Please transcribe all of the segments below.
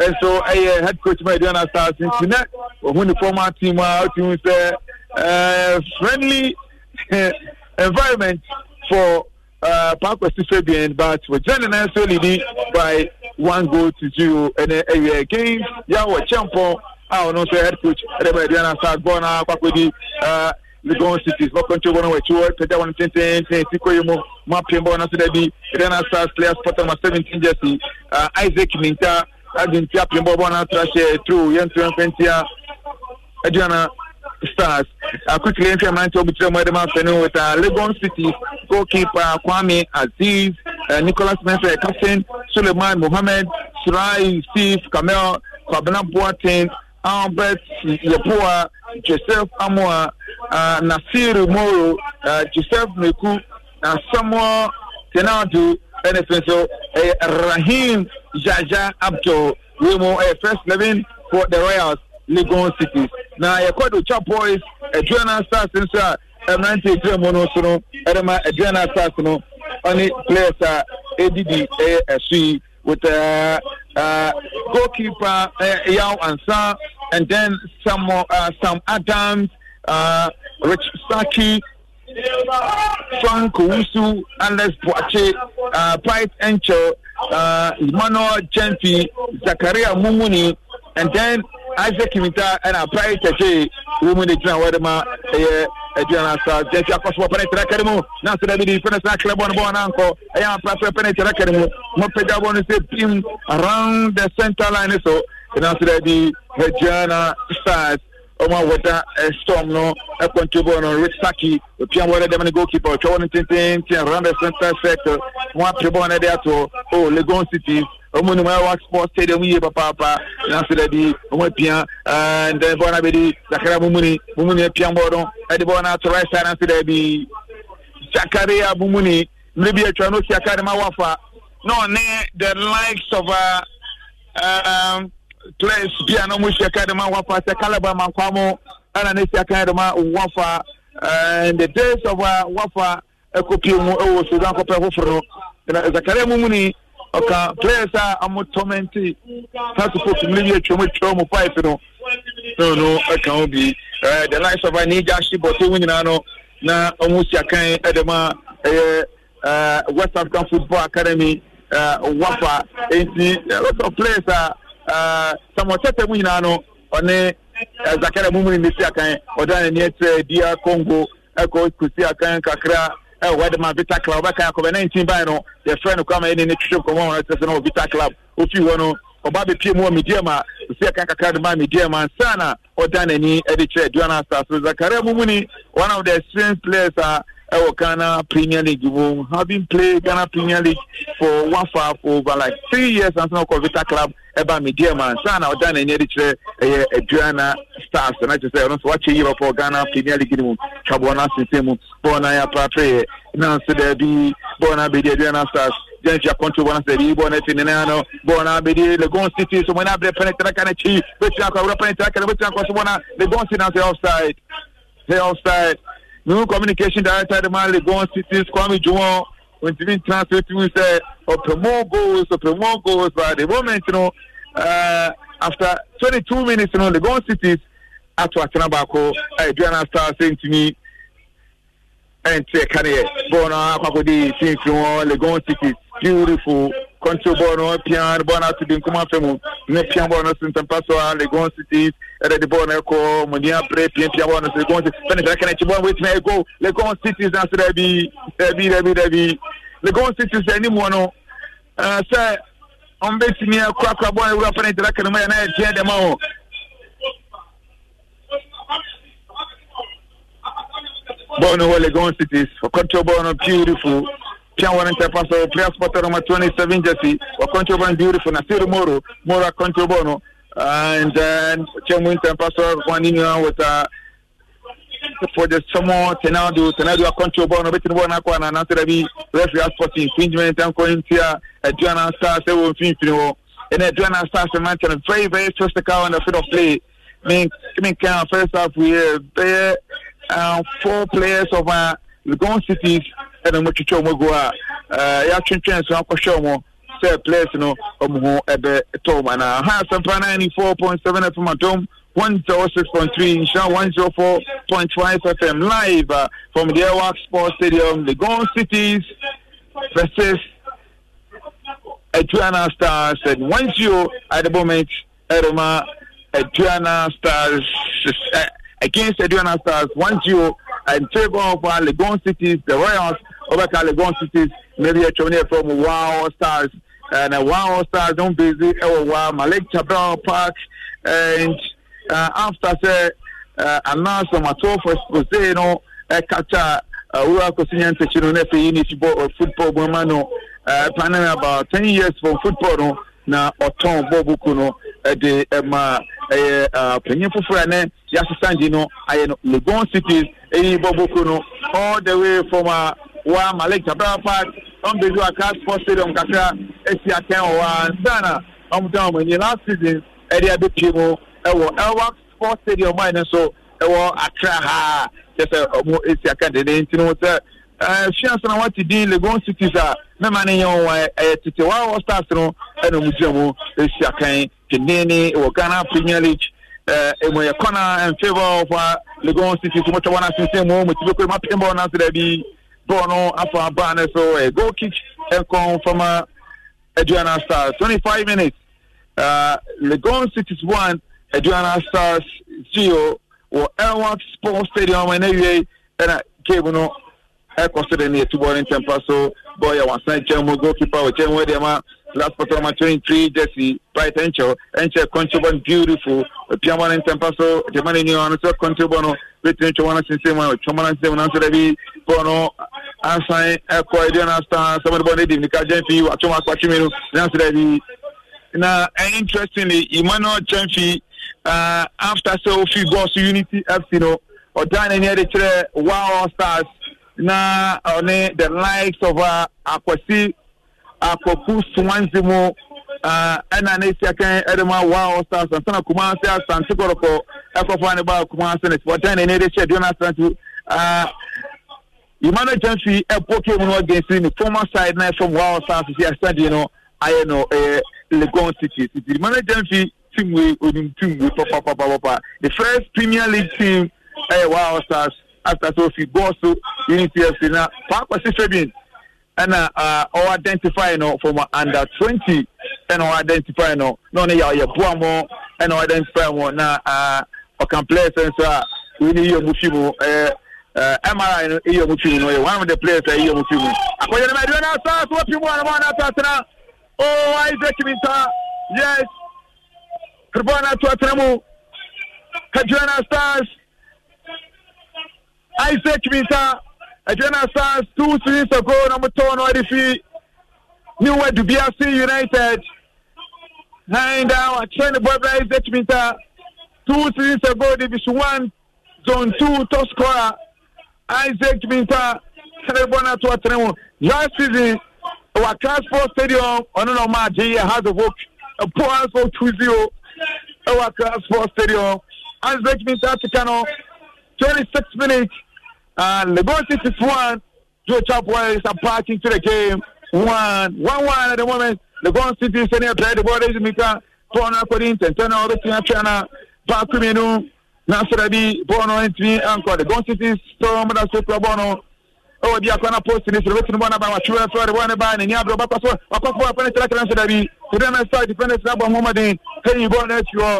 nso ɛyɛ uh, head coach ma aduane asase nti nɛ ɔhu ne former team a ɔtumi sɛ friendly environment for uh, Parkwest Fabian, but we're joining us solely by one goal to zero. And uh, game, yeah, we're champion. I don't know, head coach, everybody, and I start going out, Pakwedi, uh, Legon City, but control one way, two, Peter one, ten, ten, ten, Tikoyumo, Mapimbo, and I said, then I start players, Potter, 17 jersey, uh, Isaac Minta adi nti apem bɔbɔ n'atra hyɛ tro yɛn tro mfɛntia aduana stars akutire nfi mmeranteɛ obitire mu ɛdɛm afɛnum with uh, legon city goalkeeper kwame aziz uh, nicholas mensah captain suleiman mohammed surai steve kamel kwabena boateng albert yepoa joseph amoa uh, nasir moro uh, joseph meku na uh, samuel tenadu ɛne fɛ nso ɛyɛ rahim jaja Abdul wei mu ɛyɛ eh, first eleven for the royals legon City. na yɛkɔdo chapois aduana stars nso a mmerante eh, eh, ɛtire mu no so no ɛde ma aduana stars no ɔne players a ɛdidi ɛyɛ ɛso yi with uh, uh, goalkeeper uh, Yao Ansa and then some uh, some Adams, uh, Rich Saki, Frank Owusu, Anders Boache, uh, Pite Encho, uh, Emmanuel Chempi, Zakaria Mumuni, and then Isaac Kimita and uh, Pite Eche, woman the Jan Wedema, eh, eh, Adriana Star, Jesse Akoswa Penetra Academy, Nancy David, Penetra Clebon Bon Uncle, Ayan eh, Prasa Penetra Academy, Mopeja Bonus team around the center line, so Nancy David, Adriana Stars ọmọ wọta storm no ẹkọntu bọọlù no rich saki opian wọlé dẹmẹ ni goalkeeper ọtwẹ wọn tenten ten round the center circle wọn apere bọọlù náà ẹdẹ ato o legon city ọmọ ni wọn wá sports stadium yie papaapa nansi dẹ bi ọmọ epian ẹẹ ndẹ eh, bọọlù náà bẹ di zakara mumuni mumuni epian bọọlù ẹdi bọọlù náà ato right side nansi dẹ bi zakaria mumuni mmiri bi etwa n'osi akadema wafa náà ní the likes of. Uh, um, players bi a na ɔmo hyɛ kan ma wafa sɛ kalaba mankwamo ɛna ne hyɛ kan ma wafa ɛɛ the days of uh, a wafa ɛkɔpie mu ɛwɔ sudan kɔpɛ foforɔ ɛna zakaria mu mu ni ɔka players a ɔmo tɔmɛnti tati fo bi atwa mu atwa mu pipe no no no ɛka ho bi ɛɛ the lines of a nija ahyi bɔtɔ mu nyinaa no na ɔmo hyɛ kan ɛde ma ɛyɛ ɛɛ west african football academy ɛɛ wafa eti a lot of players a. Uh, samɔkyɛtɛ mu nyinaa no ɔne zakara mumuni ne si akan ɔda n'ani ɛkyerɛ dia congo ɛkɔ kusi akan kakra ɛwɔ uh, wadama vita club ɔbɛka akɔbɛ nineteen ban no yɛfrɛ no kwama ɛne ne twitwe nkɔmɔ wɔn ɛkyerɛ sɛ no vita club ofi hɔ no ɔba abɛpie mu wɔ mediam a kusi akan kakra de ma mediam ansa na ɔda n'ani ɛde kyerɛ duana stars so zakara mumuni one of the experienced players a. Uh, ɛwɔ Ghana Premier League mu having played Ghana Premier League for one far for over like three years ansan ɔkɔ Vita Club ɛba mi deɛ ma nsa na ɔda n'ani adi kyerɛ ɛyɛ Aduana Stars ɛna kyerɛ sɛ ɔno nso wakye yi ɔpɔ Ghana Premier League mu twabɔ na sese mu bɔɔl na yɛ apapɛ yɛ na nso dɛbi bɔɔl na abedi Aduana Stars jẹnji akɔntu bɔ n'asɛ yi bɔ n'efi nene ano bɔ n'abedi Legon City so mo n'abere pɛnɛtɛnɛ kan n'ekyi bɛ tia kɔ awura pɛnɛtɛnɛ kan bɛ tia kɔ so bɔ na Legon City na sɛ offside sɛ offside new communication director ma legon cities kwame juwon ntumi ntena so tumi sɛ ɔpɛ more goals ɔpɛ oh, goals but the moment you know, uh, after twenty two minutes you no know, legon cities ato atena baako a uh, aduane stars ntumi ɛnte ɛka ne yɛ bɔɔl no akɔkɔdi sinsin wɔ legon cities beautiful control ball no pia the ball na to the nkuma fɛ mu ne pia ball no sintem paso a legon city ɛdɛ de ball no ɛkɔ mɔdi apre pia pia ball no so legon city fɛnɛ fɛnɛ kɛnɛ kyi ball no wetin ɛgo legon city na so dɛbi dɛbi dɛbi dɛbi legon city sɛ ɛni mu no ɛɛ sɛ be. bɛ tini ɛkɔ akɔ ball no ewura fɛnɛ gyina kɛnɛ mu yɛ n'ayɛ diɛ dɛm awɔ. ball no wɔ legon city control ball no beautiful. Tiawan Interpaso, Prias Potter number 27 Jesse, Okonchoban Beautiful, Nasiru Moro, Mora Konchobono, and then Tiawan Interpaso continuing with uh, for the someone Tenado, Tenado Okonchobono, Betin Wanakwana, and after the referee sporting infringement and going to Adriana Stars, they will finish and Adriana Stars and Manton, very, very physical on the field of play. I mean, first half, we have uh, four players of uh, Legon Cities ɛna mo twitwa ɔmo egu a yɛatwentwɛn so akɔhwɛ ɔmo sɛ players no ɔmo ho ɛbɛ tɔ ɔmo ana ha asampa ninety four point seven fm atom one zero six point three nhyira one zero four point five fm live uh, from the airwax sports stadium legon cities versus Aduana Stars and one zero at the moment Eroma Aduana Stars uh, against Aduana Stars one zero and Trevor of uh, Legon Cities the Royals ɔbɛka legon cities maybe a atwam from wow stars na uh, wow stars Don't busy. ɛwɔ oh, wa malik chabral park and uh, after sɛ uh, anaasɛ matɔfo expose no ɛkata uh, wura kɔsinya ntakyi no na afei ne fibɔ uh, football bɔma no uh, panel about ten years for football no na ɔtɔn bɔɔbu ku no ɛde ɛma ɛyɛ panyin foforɔ ɛnɛ yasosangye no ayɛ no legon cities eh, ɛyi bɔɔbu ku no all the way from a. Uh, wa malik chapra park wọn bɛ zuwa car sports stadium kakra esi atɛn wɔ wa nsana wọn tɛn wɔn ani last season ɛde abɛpie mu ɛwɔ elwax sports stadium wa ɛne so ɛwɔ akra ha kyɛ sɛ wɔn esi atɛn dede nti no sɛ ɛɛ fiase na wɔte din legon cities a mɛma ni yɛn wɔn ɛyɛ tete wa wɔ stars no ɛna wɔn gyina mu esi atɛn kyenene wɔ ghana premier league ɛmu yɛ kɔna ɛn favour of uh, legon sisi wɔn twɛ sisi asensɛn mu wɔn ti bɛ kɔ mu apɛn bɔ wɔn ase bi bɔɔl no afa baa no so ɛ eh, goal kick ɛkɔn fama aduana stars twenty five minutes uh, legon cities one aduana stars zero wɔ elwak sports stadium ɛna wie ɛna game no ɛkɔ so de ne yɛtu bɔɔl ne so bɔɔl yɛ wasan kyɛn mu goal keeper wɔ kyɛn mu ma last quarter ma twenty three Jesse bright ɛnkyɛw ɛnkyɛ kɔntobɔ beautiful epiamɔ ne ntɛmpa so ɛdeɛ ma ne nyinaa no sɛ kɔntobɔ no wetin twɛmɔ no sensɛn mu a twɛmɔ no sensɛn mu nanso dɛbi bɔɔl no asan ɛkɔ ɛdi ɛna san sɛmɛdi bɔ ne di nika jɛnfi atoma akpatimi no nansi bi na ɛn interestingly emmanuel jɛnfi uh, after sɛ ofi gɔɔso unity fc no ɔdan n'ani ɛde kyerɛ wow stars na ɔne the likes of uh, akwasi akwaku swanzi mu ɛna uh, ne siakɛn ɛde ma wow stars ansana kumase asante kɔrɔkɔ ɛkɔfa ne ba kumase ne ɔdan n'ani ɛde kyerɛ ɛdi ɛna san to. Uh, Emmanuel Chamsi eh, ɛpo kee mu no against ne former side na ɛfam wa ɔsan sisi asadi no ayɛ no ɛyɛ Legon City City Emmanuel Chamsi team wei onim team wei papapapapa the first Premier League team ɛyɛ wa ɔsan after so fi goal so Unity FC na Kwasi Fabian ɛna ɔwɔ identify no from under twenty ɛna ɔwɔ identify no na ɔne yɛ ɔyɛ boa mo ɛna ɔwɔ identify mo na ɔkan uh, players nso a wei ne yie mu fi mu eh, ɛɛ. Eh, mri no eyi ɔmo fi no yɛ eh, one of the players a eyi ɔmo fi mu akɔyɛ no mɛdiwɛ n'asa so wɔpi mu anamɔ anata atena oo isaac minta yes kiribɔ anato atena mu kadwana stars isaac minta kadwana stars two seasons ago na ɔmo no na ɔde fi niwa dubiase united nine down akyerɛ ne bɔ isaac minta two seasons ago division one zone two top scorer isaac binta tẹnibọ náà tó ọtẹnẹ wọn last season wà transport stadium ọ̀nà náà máa jẹ yẹ house of hope poor house of two zero wà transport stadium isaac binta ti ka no twenty six minutes uh, lagos six is joe chapoy is approaching to the game one one one at the moment lagos city senior player the ball is mika two hundred according to ten ten ọdún tí wọn fẹ́ na baako mìíràn na asọrọ bi bọọlụ ntumi nkọ de gọn sisi sọọ mmadụ asọ kura bọọlụ no ɛwɔ bi akɔ na post ni sọrọ wetin bọọlụ n'abalị watwi wɛn fɛrɛ de bọọlụ n'abalị n'enyi abiri ɔba kɔsɔ wakɔfɔ wɔn apɛnɛ kyerɛ kyerɛ nsọ dabi kudi ɛna star defenders n'abɔ ahomaden heyi bọọlụ n'ekyi hɔ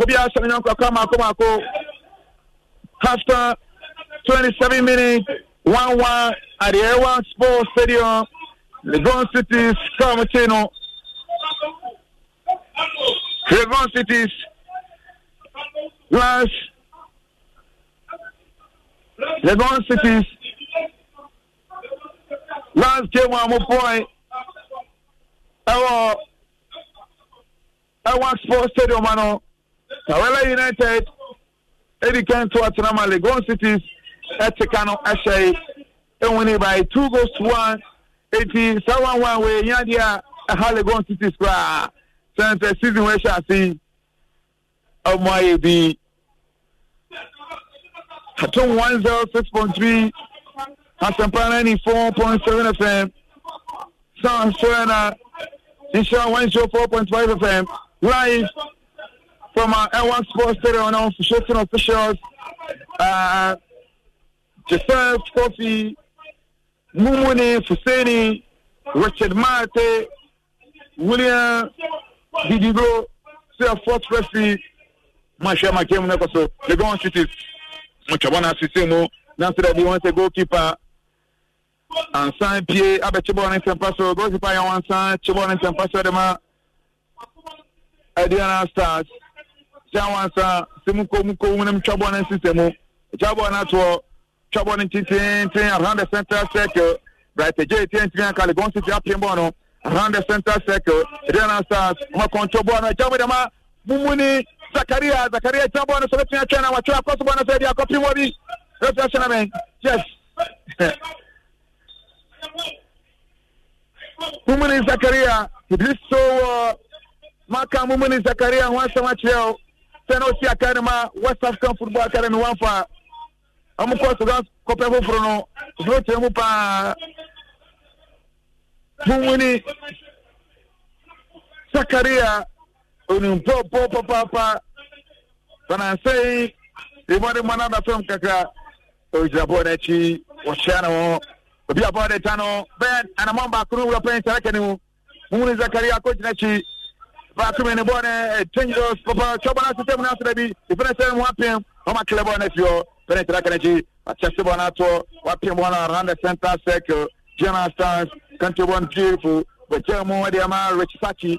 obi ahyɛ ne nyɔnko akɔ amaako maako after twenty seven minutes one one at the ɛwa sports stadium legon cities kaamu kye no legon cities plus Legon Cities last game wa mo point Our, our sports stadium ano Tawela United edi kan to atenama Legon Cities ɛte ka no ɛhyɛ yi ewini by two goals to one eti saa one one wei nyadeɛ a ɛha Legon Cities koraa sɛnsɛ season we shall see. ọmọ ayé bi katon one zero six point three asempa four point seven fm sound serena nṣẹ́ one zero four point five fm live from our L1 Sports Stadium on shooting officials. Uh, Joseph Kofi, Mumuni Fuseni, Richard Mate, William Didigo, Sir Fourth Referee, mahwɛ ma kemu no kɔ so legon cities motwa bɔ no asese mu na nso dɛ bi wɔn sɛ goalkeeper ansan pie abɛkye bɔɔl ne nsɛmpa so goalkeeper yɛ wɔn ansan kye bɔɔl ne nsɛmpa so de ma aduana stars kyɛ wɔn ansan sɛ mu kɔ mu kɔ mu na mu twa bɔɔl ne nsesɛ mu twa bɔɔl around the central circle bright gye tententen aka legon cities apie bɔɔl no around the central circle aduana stars wɔn akɔntɔ bɔɔl no gya mu de ni. Zakaria, Zakaria tena bwana sobe tena tena macho yako sababu bwana zaidi yako pimwa bi. Leo tunasema men. Yes. Mumuni Zakaria, Idriso uh, maka Mumuni Zakaria wansa macheo tena osi ma West African Football Academy wanfa. Amukwa soga kope foforo no. Zote mu pa Mumuni Zakaria onimpɔpɔ papaapa fanansɛyi imɔde mɔ nada fɛm kakra ogyinabɔ n'akyi wɔhyia ne ho eh, obi abɔ de ta no bɛyɛ anamɔ baako no wura pɛn sara kɛne mu mumuni zakaria ko gyina baako mi ne bɔ ne dangerous papa twɛbɔ na sitɛmu na asɛrɛ bi ifɛnɛ sɛ mu apɛm wɔn akɛlɛ bɔ n'afi hɔ pɛn sara kɛne akyi akyɛse bɔ n'atoɔ wapɛm bɔ na the center circle general stars kantebɔ beautiful bɛkyɛn mu rich sachi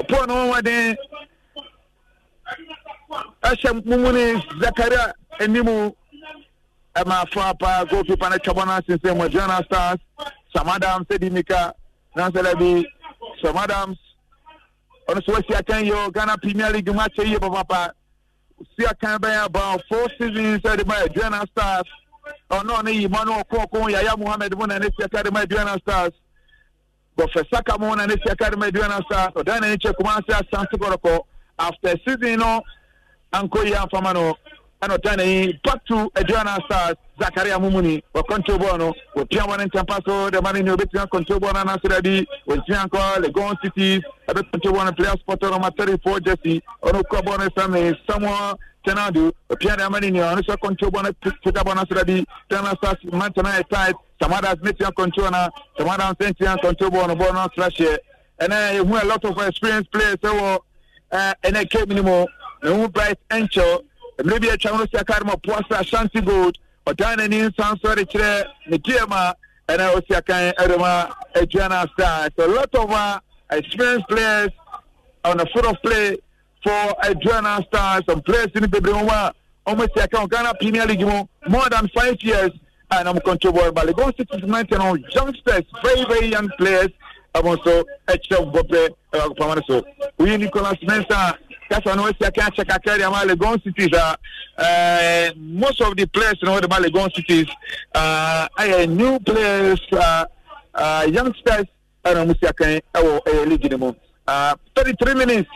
ɔpoa no wɔwɔden ɛhyɛ mumu ne zakaria anim ɛma fa paa goalkeeper no twabɔ no asensɛ mu aduana stars sam adams ɛdi mika nansɛda bi sam adams ɔno so wasi akan yɛ ghana premier league mu akyɛ yie papapa si akan bɛyɛ about four seasons ɛde ma aduana stars ɔno ɔne yi ma yaya muhammed mu na ne si akan stars Professor Kamona ne si academy di wana sa ɔdan n'ani kyɛ kumase asante kɔrɔkɔ after season no anko yi anfama no ɛna ɔdan n'ani back to aduana sa zakaria mumuni wɔ control ball no wɔpia wɔn ne ntampa so dɛma ne ne obetumi control ball no anaso dabi wɔntumi ankɔ legon cities ɛbɛ control ball no player sport no ma thirty four jersey ɔno kura ball no sami samuel tena do opiade amani ni ono control bona tuta bona sura bi tena sa mantana e tight some others make you control na some others sent you control bona bona sura she and uh, you a lot of experienced players so uh, eh, and a game ni mo na hu bright encho maybe a chamo sia karma posa shanti gold otana ni sansori kire ni kiema and uh, osia kan erema adriana e star so a lot of uh, experienced players on the foot of play for Adriana Stars some players in Bebrewa, almost the Ghana Premier League more than five years. And I'm controlled by the goal 69 on youngsters, very, very young players. I'm also a chef Bope uh, Pamanaso. We Nicolas Mensa, that's an OSC, I can't check. I carry my Legon cities. Uh, uh, most of the players in all the Legon cities are new players, youngsters, and I'm going to say, I can't, I will league anymore. 33 minutes.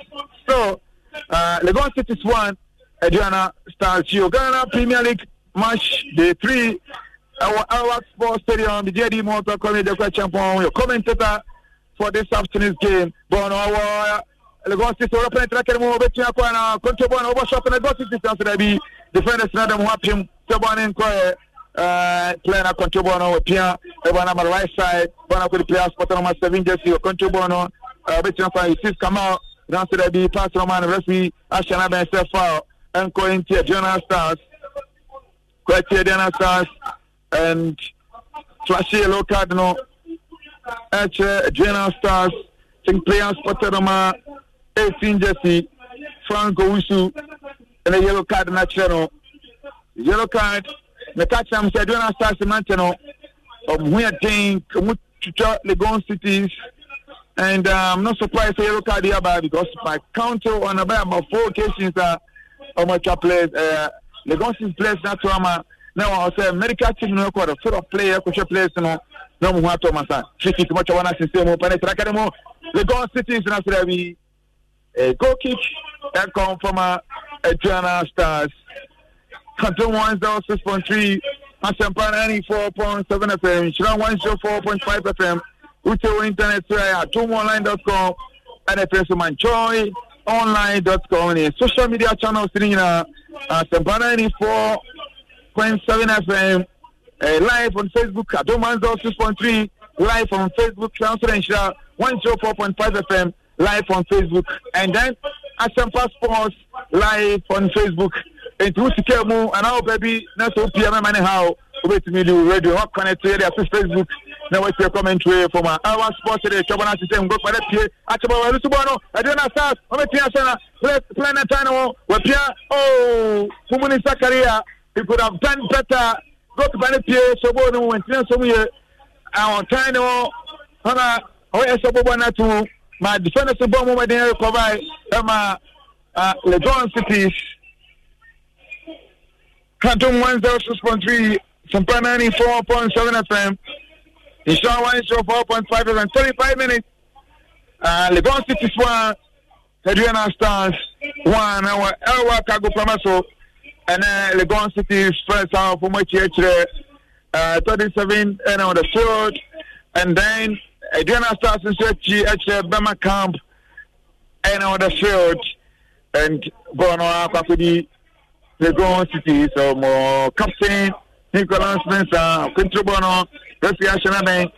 So, uh, Legon City one, Adriana starts your Ghana Premier League match day three. Our our sports stadium, the JD Motor Community Champion, your commentator for this afternoon's game. Bono, our uh, Legon City, we're playing track and move over to Aquana, control and City to be defenders, not them who him, Tabon and Koya. playing a control bono with Pia, everyone on my right side, of the on my seven jersey, a control bono, uh, between five, six come out. nanso dɛbi pastor man refi ahyɛ no abɛn sɛ foul ɛnkɔ ntia general stars kwatia general stars and flashy yellow card no ɛkyerɛ general stars think players spotted on my 18 jersey franco wusu ɛna yellow card na kyerɛ no yellow card meka kyerɛ m sɛ general stars mante no ɔmo ho yɛ den ɔmo twitwa legon cities And uh, I'm not surprised say yellow card here because my counter on about my four occasions are uh, on my top players. Uh, Legonsis players that's why uh, ama. Now I say medical team no quarter full of player, coach players no no mu hato masa. Tricky too much one system open it tracker mo. Legon City is not ready. A go kick that come from a Adriana Stars. one zero six point Canton 106.3, Asempa 94.7 FM, Shiran five FM, uche wo internet so yɛ atomonline.com ɛna ɛfɛ so manchoy online.com ne social media channels ne nyinaa asɛmpa ninety four point seven fm uh, live on facebook adomanzo six point three live on facebook council nhyira one zero four point five fm live on facebook and then asempa sports live on facebook nti wosika mu anaa wopɛ bi na sɛ wopia mɛma ne haw wobɛtumi liw radio hɔ connect yɛde afe facebook na wɔatie commentary from a ɛwɔ sports de twɛbɔ no asesɛ nkɔkɔdɛ pie akyɛbɔ wɔre so bɔ no ɛdeɛ no sas ɔmɛpia sɛ na planet time wɔ wɔpia o oh, mumuni sakaria he could have done better goalkeeper no pie so bɔɔ no mu wɔntina so mu yɛ awɔn ah, time no e ma defenders bɔ mu mɔden Canton 106.3, Sampanani 4.7 FM, In Inshaw one show four point five and thirty five minutes. Uh Legon City Swan, Adriana Stars, one hour Elwa Kago Pramaso, oh. and uh Legon City first half for much uh 37 and on the field. And then Adriana Stars in Searchy at Bama Camp and on the field and Bono Akafidi Legon City so uh, more captain Nicholas Spencer, Quintrobono yɛsi ahyɛ nanan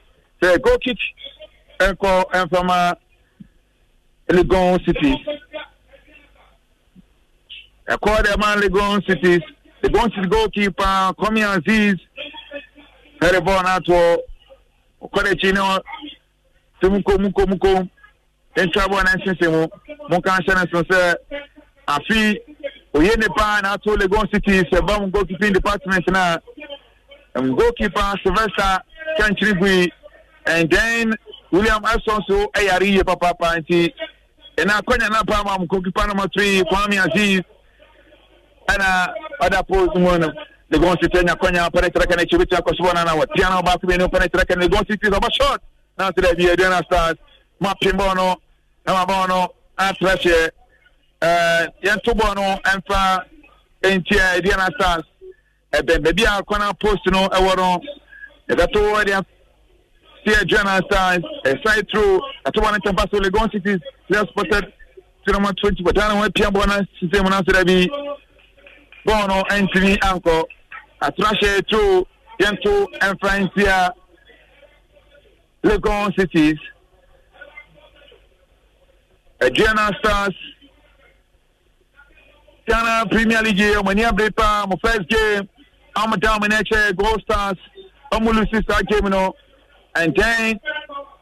sɛ goal kick nkɔ mfama legon cities ɛkɔ dɛ ma legon cities legon city goal keeper kɔmi aziz ɛde bɔɔl n'atoɔ ɔkɔ n'akyi na sɛ mukomukomukom ntwa bɔɔl n'asese mu mo nka nhyɛ ne so sɛ afi oye nipa n'ato legon cities ɛbɛn mu goal keeping department na goal keeper sylvester kankyere gui and then william ason so ɛyare eh, yie papaapa nti ɛna eh, akɔnya no apa ma mkokipa noma three kwame aziz ɛna ɔda pose mu no legon city anya akɔnya pɛne trɛka no akyi bɛtumi akɔ sobɔ no na wɔtea no ɔbaako bɛni pɛne trɛka legon city ɔba short na sɛ daabi aduana stars moapem bɔɔ no na mabɔɔ no atrɛ hyɛ yɛnto bɔɔ no ɛmfa ɛntia aduana stars ɛbɛn baabi a post no ɛwɔ eh, no ɛbɛto ɛde aseɛ adwana stars ɛsae tro atoba no kyɛmpa so legon cities players spotted tinoma 20 bɔtaa ne ho apia bɔɔ no sisɛ mu no ase da bi bɔɔl no ɛntimi ankɔ atorahyɛ tro yɛnto ɛmfra nsia legon cities adwana stars ghana premier league ɔmani abere paa mo first game ɔmo da ɔmo ne ɛkyɛ gold stars ɔmo lu sista game no ɛntɛn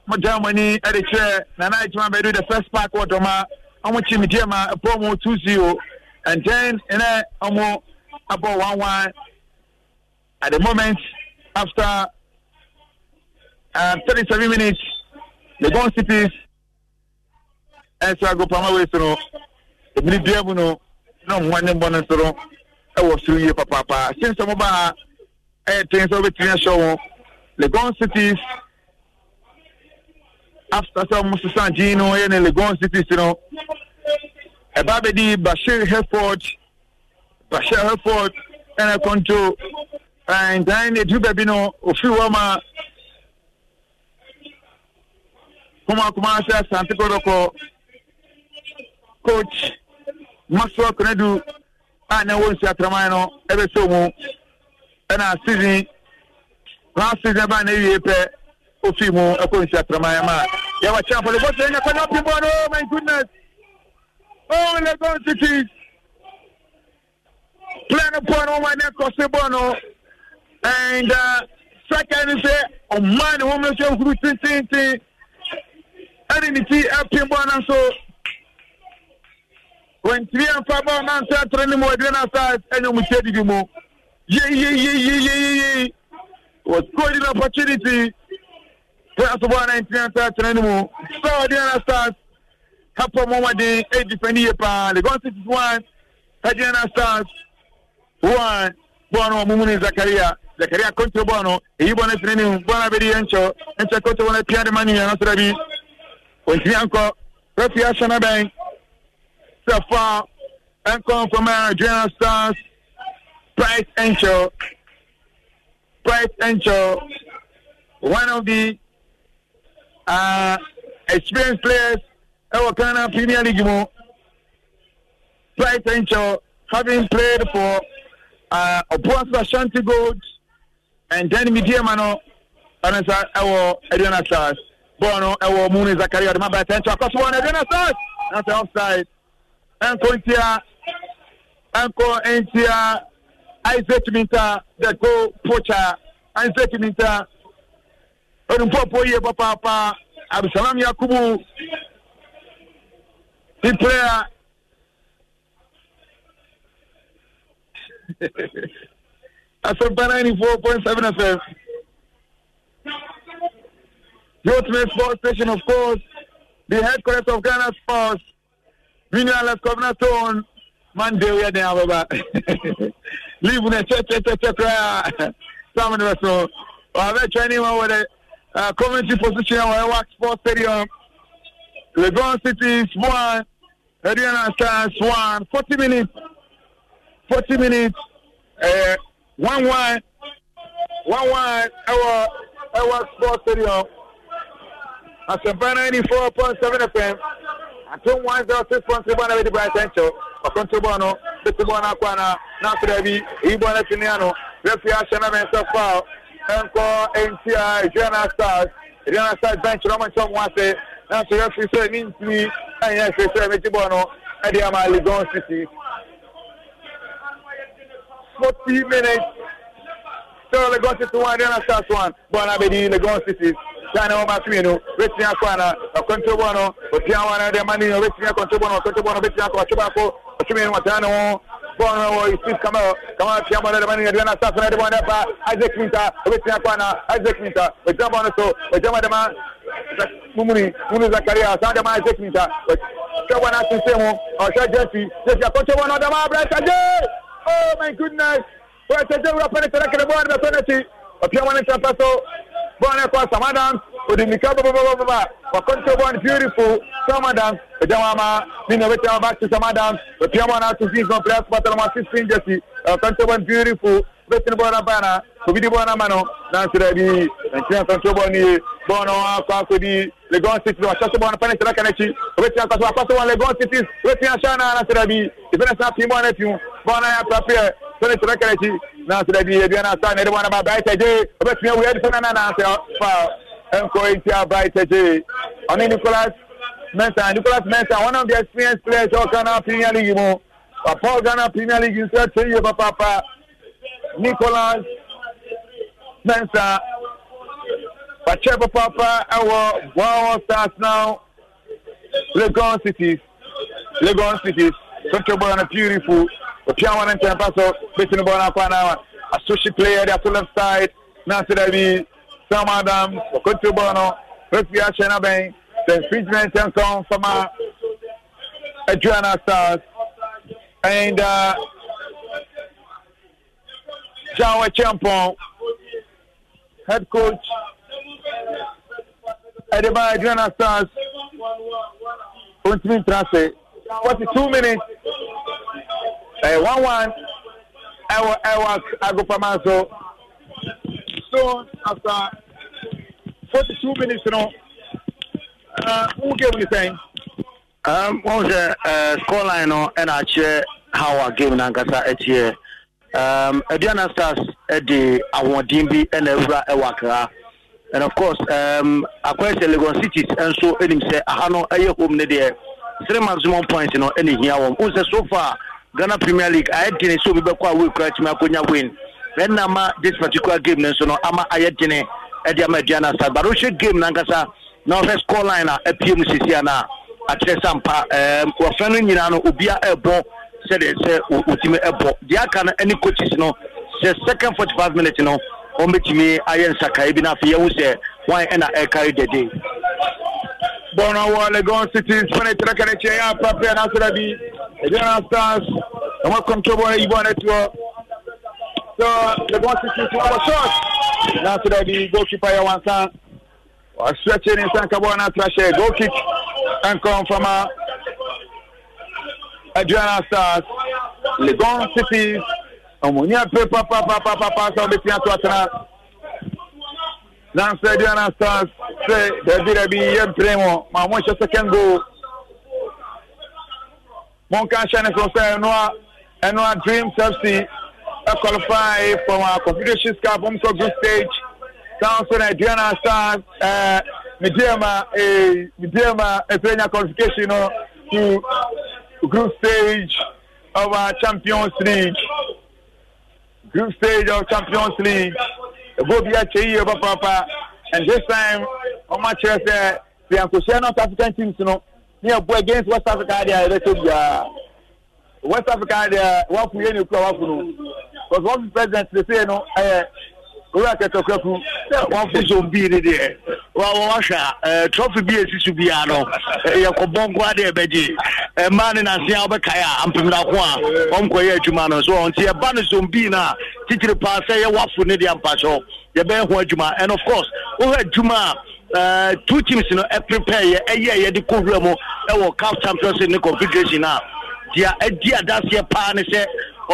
mo gya mo ani ɛde kyerɛ nana the first park wɔ dɔma ɔmo kyi mi deɛ ma ɛbɔ mo two zero ɛntɛn ɛnɛ ɔmo abɔ one one at the moment after uh, thirty seven minutes legon cities ɛnso agopama wei so ebili dua mu no na ɔmo wani bɔ ne so soro yie papaapa since ɔmo baa ɛyɛ ten sɛ wobɛtumi ahyɛ wɔn legon cities after sɛ ɔmo sesa gyee no ɛyɛ ne legon cities no ɛba bɛdi bashir herford bashir herford ɛna kɔnto ɛntan ne edu baabi no ofiri hɔ ma kumakuma sɛ asante kɔdɔkɔ coach maxwell konedu a na ɛwɔ nsuatraman no ɛbɛsɛ mu ɛna season last season ɛbaa na ewie pɛ ofi mu ɛkɔ nsi atraman ma yɛwɔ kyɛn fɔlɔ bɔsɛ ɛnyɛ kɔnɔ bi bɔ no oh my goodness oh lagos city plan bɔ no wɔn ɛnɛ kɔsi bɔ no and uh, second sɛ ɔman ne wɔn ɛsɛ nkuru tententen ɛne ne ti ɛpin eh, bɔ eh, no so wɔntiri ɛnfa bɔ ɔman sɛ ɛtoro ne mu ɛdiri na sa ɛnyɛ ɔmo tiɛ didi mu yeah, yeah, yeah, yeah, yeah, yeah. yeah. Was good an opportunity. First of all, 1939, Saudi Arabia Stars, Hapa Momadi, 8 defending Japan, the Gun 61, Hadiana Stars, 1, Bono Mumuni Zakaria, Zakaria Contra Bono, Ibon Training, Bona Bedi Encho, Encho Contra Bona Pierre Mani, and Osrabi, Ozianko, Refia Shanabank, Safa, and come from Confirmer, uh, Adriana Stars, Price Encho, Price Encho, one of the uh, experienced players in our Ghana Premier League. Price Encho, having played for uh, Opuasu Ashanti Gold and then Media Mano, and it's our Adriana Stars. Bono, our Moon is a career, my bad attention. Across one, Adriana Stars. That's offside. And Cointia, and Cointia isaac minta dẹko pocha isaac minta onupɔpɔ yie bɔ paapaa abisalam The pipirea asempa ninety four point seven fm Youthman Sports Station, of course, the headquarters of Ghana Sports, Mineral Governor Tone, Monday, we are there, leave na kyɛkyɛkyɛkyɛ koraa sam no so ɔabɛkyɛ ne wɔn wɔde community position a wɔyɛ wax sports stadium legon city swan aduana stars one forty minutes forty minutes uh, one one one one ɛwɔ ɛwɔ sports stadium asɛmpa ninety four point seven fm ato one zero six point three one na bɛ di bright and asante bɔɔl no kuku bɔɔl no akɔ ana n'asrɛ bi eyi bɔɔl no tuni ano refi ahyɛ na mɛnsa foul ɛnkɔ ntia adriana stars adriana stars bench na ɔmo nkyɛn mo ase nanso refi sɛ ne ntumi ɛnyɛ hwɛ sɛ ɛmɛgye bɔɔl no ɛde ama legon city forty minutes still legon city one adriana stars one bɔɔl no abɛdi legon city sani wọn bá tún yẹn no wetumi akɔ ana ɔkɔntobɔ no opiawa na ɛdɛ mani yɛn wetumi akɔntobɔ no ɔkɔntobɔ no wetumi akɔ ɔtɔbɔ akɔ ɔtumi ɛnu ɔtɛn ne ho bɔɔl no wɔ steve kamel kamel tia bɔɔl dɛbɛ ne yɛdeɛ na sa fana de bɔɔl no isaac minta obetumi akɔ ana isaac minta ɔgyina bɔɔl so ɔgyina bɔɔl dɛma mumuni mumuni zakaria saa dɛma isaac minta ɔtwa bɔɔl no asensɛn ho ɔhwɛ jeffy jeffy akɔtɔ bɔɔl no ɔdɛma abirɛtaje oh my goodness bɔɔl ne kɔ sama dance odi mika bababababa wakɔntɛ bɔɔl beautiful sama dance ejamama ni na ti sama dance wetia bɔɔl na to six on players battle ma sixteen jersey wakɔntɛ bɔɔl beautiful wetin bɔɔl na ba na obi di bɔɔl na ma no na nsira bi nkyɛn wakɔntɛ bɔɔl ni ye bɔɔl legon city wachache bwana pale taraka nechi weti akaso apasa wa legon city weti ashana na sirabi ibena sa pimwa na pimu bwana ya papia pale taraka nechi na sirabi ya bwana sana ile bwana baba itaje weti ya wewe sana na na fa enko itia baitaje oni nicholas mensa nicholas mensa one of the experienced players of Ghana Premier League mo Paul Ghana Premier League instead say you papa Nicolas mensa fakyɛ papaapa ɛwɔ boawo stars now legon cities legon cities tonto bɔyɔ no beautiful opiawa no ntɛmpa so bɛti no bɔyɔ no akɔ anaa asosye player de ato left side na ase dabi sam adams ɔkonto bɔyɔ no refi ahyɛ no abɛn the infringement nson fama adriana stars and uh, jawa champon head coach ɛde ba agyina stars ɔntumi ntena ase forty two minutes ɛyɛ one one ɛwɔ ɛwɔ agopama so soon after forty two minutes no wɔn game ni sɛn. wɔn sɛ score line no ɛna akyerɛ how our game nankasa ɛteɛ aduana um, stars ɛde ahoɔden bi ɛna awura ɛwɔ akra. and of course um, akɔyɛsɛ Legon cities nso anim sɛ aha no ɛyɛ home ne deɛ three maximum points no ɛne hia wɔm wo sɛ so far ghana premier league ayɛ dene sɛ obi bɛkɔ a woekura atumi akɔnya win ɛnna ama this particular game no nso no ama ayɛ dene ɛde ama aduana start but wohwɛ game no ankasa na wɔhwɛ score line uh, uh, um, a apue mu sesia no a akyerɛ sɛ mpa wɔfrɛ no nyinaa no obia ɛbɔ sɛdeɛ sɛ wɔtumi ɛbɔ deɛ aka no ɛne coaches no sɛ second forty five minutes no wɔn bɛtumi ayɛ nsakae bi n'afɛ yɛhu sɛ wɔn ɛna e ɛkari e the day. bɔnna wɔ legon city fana tẹrɛ kɛnɛ tiɲɛ y'a papi a n'a sera bi stars ɔmɔ kɔmtɔ bɔ yi bɔ ne so legon city tún wɔ short n'a sera bi goalkeeper yɛ wansan wa stretch ni san ka bɔ n'a sera sɛ goal kick ɛnkɔn fama ejana stars legon city ọmọ ní apẹ papapapapa sọ bẹ tiẹ tó atena nansẹ diana sẹ dẹbi dẹbi yẹ mpire wọn maa mo n ṣe second goal mo n kan ṣe ne so sẹ ẹnua ẹnua dream fc ẹ qualify for confederation cup home for group stage sáwọn na diana stars ẹ midiama ẹ midiama ẹ nya qualification no to group stage of our champions league group stage of Champions League. Go be a cheer, papa. And this time, on my chair, the uh, Ankosia North African teams, you know, near boy against West Africa, they are elected. Uh, West Africa, they are one for you, one for you. Because one president, they say, you know, uh, owura akɛtɛkuraku wɔn so bii ni yẹ. deɛ wɔahwɛ a trɔfi bi esi so bi ano yɛ kɔbɔ nko adeɛ bɛgye mmaa ne nansia wɔbɛkae a mpemdako a wɔn kɔ yɛ adwuma nọ. so nti ɛba ne so bii na titiri paa sɛ yɛ wafo ne deɛ mpatsɔ yɛbɛyɛ ho adwuma and of course wohɛ adwuma a eh, two teams na-prepare eh, ɛprepare yɛ ɛyɛ eh, yɛde kɔ wura mu ɛwɔ cup championship ne confederation a deɛ adi adaseɛ paa ne sɛ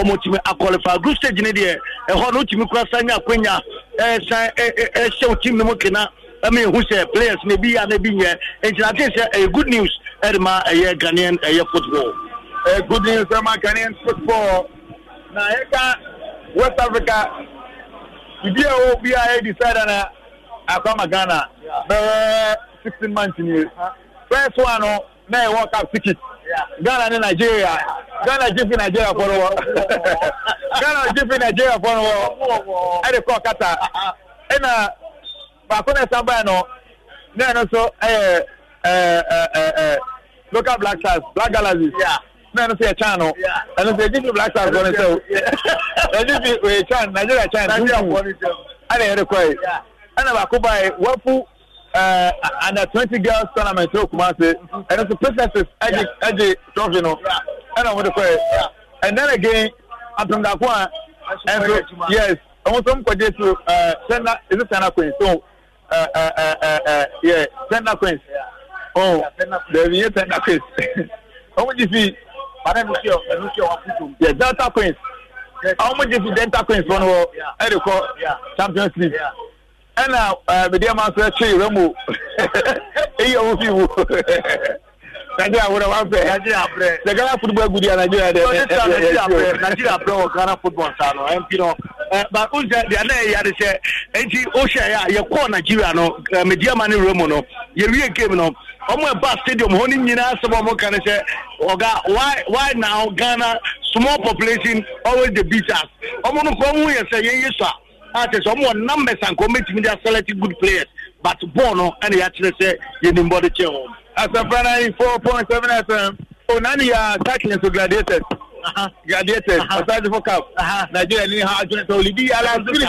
wɔn tumi akɔlifa group stage ne deɛ ɛhɔ no tumi kura san nya akonya ɛɛ san ɛɛ ɛhyɛ o team ne mu kena ɛmi ehu sɛ players na ebi ya na ebi nyɛ ntina ati sɛ ɛyɛ good news ɛde ma ɛyɛ ghanaian ɛyɛ football. ɛɛ good news ɛma ghanaian football na yɛka west africa ibi a o bi a yɛ decide na akwama ghana bɛɛ sixteen months ni ye first one no na yɛ world cup ticket ghana ne nigeria ghana jifi nigeria fɔ no Ghana ghana jifi nigeria fɔ no wɔ ɛde kɔ kata ɛna baako na ɛsan baa no ne yɛn nso ɛyɛ ɛɛ ɛɛ ɛɛ local black stars black galaxies na ɛno sɛ yɛ kyan no ɛno sɛ ɛgyifi black stars fɔ no sɛ ɛgyifi oyɛ kyan nigeria kyan ɛna yɛde kɔ yi ɛna baako baa yi wafu uh, eh, under twenty girls tournament to Kumasi, and it's the princesses, Eddie, Eddie trophy, you know, and I'm with the quay. And then again, I'm from Dakwa, and so, yes, I want some quay to uh, is it Sena Queen? So, uh, uh, uh, uh, uh, yeah, Sena Queen. Oh, there is Sena Queen. How much you see? Yeah, Delta Queens. How much you Delta Queens? One of Eric Champions League. Yeah ɛna eh, medeɛ ma nso ɛkye yɛrɛ mu eyi ɔmo fi wo nigeria awore wan fɛ nigeria abrɛ the ghana football gudi a nigeria dɛ nigeria abrɛ wɔ ghana football nsa no mp no ba n sɛ deɛ ne yɛ yare sɛ eti o sɛ yɛ a yɛ kɔɔ nigeria no ɛ eh, medeɛ ne yɛrɛ mu no yɛ wie game no ɔmo ɛba stadium hɔ nyinaa sɛ ɔmo kan sɛ ɔga why why now ghana small population always dey beat us ɔmo no kɔn mu yɛ sɛ yɛn yɛ sɔ a ase sɛ ɔmowɔ numbers anka ɔmɛtumi di aselect good players but bɔɔl no ɛne yɛakyerɛ sɛ yɛnim bɔde kyɛ hɔ asɛmpa no 4.7 fm onani yɛ cycling so gladiators gladiators ọ̀sájú fún cap nàìjíríà ní àjọyọ̀ olùdí alasiri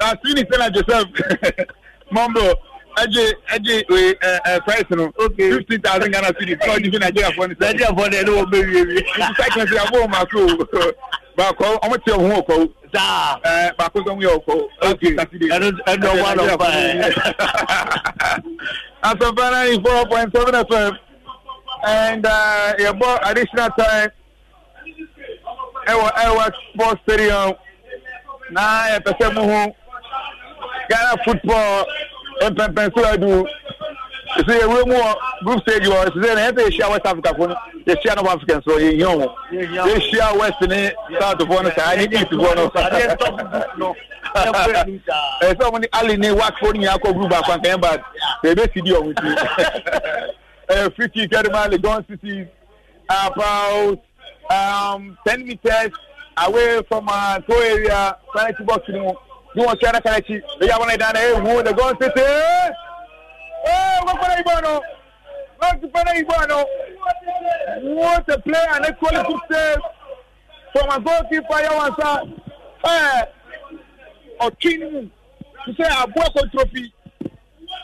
alasiri sẹ́nà joseph mọ́mbò ɛgye ɛgye ee ɛɛ price no. fifty thousand ghana cedis kí ɔdi fi nigeria fɔ ni sɛ. nigeria fɔ ni ɛni wɔn bɛ wie wie. second si abo ma so baako ɔmo tiɛ ohun ɔkɔ o. saa ɛɛ baako sɔn yɛ ɔkɔ o. okay ɛnu ɛnu ɔwɔ alɔ fa yɛ. asɔfana yi four point seven fm and uh, yɛ additional time ɛwɔ ɛwɔ sports stadium na yɛ pɛsɛ mu ho ghana football mpɛmpɛn so adu sɛ yɛwura mu wɔ group stage wɔ sɛ na yɛsɛ yɛhyia west africa fo no yɛhyia north africans wɔ yɛhia wɔ yɛhyia west ne south fo no saa ne east fo no ɛsɛ ɔmo ne ali ne wak fo no nyinaa group baako ankanyɛ ba bɛɛbɛsi di ɔmo ti ɛyɛ free kick ɛdima city about um, ten meters away from our uh, tow area penalty box no bí wọn kyerɛ kan akyi eyi awon ɛdan na ehu na gɔn tete ee wɔkɔrɔ yi bɔɔl no wɔkɔrɔ yi bɔɔl no wɔn te player ne kɔli tu se fɔmɔ goalkeeper yɛ wɔn sa ɛɛ eh, ɔtwin mu sɛ aboɔ ah, kɔ trofi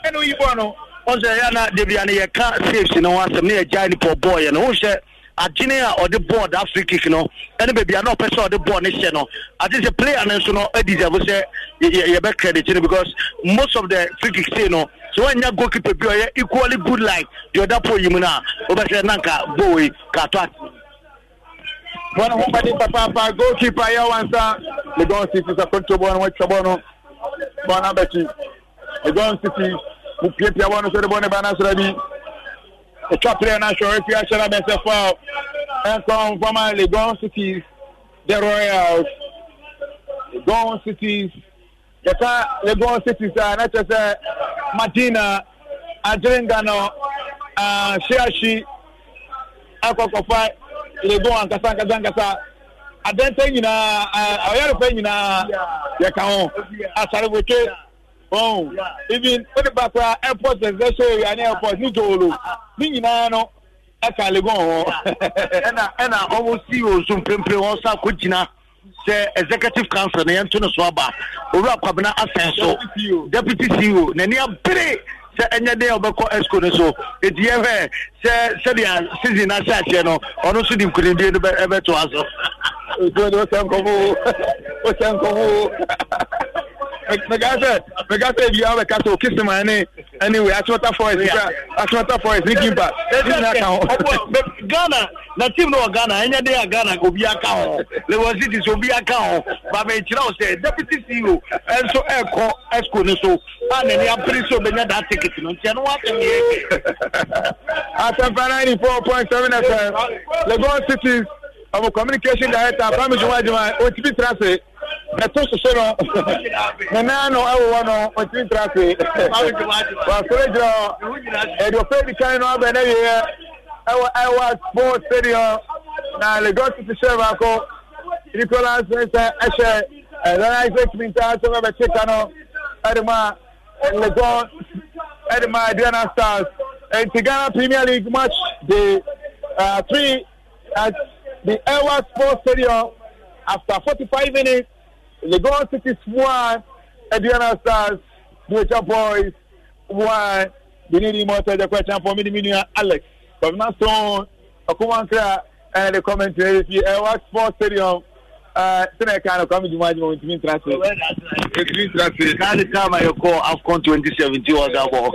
ɛna oyi bɔɔl no. wọn sɛ yɛn na debi ani yɛ ka saves ni wọn asɛm ne yɛ gya nipa bɔɔl yɛ no wọn sɛ agyene a ɔde bɔɔl da free kick no ɛne baabi a na ɔpɛ sɛ ɔde bɔɔl ne hyɛ no agye sɛ player no nso no adisabe sɛ yɛbɛ credit no because most of the free kick sei no sɛ woanya goalkeeper bi ɔyɛ equally good like deɛ ɔda po yi mu no a wobɛsɛ na nka bɔɔl yi ka atɔ ate bɔɔl ho bɛde papaapa goalkeeper yɛ wansa legon city sɛ konto bɔɔl no watwa bɔɔl no bɔɔl no abɛkyi legon city mu piapia bɔɔl no sɛ de bɔɔl no ba bi ɛtwa player no ahyɛ ɔrefi ahyɛ no abɛsɛ foul ɛnkɔn former legon cities the royals legon cities yɛka legon cities a na kyerɛ sɛ madina agyerenga no uh, ahyeahye akɔkɔfa legon ankasa ankasa ankasa adɛntɛ nyinaa ɔyɛrefa nyinaa yɛka uh, ho asarewotwe ọhún ibi ó ti pàpà airport ẹsẹ ṣe èrè àní airport ní tòòlù ní nyinaa no ẹka legon wọn. ẹna ẹna ọmọ ceo so mprempren wọn sá kó gyina sẹ executive council ni yẹn tó ne so aba owurọ akwabena asan so deputy ceo n'ani abere sẹ ẹnyẹ dẹ ọbẹkọ esco ne so eti yẹ fẹ sẹ sẹdíà season náà ṣe àṣẹ no ọno so di nkunimdie no ẹbẹ tó aso. ojú ọdún ó sẹ nkọmọ ó sẹ nkọmọ ó mẹgàsẹ mẹgàsẹ ibi àwọn mẹka sọ òkè sèmọ ẹni ẹni forest nípa asimata forest ní gimba ẹni ní aka wọn. ghana oh, na team náà wọ ghana ẹ̀yẹ́ dẹ́ ghana obi aka wọn lewọ city sọ obi aka wọn bàbá ìkyerẹ́ ọ̀sẹ̀ deputy ceo ẹ̀nso ẹ̀kọ́ ẹ̀sco ni so a nà ní apiri sọ bẹ́ẹ̀ nyẹ́ dá ticket nù ntí ẹni wọ́n atẹ̀ yẹ. asanfa ninety four point seven fm lagos city ọmọ communication director bamijumajuman otp trase bẹ̀tọ̀ ṣiṣẹ́ nọ nana nọ ẹwọ wọn nọ ọtí ntura pé wà sọrọ jìnnà ẹdí ọpẹ di kan náà bẹ n'eyi yẹ ẹwọ ẹwọ sports stadium na lagos ṣiṣẹ́ baako nicholas nsa ẹhyẹ ẹdọnà excitement a sọ bẹ bẹtí kan nọ ẹdí mu a lagos ẹdí mu a diana stars ẹnti ghana premier league match day three at the ẹwọ sports stadium after forty five minutes. Lagos Cities one, Adriana Stars, Bucha Boys one. We need more to the question for me, the Alex. Governor Stone, Okumankra, and the commentary, Airwax Sports Stadium sɛnɛ ɛka no kwame dwuma adwuma ntumi ntra se ɛtumi ntra se kade kama yɛkɔ afcon 2017 wɔda bɔ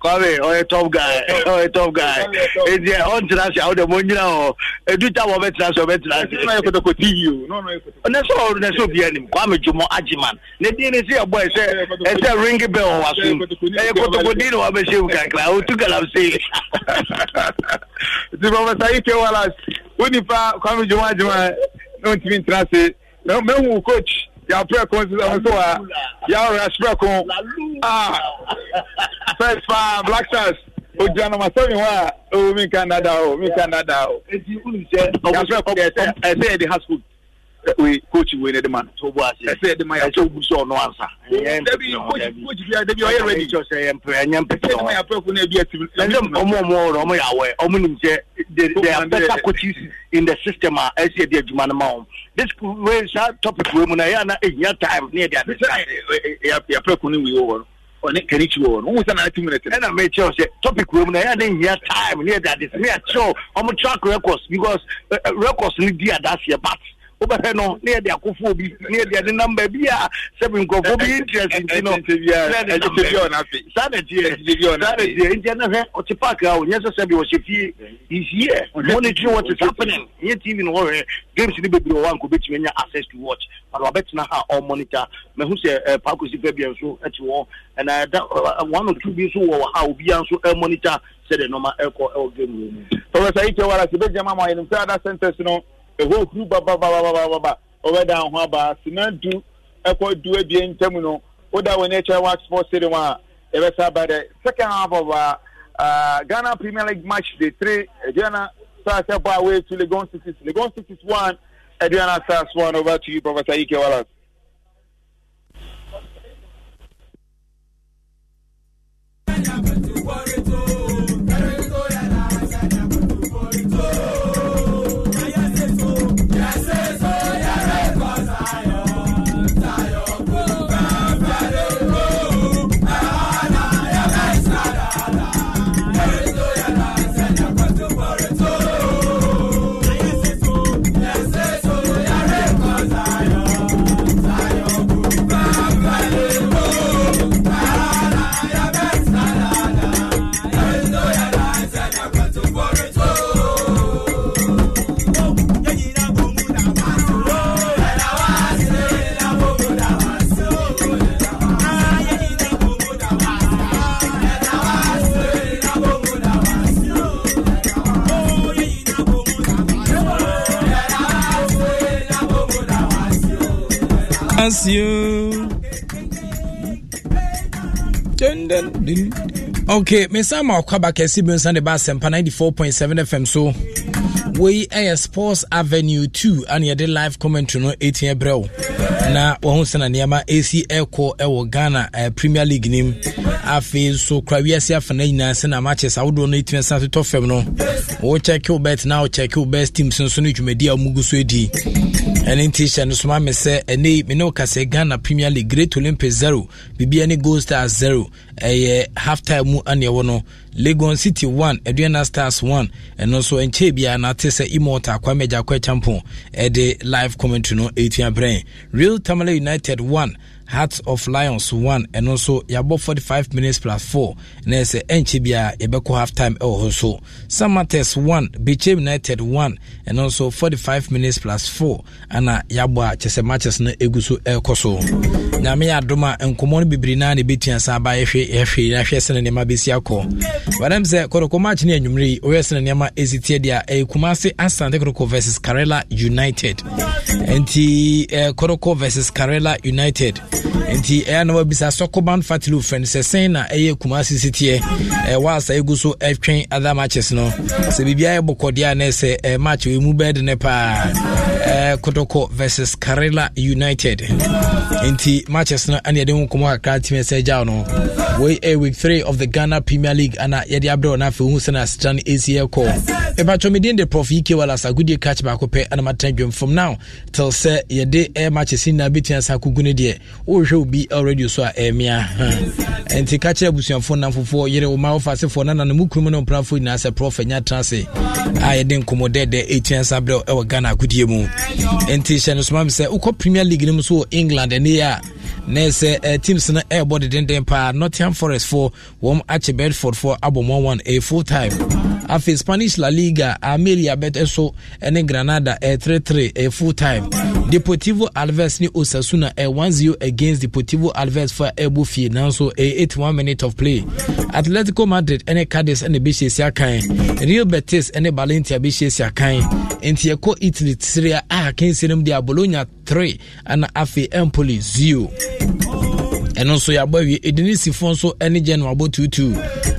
kwame ɔyɛ top guy ɔyɛ top guy eh, o ɛnti e, ɔntra se awodɛ ma ɔnyina hɔ ɛdu ta wɔbɛtena se ɔbɛtena se nɛ sɛ ɔno nɛ sɛ obia nim kwame dwumɔ agyeman ne din ne sɛ yɛbɔ ɛsɛ ɛsɛ ring bell wɔ wasom ɛyɛ kotokodin ne wabɛhyɛ mu kakra ɔtu galamsey nti bɔbɛsa yi kɛ walas wo nipa kwame juma juma na ntumi ntena se mehu coach yàpẹ kò sisan wọn sọ wa yàrá yàpẹ kò ah first fa black stars ojú anamọ sẹmi wa o mi kan dada o mi kan dada o yàpẹ kò ẹsẹ ẹsẹ yẹ di high school we coach wey ne de ma to bo ase ɛsɛ de ma ya to bu so ɔno ansa dabi coach coach bi dabi ɔyɛ ready ɛsɛ de ma ya pɛ ko na ebi ati ɛsɛ ɔmo ɔmo ɔmo yɛ awɛ ɔmo nim sɛ de de are better coaches in the system a ɛsɛ de adwuma no ma wɔn this wey saa topic wey mu na ɛyɛ ana ehia time eh, eh, eh, oh, ne yɛ de adi time ya pɛ ko ne wi wɔ ɔne kanichi wɔ no wosan na two minutes ɛna mɛ kyerɛw sɛ topic wɔ mu na ɛyɛ ne hia time ne yɛ de adi sɛ ne yɛ track records because records ne di adaseɛ but wobɛhwɛ no na yɛde akofoɔ bi na yɛde ne namba bi a sɛbi nkurɔfoɔ bi eh, eh, interest eh, nti no ɔte park a onyɛ sɛ sɛbi ɔhyɛ fie is here monitoring what is happening nyɛ tv no wɔhwɛ games no bebree ɔwɔ anko anya access to watch but wɔbɛtena ha ɔ monitor mahu sɛ paakosi pa bia nso ɛte hɔ one or two bi nso wɔ ha obia nso monitor sɛdeɛ nɔma ɛkɔ ɛwɔ game wɔ mu professor ike wara sɛ bɛgyama ma yɛnim sɛ ada centers no ɛhɔ huru babababababa ɔbɛda ho aba sena du ɛkɔ du ebien ntɛm no woda wɔn n'ekyɛ wax sports stadium a ɛbɛsa aba dɛ second half of uh, uh, ghana premier league match day three aduana stars ɛbɔ away to legon cities legon cities one aduana stars one over to you professor ike wallace. I'm not too worried. Okay, me ma okwa ba kesi bi de ba sempa 94.7 FM so. Wei ɛyɛ Sports Avenue 2 ana yɛde live commentary no ɛtia e brɛ na wahu sɛ na nneɛma ɛsi ɛkɔ ɛwɔ Ghana eh, Premier League nim afei nso kora wiase afa no nyinaa sɛ na matches ahodoɔ no ɛtumi san totɔ fam no wokyɛke wo bet na wokyɛke wo best teams nso no dwumadi a wɔmugu so adi ɛne nti hyɛ no soma me sɛ ɛne me ne wokasɛ ghana premier league great olympic zero biribia ne gold stars zero ɛyɛ halftime mu aneɛwɔ no legon city one aduana stars 1 ɛno nso ɛnkyɛɛ biara nate sɛ immorta kwamagya kwa champon ɛde live commentary no ɛtua brɛn real tamale united one Hearts of lions one ɛno nso forty five minutes plus four. na ɛsɛ ɛnkyɛ biara yɛbɛkɔ half time ɛwɔ hɔ so samates 1 bicham united 1 ɛno nso five minutes plus four. ana yɛabɔ a kyɛ sɛ matches no ɛgu so ɛrekɔ so nyame yɛ adom a nkɔmmɔ no bebree naa ne bɛtua sa aba yɛhwɛ yɛhwɛ yɛahwɛ sene nneɛma bɛsi akɔ wadam sɛ kɔdɔkɔ match ne anwummere yi woyɛ sene nneɛma ɛsi tiɛ deɛ a ɛyɛ kumase asante kɔdɔkɔ versus karela united nti kɔdɔkɔ versus karela united nti ɛyɛ na wabisa sɔkoban fatilo fɛn sɛ sɛn na ɛyɛ kuma sisi teɛ ɛwɔ asa egu so ɛtwɛn ada matches no sɛ biribiara yɛ bɔkɔdeɛ a na ɛsɛ ɛɛ match emu bɛɛ de ne paa ɛɛ kotoko versus karela united nti matches no ɛna yɛde ho nkɔmɔ kakra ti mi sɛ gyaw no wei ɛyɛ week three of the ghana premier league ana yɛde abrɛ wɔn afɛ ohun sɛn asitra no esi ɛkɔ ebatwomidin de prof ike walasa sagudie catch baako pɛ ɛna matena dwom from now till sɛ yɛde ɛɛ matches nyinaa bi tia sa wohwɛ obi radio so a ɛmea ɛnti ka kyerɛ abusuafoɔ nam fofoɔ yere wo ma wofasefoɔ na nano mu kurom ne mpramfoɔ nyinaa sɛ prɔfa nya tena ase a yɛde nkɔmmɔ dɛdɛ ɛtua nsa berɛ ɛwɔ ghana akodie mu ɛnti hyɛ no soma me sɛ wokɔ premier league no mu so wɔ england ɛneyɛ a na sɛ uh, eh, teams no ɛrebɔ dedenden paa nottingham forest fo wɔn akye bedford fo abɔ mu one a full time afei spanish la liga amelia bɛtɛ so eh, ne granada ɛretere eh, a full time deportivo alves ne osasuna ɛ one zero against deportivo alves fo a ɛrebɔ fie nanso ɛ eighty one minute of play atletico madrid ne cadiz ne bɛhyɛ si akan real betis ne valencia bɛhyɛ si akan nti ɛkɔ italy tiria a kɛnsɛn mu deɛ bologna 3 and afei empoli 0 ɛno nso yɛabɔ awie edinisifoɔ nso ɛne gye no abɔ tuutuu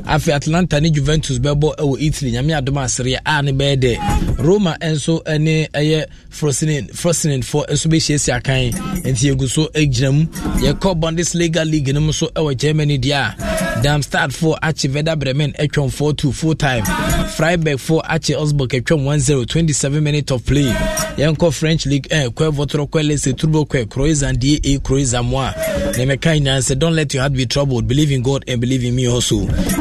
afei atlanta ne juventus bɛbɔ ɛwɔ italy nyame adom asereɛ a ne bɛyɛ dɛ roma nso ne ɛyɛ frosinenfoɔ nso bɛhyiasi akan enti yɛgu so gyina mu yɛkɔ bundesliga league no mu nso ɛwɔ germany deɛ a damstadfoɔ akye veda bremen atwam 4-2 full time freiburgfoɔ akye osburg atwam 1-0 27 minutes of play yɛnkɔ french league ɛn kɔ ɛvɔtorɔ kɔ lɛsɛ turbo kɔ kroizan die e kroizan mu a ne mɛkan nyinaa sɛ don't let your heart be troubled believe in god and believe in me also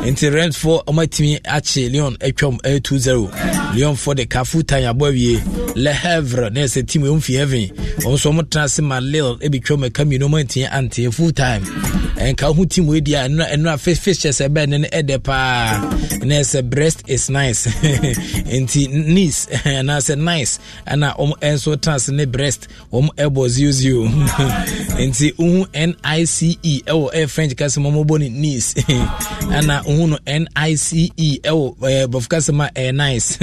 nti rentfo ɔmatumi akye leon atwam eh, 20 leon for the kafo tan abɔ awie le hevre na ɛsɛ team ɛmfi heaven ɔm nso ɔmotena se ma lil ɛbitwam ɛka mmienu ɔmantumi anteɛ full time ɛnka eh, ho team wei deɛ ɛno ɛno a fixture sɛ ɛbɛn ne no ɛdɛ paa na ɛsɛ breast is nice nti knees anaasɛ nice ɛna ɔm ɛnso eh, tena se ne breast ɔm ɛbɔ zio zio nti wohu nice nice ɛwɔ airfrench kasɛm a mɔbɔ no nice ana wohu no nice ɛwɔ bɔf kasɛm a ɛyɛ nice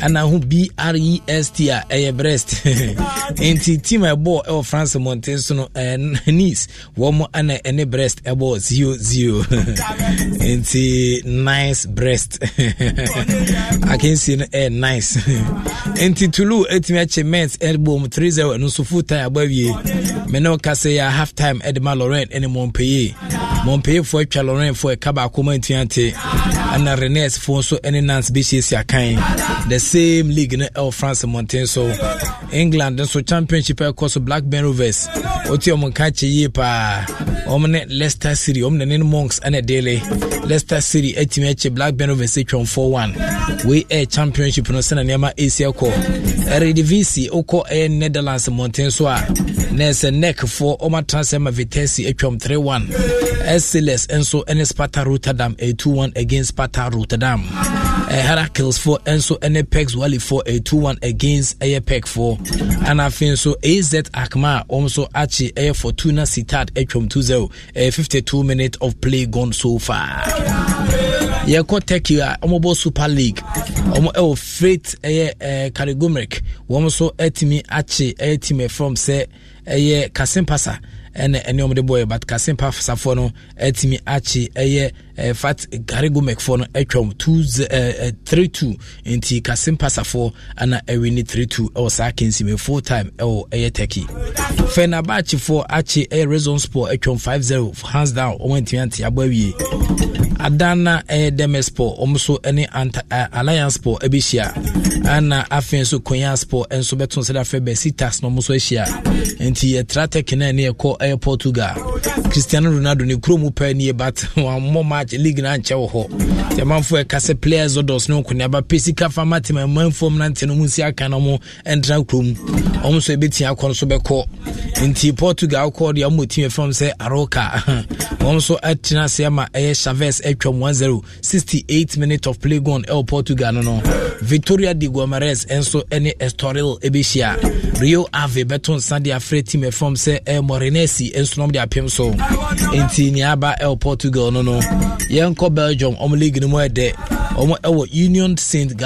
ana ho brest a ɛyɛ breast nti team a ɛbɔɔ ɛwɔ france mmɔnten so no nice wɔm ana ɛne breast ɛbɔɔ zero zero nti nice breast akansie no ɛyɛ nice nti tulu ɛtumi akyɛ mens ɛbɔ mu 30 ɛno so full time abɔ awie me ne woka yɛ half time ɛde ma lɔre Lorraine ne Montpellier Montpellier foɔ atwa Lorraine foɔ ɛka baako ma ntua ante ɛna Rennes foɔ nso ne Nantes bɛhyiesie akan the same league no ɛwɔ France mmɔnten so England nso championship ɛkɔ so Blackburn Rovers wɔtua wɔn nka kyɛ yie paa wɔn ne Leicester City wɔn ne ne Monks ne Dele Leicester City atumi akyɛ Blackburn Rovers atwam 4-1 wei ɛyɛ championship no sɛna nneɛma ɛsi ɛkɔ Eredivisie wokɔ ɛyɛ Netherlands mmɔnten so a na ɛsɛ neck foɔ wɔn atena ma Vitesse atwam 3 1 sls nso ne sparta rotterdam 2 1 against sparta rotterdam eh, heracles foɔ nso ne pex wally foɔ 2 1 against ɛyɛ pec foɔ ana afei nso az akma a wɔn nso akye eh, ɛyɛ fortuna sitad atwam 2 0 52 minutes of play gone so far yɛkɔ turkey a wɔbɔ super league wɔn ɛwɔ eh, freight ɛyɛ karigomeric wɔn nso atumi akye ɛyɛ team from sɛ ɛyɛ kasimpasa ɛna ɛne ɔmde bɔyɛ but kasempa safoɔ no atumi akye ɛyɛ Eh, fat gary gomekfoɔ no atwam 32 nti kasim pasafoɔ ana ɛwe ne 32 Osa saa kensime full time O ɛwɔ ɛyɛ turkey fɛnabakyefoɔ akye ɛyɛ reson sport atwam 50 hands down ɔmo ntumi ante abɔ awie adana ɛyɛ demes sport ɔmo so ɛne eh, alliance sport ɛbɛhyia ana afei so konya sport ɛnso bɛto sɛ dafɛ bɛsi tas na ɔmo so ahyia nti yɛtra tɛk na ɛne yɛkɔ ɛyɛ portugal cristiano ronaldo ni kromu pɛ ni yɛ bat wɔn match agye league no ankyɛ wɔ hɔ nti amanfoɔ ɛka sɛ players odos ne nkoneaba pɛ sika fa ma tem amanfoɔ m nante no mu nsi aka no mo ɛntena kurom ɔm nso ɛbɛtia akɔ no bɛkɔ nti portugal kɔɔ deɛ ɔmɔ tim ɛfam sɛ aroka ɔm nso atena ase ama ɛyɛ chaves atwam 10 68 minutes of play gone ɛwɔ portugal no no victoria de guamares nso ne estoril ɛbɛhyia rio ave bɛto nsa de afrɛ tim ɛfam sɛ ɛmorenesi nsonom de apem so nti nea aba ɛwɔ portugal no no belgium union saint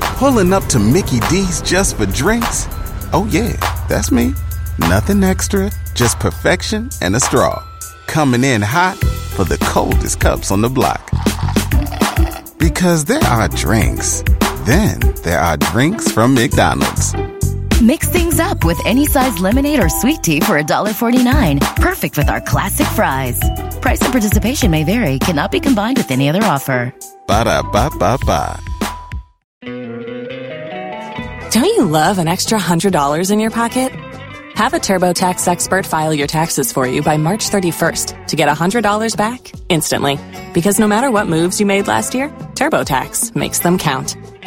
pulling up to mickey d's just for drinks oh yeah that's me nothing extra just perfection and a straw coming in hot for the coldest cups on the block because there are drinks then there are drinks from mcdonald's. Mix things up with any size lemonade or sweet tea for $1.49. Perfect with our classic fries. Price and participation may vary, cannot be combined with any other offer. Ba da ba ba ba. Don't you love an extra $100 in your pocket? Have a TurboTax expert file your taxes for you by March 31st to get $100 back instantly. Because no matter what moves you made last year, TurboTax makes them count.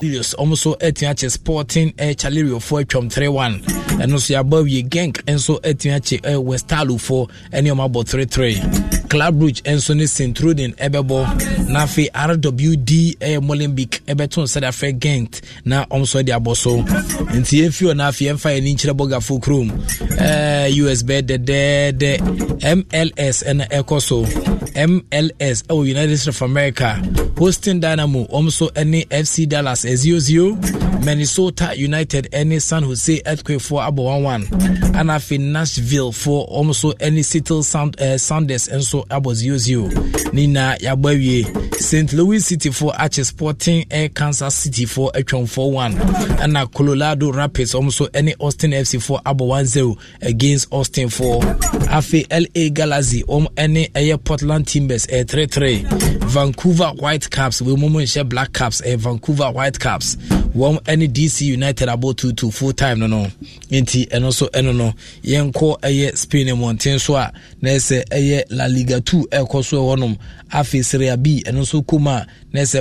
Serious, almost so etiache sporting a chalerio for chom three one. And also above ye gank, and so etiache a westalu talu for any of my 3 clubridge nso ne st rodin ɛbɛbɔ na afei rwd ɛyɛ molenbeek ɛbɛto sɛde afrɛ gent na ɔm so de abɔ so nti yɛmfi ɔ no afei yɛmfa yɛni nkyerɛ bɔgafo kurom us bɛɛ dɛdɛɛdɛ mls ɛna ɛkɔ so mls ɛwɔ united states of america hosting dynamo ɔm so ɛne fc dallas ɛziozio minnesota united ɛne san jose Earthquake earthquakefoɔ abɔ 11 ana afei nashville foɔ ɔm so ɛne seattle sounders nso nso abɔ ziozio ne nyinaa yɛabɔ awie st louis cityfoɔ akye sporting air kansas cityfoɔ atwamfoɔ 1 ɛna colorado rapids ɔm so ne austin FC fcfoɔ abɔ 10 against austinfoɔ afei la galaxy ɔm ne ɛyɛ portland timbers ɛyɛ 33 vancouver white caps wei mu mu nhyɛ black caps ɛyɛ vancouver white caps wɔn ɛne dc united abo tutu full time no no nti ɛno nso ɛno no yɛnkɔ ɛyɛ spain mmɔnten so a na ɛyɛ la liga two ɛkɔ so ɛwɔnom afei seria b ɛno nso kom a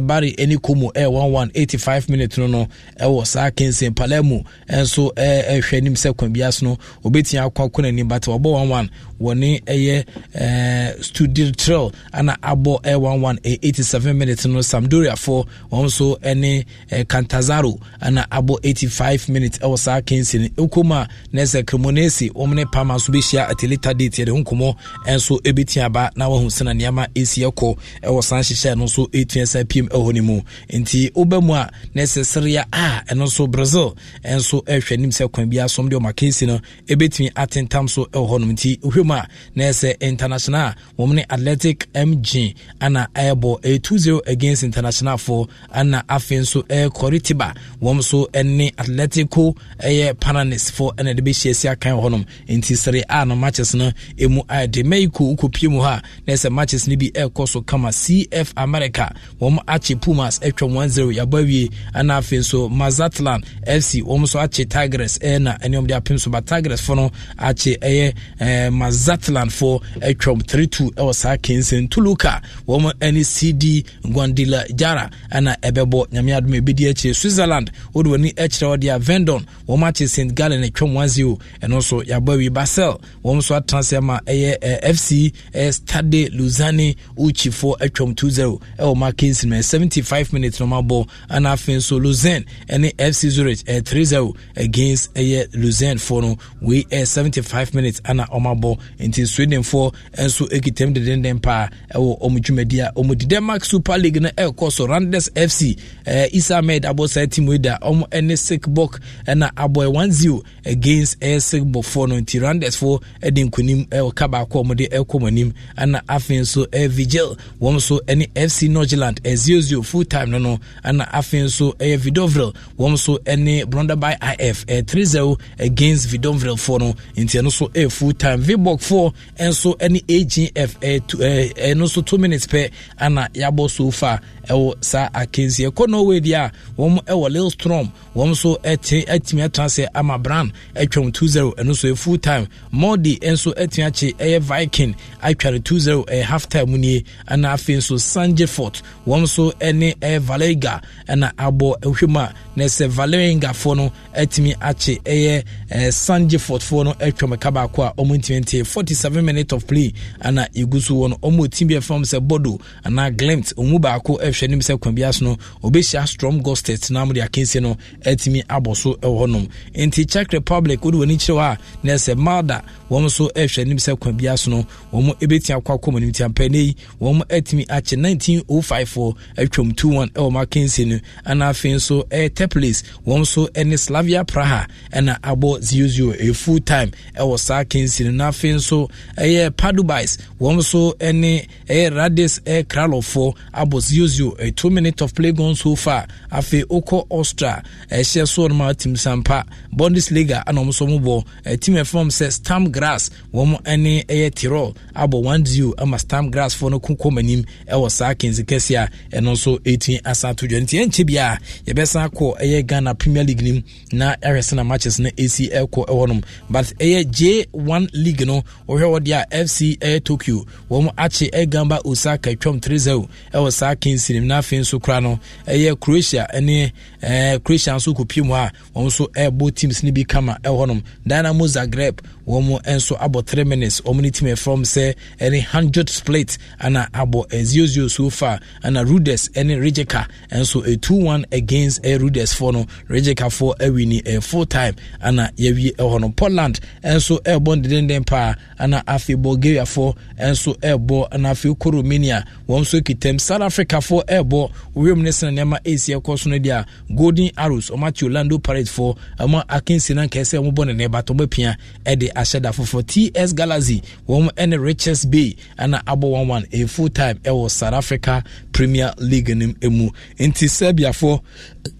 bari ɛne kumu ɛyɛ one one eighty five minute no no ɛwɔ saa kensin palermo ɛnso ɛɛ ɛhwɛ anim sɛ kwan no obetumi akɔ akɔ n'anim but wɔbɔ one one wɔne ɛyɛ eh, studio trail ana abɔ eh, 11 eh, eighty seven minutes no samdoriafoɔ wɔn nso ɛne eh, cantazaro ana abɔ 85 minutes ɛwɔ saa kensi no ɛkom a na ɛsɛ cremonese wɔn ne pama nso bɛhyia at later date yɛde ho nkɔmmɔ ɛnso ɛbɛti aba na wahu sena nneɛma ɛsi ɛkɔ ɛwɔ saa nhyehyɛ no nso ɛtua sa pm ɛhɔ no mu nti wobɛ mu a na ɛsɛ sereɛ a ɛno nso brazil ɛnso ɛhwɛ nim sɛ kwan bi asom deɛ ɔma kensi no ɛbɛtumi atentam so ɛwɔ hɔnom nti wohwɛ a na ɛsɛ international a wɔn ne athletic mg ana ɛrebɔ ɛyɛ 2-0 against international fo ana afei nso ɛyɛ kɔritiba wɔn nso ne atletico ɛyɛ pananis fo ɛna ɛde bɛhyia si akan wɔ hɔnom nti sere a no matches no ɛmu ayɛ de mexico wokɔpie mu hɔ na ɛsɛ matches no bi ɛrekɔ so kama cf america wɔn akye pumas atwa 1-0 yɛabɔ awie ana afei nso mazatlan fc wɔn nso akye tigres ɛna ɛne wɔn de apem so ba tigres fo no akye ɛyɛ maz Zatland for atwam 3-2 ɛwɔ saa Kingston Tuluka wɔn ɛne CD Gwandila Jara ɛna ɛbɛbɔ nyame adum ebedi akyire Switzerland wɔde wɔn ani wɔde a Vendon wɔn akye St Gallen atwam 1-0 ɛno nso yabɔ wi Basel wɔn nso atena se ama ɛyɛ FC ɛɛ Stade luzane Uchi for atwam 2-0 ɛwɔ ma Kingston mɛ 75 minutes na wɔn abɔ ɛna afei nso Luzern ɛne FC Zurich ɛɛ eh, 3-0 against ɛyɛ Luzern for no wei ɛɛ 75 minutes ɛna wɔn nti swedenfoɔ nso kitam dedenden paa ɛwɔ ɔmo dwumadi a ɔmo di denmark super league no ɛrekɔ so randers fc ɛɛ isa ahmed abɔ saa da ɔmo ne sikbok na abɔ one zero against ɛyɛ sikbok foɔ no nti randers foɔ ɛde nkonim ɛwɔ ka baako ɔmo de ɛkɔ ɔmo anim ɛna afei nso vigil wɔn nso ɛne fc norgeland ɛyɛ zero zero full time no no ɛna afei nso ɛyɛ vidovril wɔn nso ɛne brondaby if ɛyɛ three zero against vidovril foɔ no nti ɛno nso ɛyɛ full time vibok foɔ nso ne agf ɛno eh, eh, nso two minutes pɛ ana uh, yɛabɔ so fa ɛwɔ eh, saa akansie ah, ɛkɔ norway deɛ a wɔn ɛwɔ lilstrom wɔn nso atumi atena sɛ ama brand atwam 2-0 ɛno nso full time modi nso atumi akye ɛyɛ viking atwa no 2-0 ɛyɛ half time mu nie ah, ɛna afei nso sanjefort wɔn nso ne ɛyɛ valega ɛna ah, abɔ ahwɛ mu a na sɛ valeringafoɔ no atumi akye ɛyɛ sangefordfoɔ no atwam ka baako a ɔmo ntiminti 47 minutes of play ana ɛgu so wɔ no ɔmo tim bi ɛfam sɛ bodo ana glimt ɔmu baako ɛhwɛ nim sɛ kwan bi ase no ɔbɛhyia strom gostet na mo de no atumi abɔ so ɛwɔ hɔnom nti czech republic wode w'ani kyerɛ hɔ a na sɛ malda wɔn nso ɛhwɛ nim sɛ kwan bi ase no wɔn ɛbɛtia akɔ akɔmɔ nim ti ampɛ ne yi wɔn atumi akye 1905 atwam 2-1 ɛwɔ mo akansie no ana afei nso ɛyɛ Place wɔn nso ne Slavia Praha ɛna abɔ 0-0 a full time ɛwɔ saa Kingsley no n'afei nso ɛyɛ Padubais wɔn nso ne ɛyɛ Radis ɛyɛ Kralofo abɔ 0-0 a two minute of play gone so far afei okɔ Austria ɛhyɛ so ɔnom a team sampa Bundesliga ɛna wɔn nso wɔn bɔ ɛteam ɛfam sɛ Stam Grass wɔn ne ɛyɛ Tirol abɔ 1-0 ama Stam Grass fo no kokɔ manim ɛwɔ saa Kingsley kɛseɛ a ɛno nso 18 asan to dwa nti ɛnkyɛ bi a yɛbɛsan kɔ ɛwɔ ɛyɛ ghana premier league nim na ɛhwɛ sɛ matches na ɛsi ɛkɔ ɛwɔ but ɛyɛ j1 league no wɔhwɛ wɔ deɛ a fc ɛyɛ tokyo wɔn akye ɛgamba osaka twam 3-0 ɛwɔ saa kinsin na afei nso kora no ɛyɛ croatia ɛne Eh, Christian nso kɔpie mu a wɔn nso ɛrebɔ eh, teams no bi kama ɛhɔnom eh, dynamo zagreb wɔn nso abɔ three minutes wɔn ne team ɛfrɔm sɛ ɛne hundred split ana abɔ zero so far ana rudess ɛne regeka nso a two one against ɛyɛ rudess foɔ no regeka foɔ ɛwini ɛyɛ full time ana yɛwie ɛhɔnom poland nso ɛrebɔ ndendenden paa ana afei bulgariafoɔ nso ɛrebɔ ana afei kɔ romania wɔn nso kitam south africafoɔ ɛrebɔ wiem ne sena nneɛma AC ɛkɔ so no deɛ golden arrows ɔmo ate orlando paradefoɔ ɔmo akensi na nkɛse ɔmo bɔ ne nɛɛba tɔmɔ pia ɛde ahyɛ foforɔ ts galaxy wɔn ɛne riches bay ɛna abɔ one one a full time ɛwɔ south africa premier league nim mu nti serbiafoɔ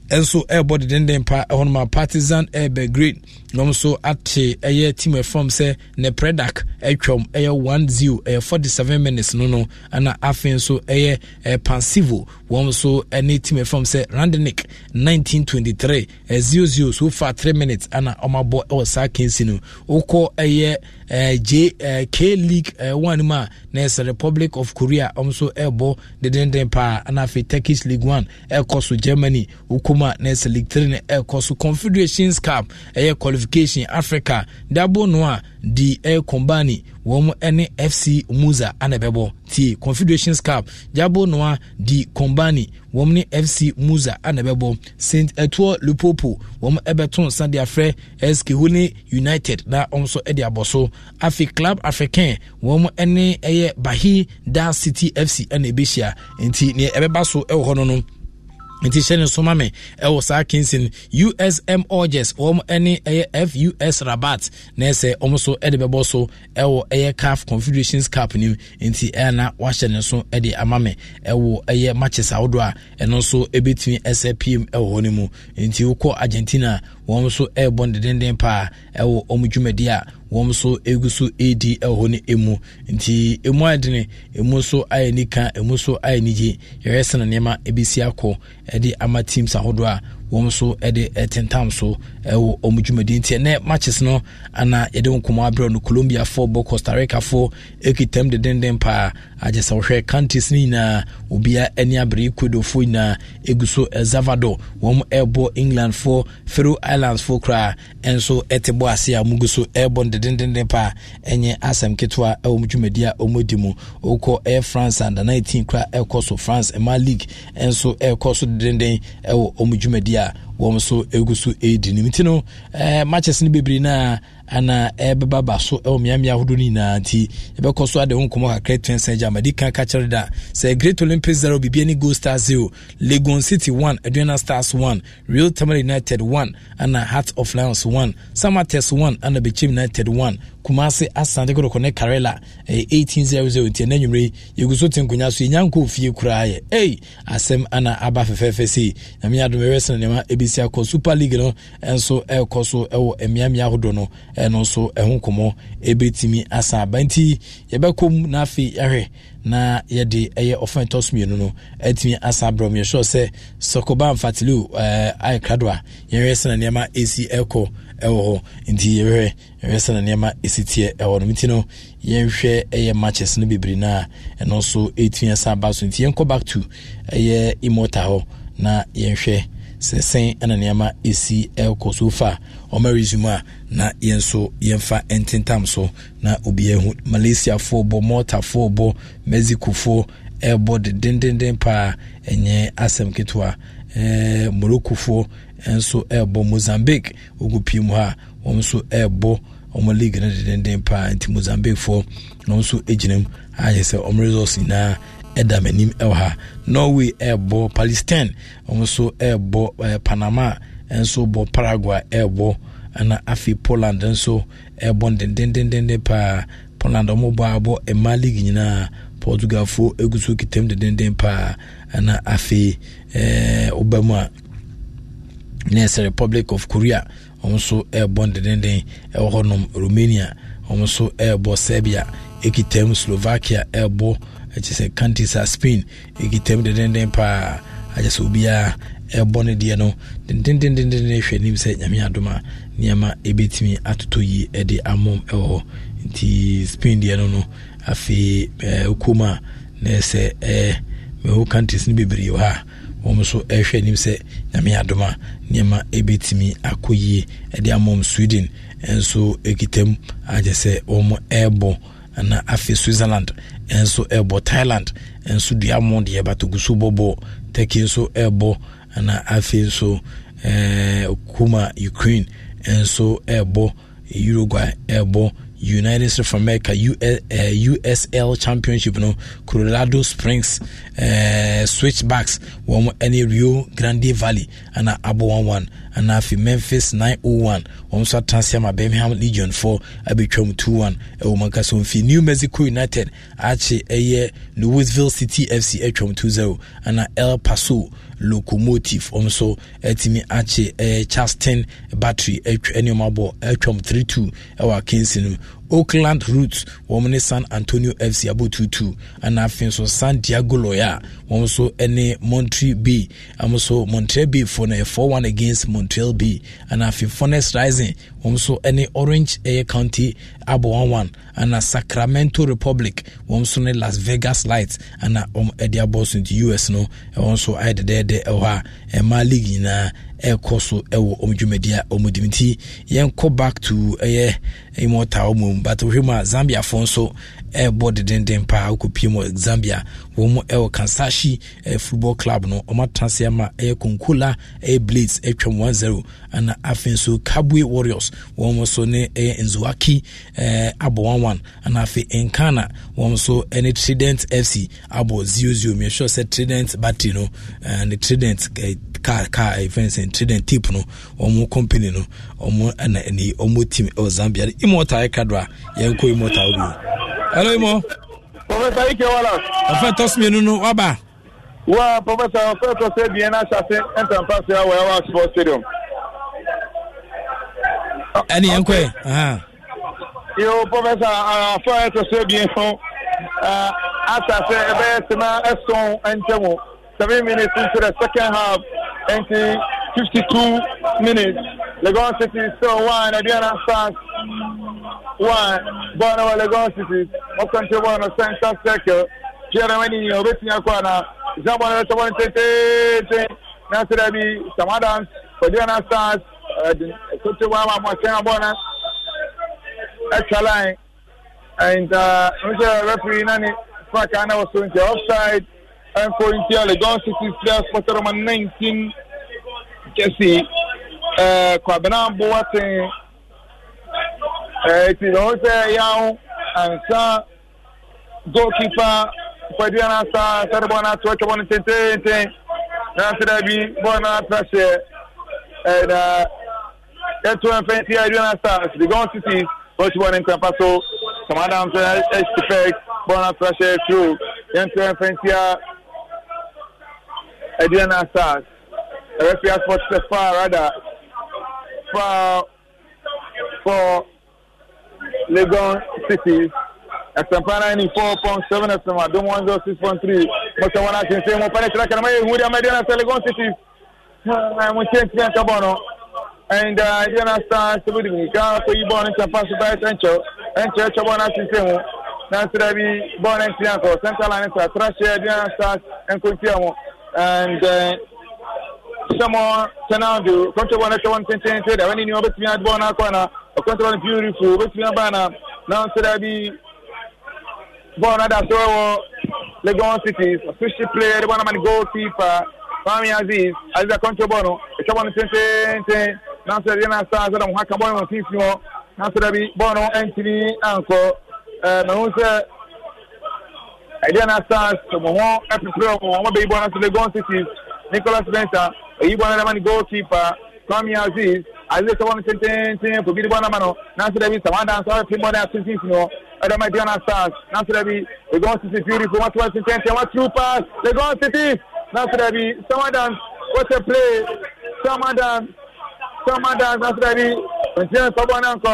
nso ɛrebɔ dedenden pa ɛhɔnom a partizan ɛrebɛ grade wɔn nso ate ɛyɛ team fam sɛ ne predak atwam ɛyɛ one zero ɛyɛ forty seven minutes no no ɛna afei nso ɛyɛ ɛɛ pansivo wɔn nso ɛne team fam sɛ randenik nineteen twenty three ɛɛ zero zero so far three minutes ɛna wɔn abɔ ɛwɔ saa kensi no okɔ ɛyɛ ɛɛ j k league ɛɛ one mu a na ɛsɛ republic of korea wɔn nso ɛɛbɔ dedenden paa ɛna afei turkish league one ɛɛkɔ so germany okoma na ɛsɛ league three na ɛɛkɔ so confederations cup ɛyɛ qualif qualification africa dabo no di de air combani wɔn ne fc musa ana ɛbɛbɔ tie confederations cup dabo no di kombani combani wɔn ne fc musa ana ɛbɛbɔ st etuo lupopo wɔn ɛbɛto nsa de afrɛ eskehone united na wɔn nso de abɔ so afi club african wɔn ne ɛyɛ bahi da city fc ɛna ɛbɛhyia nti nea ɛbɛba so ɛwɔ hɔ no no nti hyɛ ne nso ma me ɛwɔ saa kinsin usm orges wɔm ne ɛyɛ fus rabat na ɛsɛ wɔn nso de bɛbɔ so ɛwɔ ɛyɛ caf confederations cup nim nti ɛyɛ na wahyɛ ne nso de ama me ɛwɔ ɛyɛ matches ahodoɔ a ɛno nso ɛbɛtumi ɛsɛ pm ɛwɔ hɔ no mu nti wokɔ argentina wɔn nso ɛrebɔ no dedenden paa ɛwɔ wɔn dwumadi a wɔn nso egu so edi ɛwɔ ne emu nti emu adene emu nso ayɛ nika emu nso ayɛ nigye yɛrɛ sɛn nneɛma ebi si akɔ ɛde ama teams ahodoɔ a wɔn nso ɛde ɛtentam so ɛwɔ ɔmo dwumadie nti ɛnɛ matches no ana yɛde nkɔmɔ abrɛ no colombia fo bɔ costa rica fo ekitam dedenden paa agye sɛ wɔhwɛ countries no nyinaa obia ani abere ecuador fo nyinaa egu so elzavador wɔn ɛbɔ england fo faroe islands fo koraa ɛnso ɛte bɔ ase a wɔn gu so ɛɛbɔ dedenden paa ɛnyɛ asɛm ketewa ɛwɔ ɔmo dwumadi a ɔmo di mu ɔkɔ ɛyɛ france under nineteen koraa ɛɛkɔ so france ɛma league ɛnso ɛkɔ so dedenden ɛwɔ ɔmo dwumadi a wɔn nso egu so edi ne ti no ɛɛ matches ni bebree naa ana ɛbɛba ba so ɛwɔ mmeammea ahodoɔ no nyinaa nti yɛbɛkɔ so ade ho nkɔmmɔ kakra tua nsa gya madi ka ka kyerɛ da sɛ great olympic zero biribia ne gold star zero legon city one aduana stars one real tamale united one ana heart of lions one samates one ana bekyem united one kumase asante kodoko ne karela ɛyɛ eighteen zero zero nti ɛnɛ nwumire yɛgu so te nkonnwa so yɛnya nkɔ fie koraa yɛ ei asɛm ana aba fɛfɛɛfɛ sei nyame adom ɛwɛ nneɛma ɛbɛsi akɔ super league no nso ɛrekɔ so ɛwɔ mmeammea ahodoɔ no ɛno nso ɛho nkɔmmɔ ɛbɛtumi asa aba nti yɛbɛkɔ mu na afei ɛhwɛ na yɛde ɛyɛ ɔfɛn tɔso mmienu no ɛtumi asa abrɛ mu yɛsɔ sɛ sɔkoba mfatiliw ɛɛ ayɛkrado a yɛhwɛ sɛ na nneɛma ɛsi ɛkɔ ɛwɔ hɔ nti yɛhwɛ yɛhwɛ sɛ na nneɛma ɛsi teɛ ɛwɔ no nti no yɛnhwɛ ɛyɛ matches no bebree na ɛno nso ɛtumi asa aba so nti yɛnkɔ back to ɛyɛ immortal hɔ na yɛnhwɛ sɛ sɛn ɛna nneɛma ɛsi ɛkɔ so far ɔmɛ resume a na yɛn nso yɛmfa ntentam so na obiara hu malaysiafoɔ bɔ maltafoɔ bɔ mexicofoɔ ɛrebɔ de dendenden paa ɛnyɛ asɛm ketewa ɛɛ moroccofoɔ nso ɛrebɔ mozambique ogu pii mu ha wɔn nso ɛrebɔ wɔn league no dendenden paa nti mozambiquefoɔ wɔn nso gyina mu ayɛ sɛ wɔn results nyinaa ɛda m'anim ɛwɔ ha norway ɛrebɔ palestine wɔn nso ɛrebɔ ɛɛ panama nso bɔ paraguay ɛrebɔ ɛna afei poland nso ɛbɔ ndendendenden paa poland ɔmo bɔ abɔ mmaa league nyinaa portugalfoɔ egu so kitam dendenden paa ɛna afei ɛɛ ɔba mu a ne republic of korea wɔn nso ɛrebɔ ndendenden ɛwɔ hɔnom romania wɔn nso ɛrebɔ serbia ekitam slovakia ɛrebɔ ɛkyɛ sɛ countries a spain ekitam dendenden paa akyɛ sɛ obiara ɛrebɔ ne deɛ no dendendendenden hwɛ anim sɛ nyame adoma nneɛma ɛbɛtumi atotɔ yi ɛde amom ɛwɔ hɔ nti spain deɛ no no afei ɛɛ okom a na ɛsɛ ɛɛ mɛho countries no bebree wɔ ha wɔn nso ɛrehwɛ anim sɛ nyame adom nneɛma ɛbɛtumi akɔ yie ɛde amom sweden nso ɛkita mu agye sɛ wɔn ɛrebɔ ana afei switzerland nso ɛrebɔ thailand nso dua mo deɛ batogu so bɔbɔ turkey nso ɛrebɔ ana afei nso ɛɛ okom a ukraine nso ɛbɔ uruguay ɛbɔ united states of america US, uh, eh, eh, usl championship no colorado springs uh, switchbacks wɔn ne rio grande valley ana abo 11 ana afei memphis 901 wɔn nso atansi ama birmingham legion Four, 4 abɛtwam 21 ɛwɔ mu nkasa mfi new mexico united akye ɛyɛ louisville city fc atwam 20 ana el paso locomotive ɔno nso atumi akye charleston eh, battery ɛnneɛma bɔ ɛtwam 32 ɛwɔ oakland root wɔn ne san antonio fc abo 2-2 ɛna afei nso san diego loya wɔn nso ne montreal b wɔn nso montreal b fo no yɛ 4-1 against montreal b ɛna afei fornes rising wɔn nso ne orange eh, county abo one one. ɛna sacramento republic wɔn nso ne las vegas light ɛna wɔn um, de abɔ so nti us no wɔn nso ayɛ dɛdɛɛdɛ ɛwɔ a ɛmaa league nyinaa ɛrekɔ so ɛwɔ wɔn dwumadi a wɔn di nti yɛn kɔ back to ɛyɛ immortal wɔn mu but wohwɛ mu a zambiafoɔ nso ɛrebɔ dedenden paa wokɔpie mu zambia wɔn mu ɛwɔ kansashi eh, football club no wɔn atenase ama ɛyɛ konkola ɛyɛ blades atwam one zero Ana afei nso kabue warriors wɔn nso ne ɛyɛ nzuaki ɛɛ eh, abɔ one one ɛna afei nkana wɔn nso ɛne trident fc abɔ zero zero mi ɛhwɛ sɛ trident battery no ɛɛ eh, ne trident ɛɛ eh, car car ɛyɛ trident tape no wɔn company no wɔn ɛna ɛni wɔn team ɛwɔ zambia immortal ɛkadɔ a yɛn kɔ immortal wɔ hello imo. professor ike wala. ọfẹ tọsi mi nínú wàbà. wá professor ọfẹ tọsi ebien náà ṣàṣe ẹntàn pàṣẹ a ẹwà sports stadium. ẹni yẹn kọ ẹ. yo professor ọfẹ tọsi ebien fún aṣàṣe ẹbẹ ẹsẹmá ẹsùn entemo. seven minutes into the second half ẹntì fifty two minutes. Legon City so one, Adriana Stars one, Bono Legon City, Okanche Bono Center Circle, Jeremy Obetia Kwana, Zambono Tabon Tete, Nasirabi, some Adams, Adriana Stars, uh, Kuti Wama Mwakia Bona, extra line, and uh, referee Nani Fakana was going to offside, and for India, Legon City players, Potter 19, Jesse kwabena boaten ɛɛ ti na o sɛ yaw ansa goalkeeper kwadua na asa sɛde bɔ na ato ɛtwa bɔ no tententen na ase da bi bɔ na atra hyɛ ɛɛ e ɛto e ɛfɛn ti adua na asa the gun city wɔsi bɔ ne nkrampa so sama adam e sɛ ɛsi fɛ bɔ na atra hyɛ through yɛn to ɛfɛn a adua na asa ɛbɛ fi asopɔtɛ fa rada for for Lagos City. Asampana ni 4.7 Asama Domo 6.3 Masa wana chinsi mo pale chila kana mai huri amadi na Lagos City. Ah, mo chinsi ya kabono. And uh, you understand, so we didn't go to you born in Champa Super Central and Church of Bona System. Now, should I be born in Tianco, Central Line, Trash, you understand, and Kuntiamo. And uh, sɛmɔ sɛnaa do kɔntɛbɔ na twɛwɔ ntenten sɛ da wani ni wɔbɛtumi adebɔ no akɔ na ɔkɔntɛbɔ no beautiful wɔbɛtumi aba na na nso da bi bɔɔl no ada so wɔ legon cities ɔsohye player de bɔ no ma ne goal keeper fami aziz aziz akɔntɛbɔ no ɛtwɛbɔ no tententen na nso da bi na saa sɛ da mo haka bɔɔl no mfimfini hɔ na nso da bi bɔɔl no ɛntini ankɔ ɛɛ na ho sɛ ɛdeɛ na saa sɛ mo ho ɛpepere wɔn wɔn bɛyi bɔɔl no so legon cities nicholas benson eyi bwana dama ni goalkeeper Kwame Aziz Aziz sọ wọn tententen kobi bwana ma no nanso dẹbi sawanda nsọ fi mbọ náà tuntun fi hɔ ɛdɔm ɛdi ɔna stars nanso dẹbi Legon City beautiful wọn tọ wọn tententen wọn true pass Legon City nanso dẹbi sawanda wọ́n ti play sawanda sawanda nanso dẹbi ntina sọ bọ́ọ̀ náà nkọ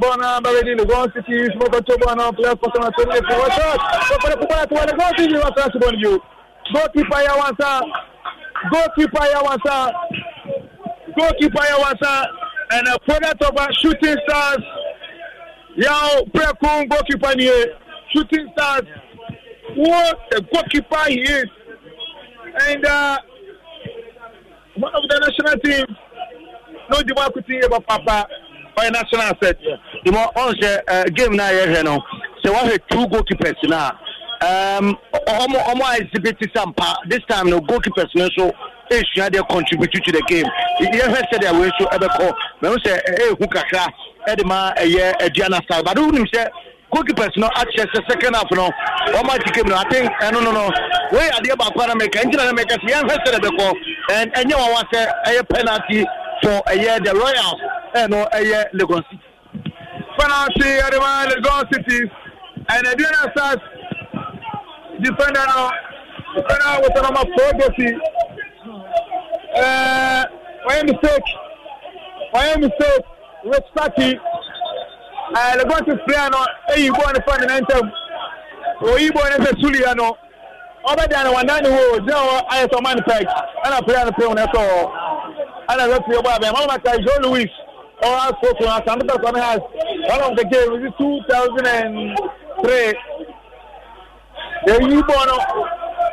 bọ́ọ̀ náà bá wẹ́ẹ́dì Legon City sọ bọ́ọ̀ tó bọ́ọ̀ náà play fọ́sọ̀ náà tó ní ẹ̀fọ́ wọ́n shot wọ́n fẹ́rẹ́ kúkọ́ àti wọ́n Legon City wọ́n fẹ́rẹ́ sọ bọ́ọ̀ ní yìí o goalkeeper yà wọn sá goalkeeper yawa sa goalkeeper yawa sa and a product of our shooting stars. Yao Prekun goalkeeper here, shooting stars. What a goalkeeper he is, and uh, one of the national team. No, the one could about Papa by national set. The more on game now, you know, so what a two goalkeepers now um ọmọ ọmọ exhibit sampa this time no goalkeepers no so esua de contribute to the game yẹn fẹ sẹ de awo eso ẹbẹ kọ mẹrin sẹ ehu kakra ẹdi ma ẹyẹ ẹdiana style but ọdún nim sẹ goalkeepers no akyerẹ sẹ second half no ọmọ àti game no i think ẹnu no no wei adeɛ baako anamẹka ẹnjina anamẹka sẹ yẹn fẹ sẹ de bẹ kọ ẹnyẹ wọn wa sẹ ẹyẹ penalty for ẹyẹ the royals ẹnu ẹyẹ lagos city. penalty ẹdi ma lagos city ẹnẹdiana stars defender now, defender with the number four, Bessie. Uh, my mistake, my mistake, with start Uh, the going to play now, hey, you go on the fan and enter. Oh, you go on the Sulia now. Over there, one down the road, now I have some man peg, and I play on the play on the floor. And I left your boy, man. Mama, I Joe Louis, or I spoke to us, and the person is? Two thousand and three. eyi bọọlụ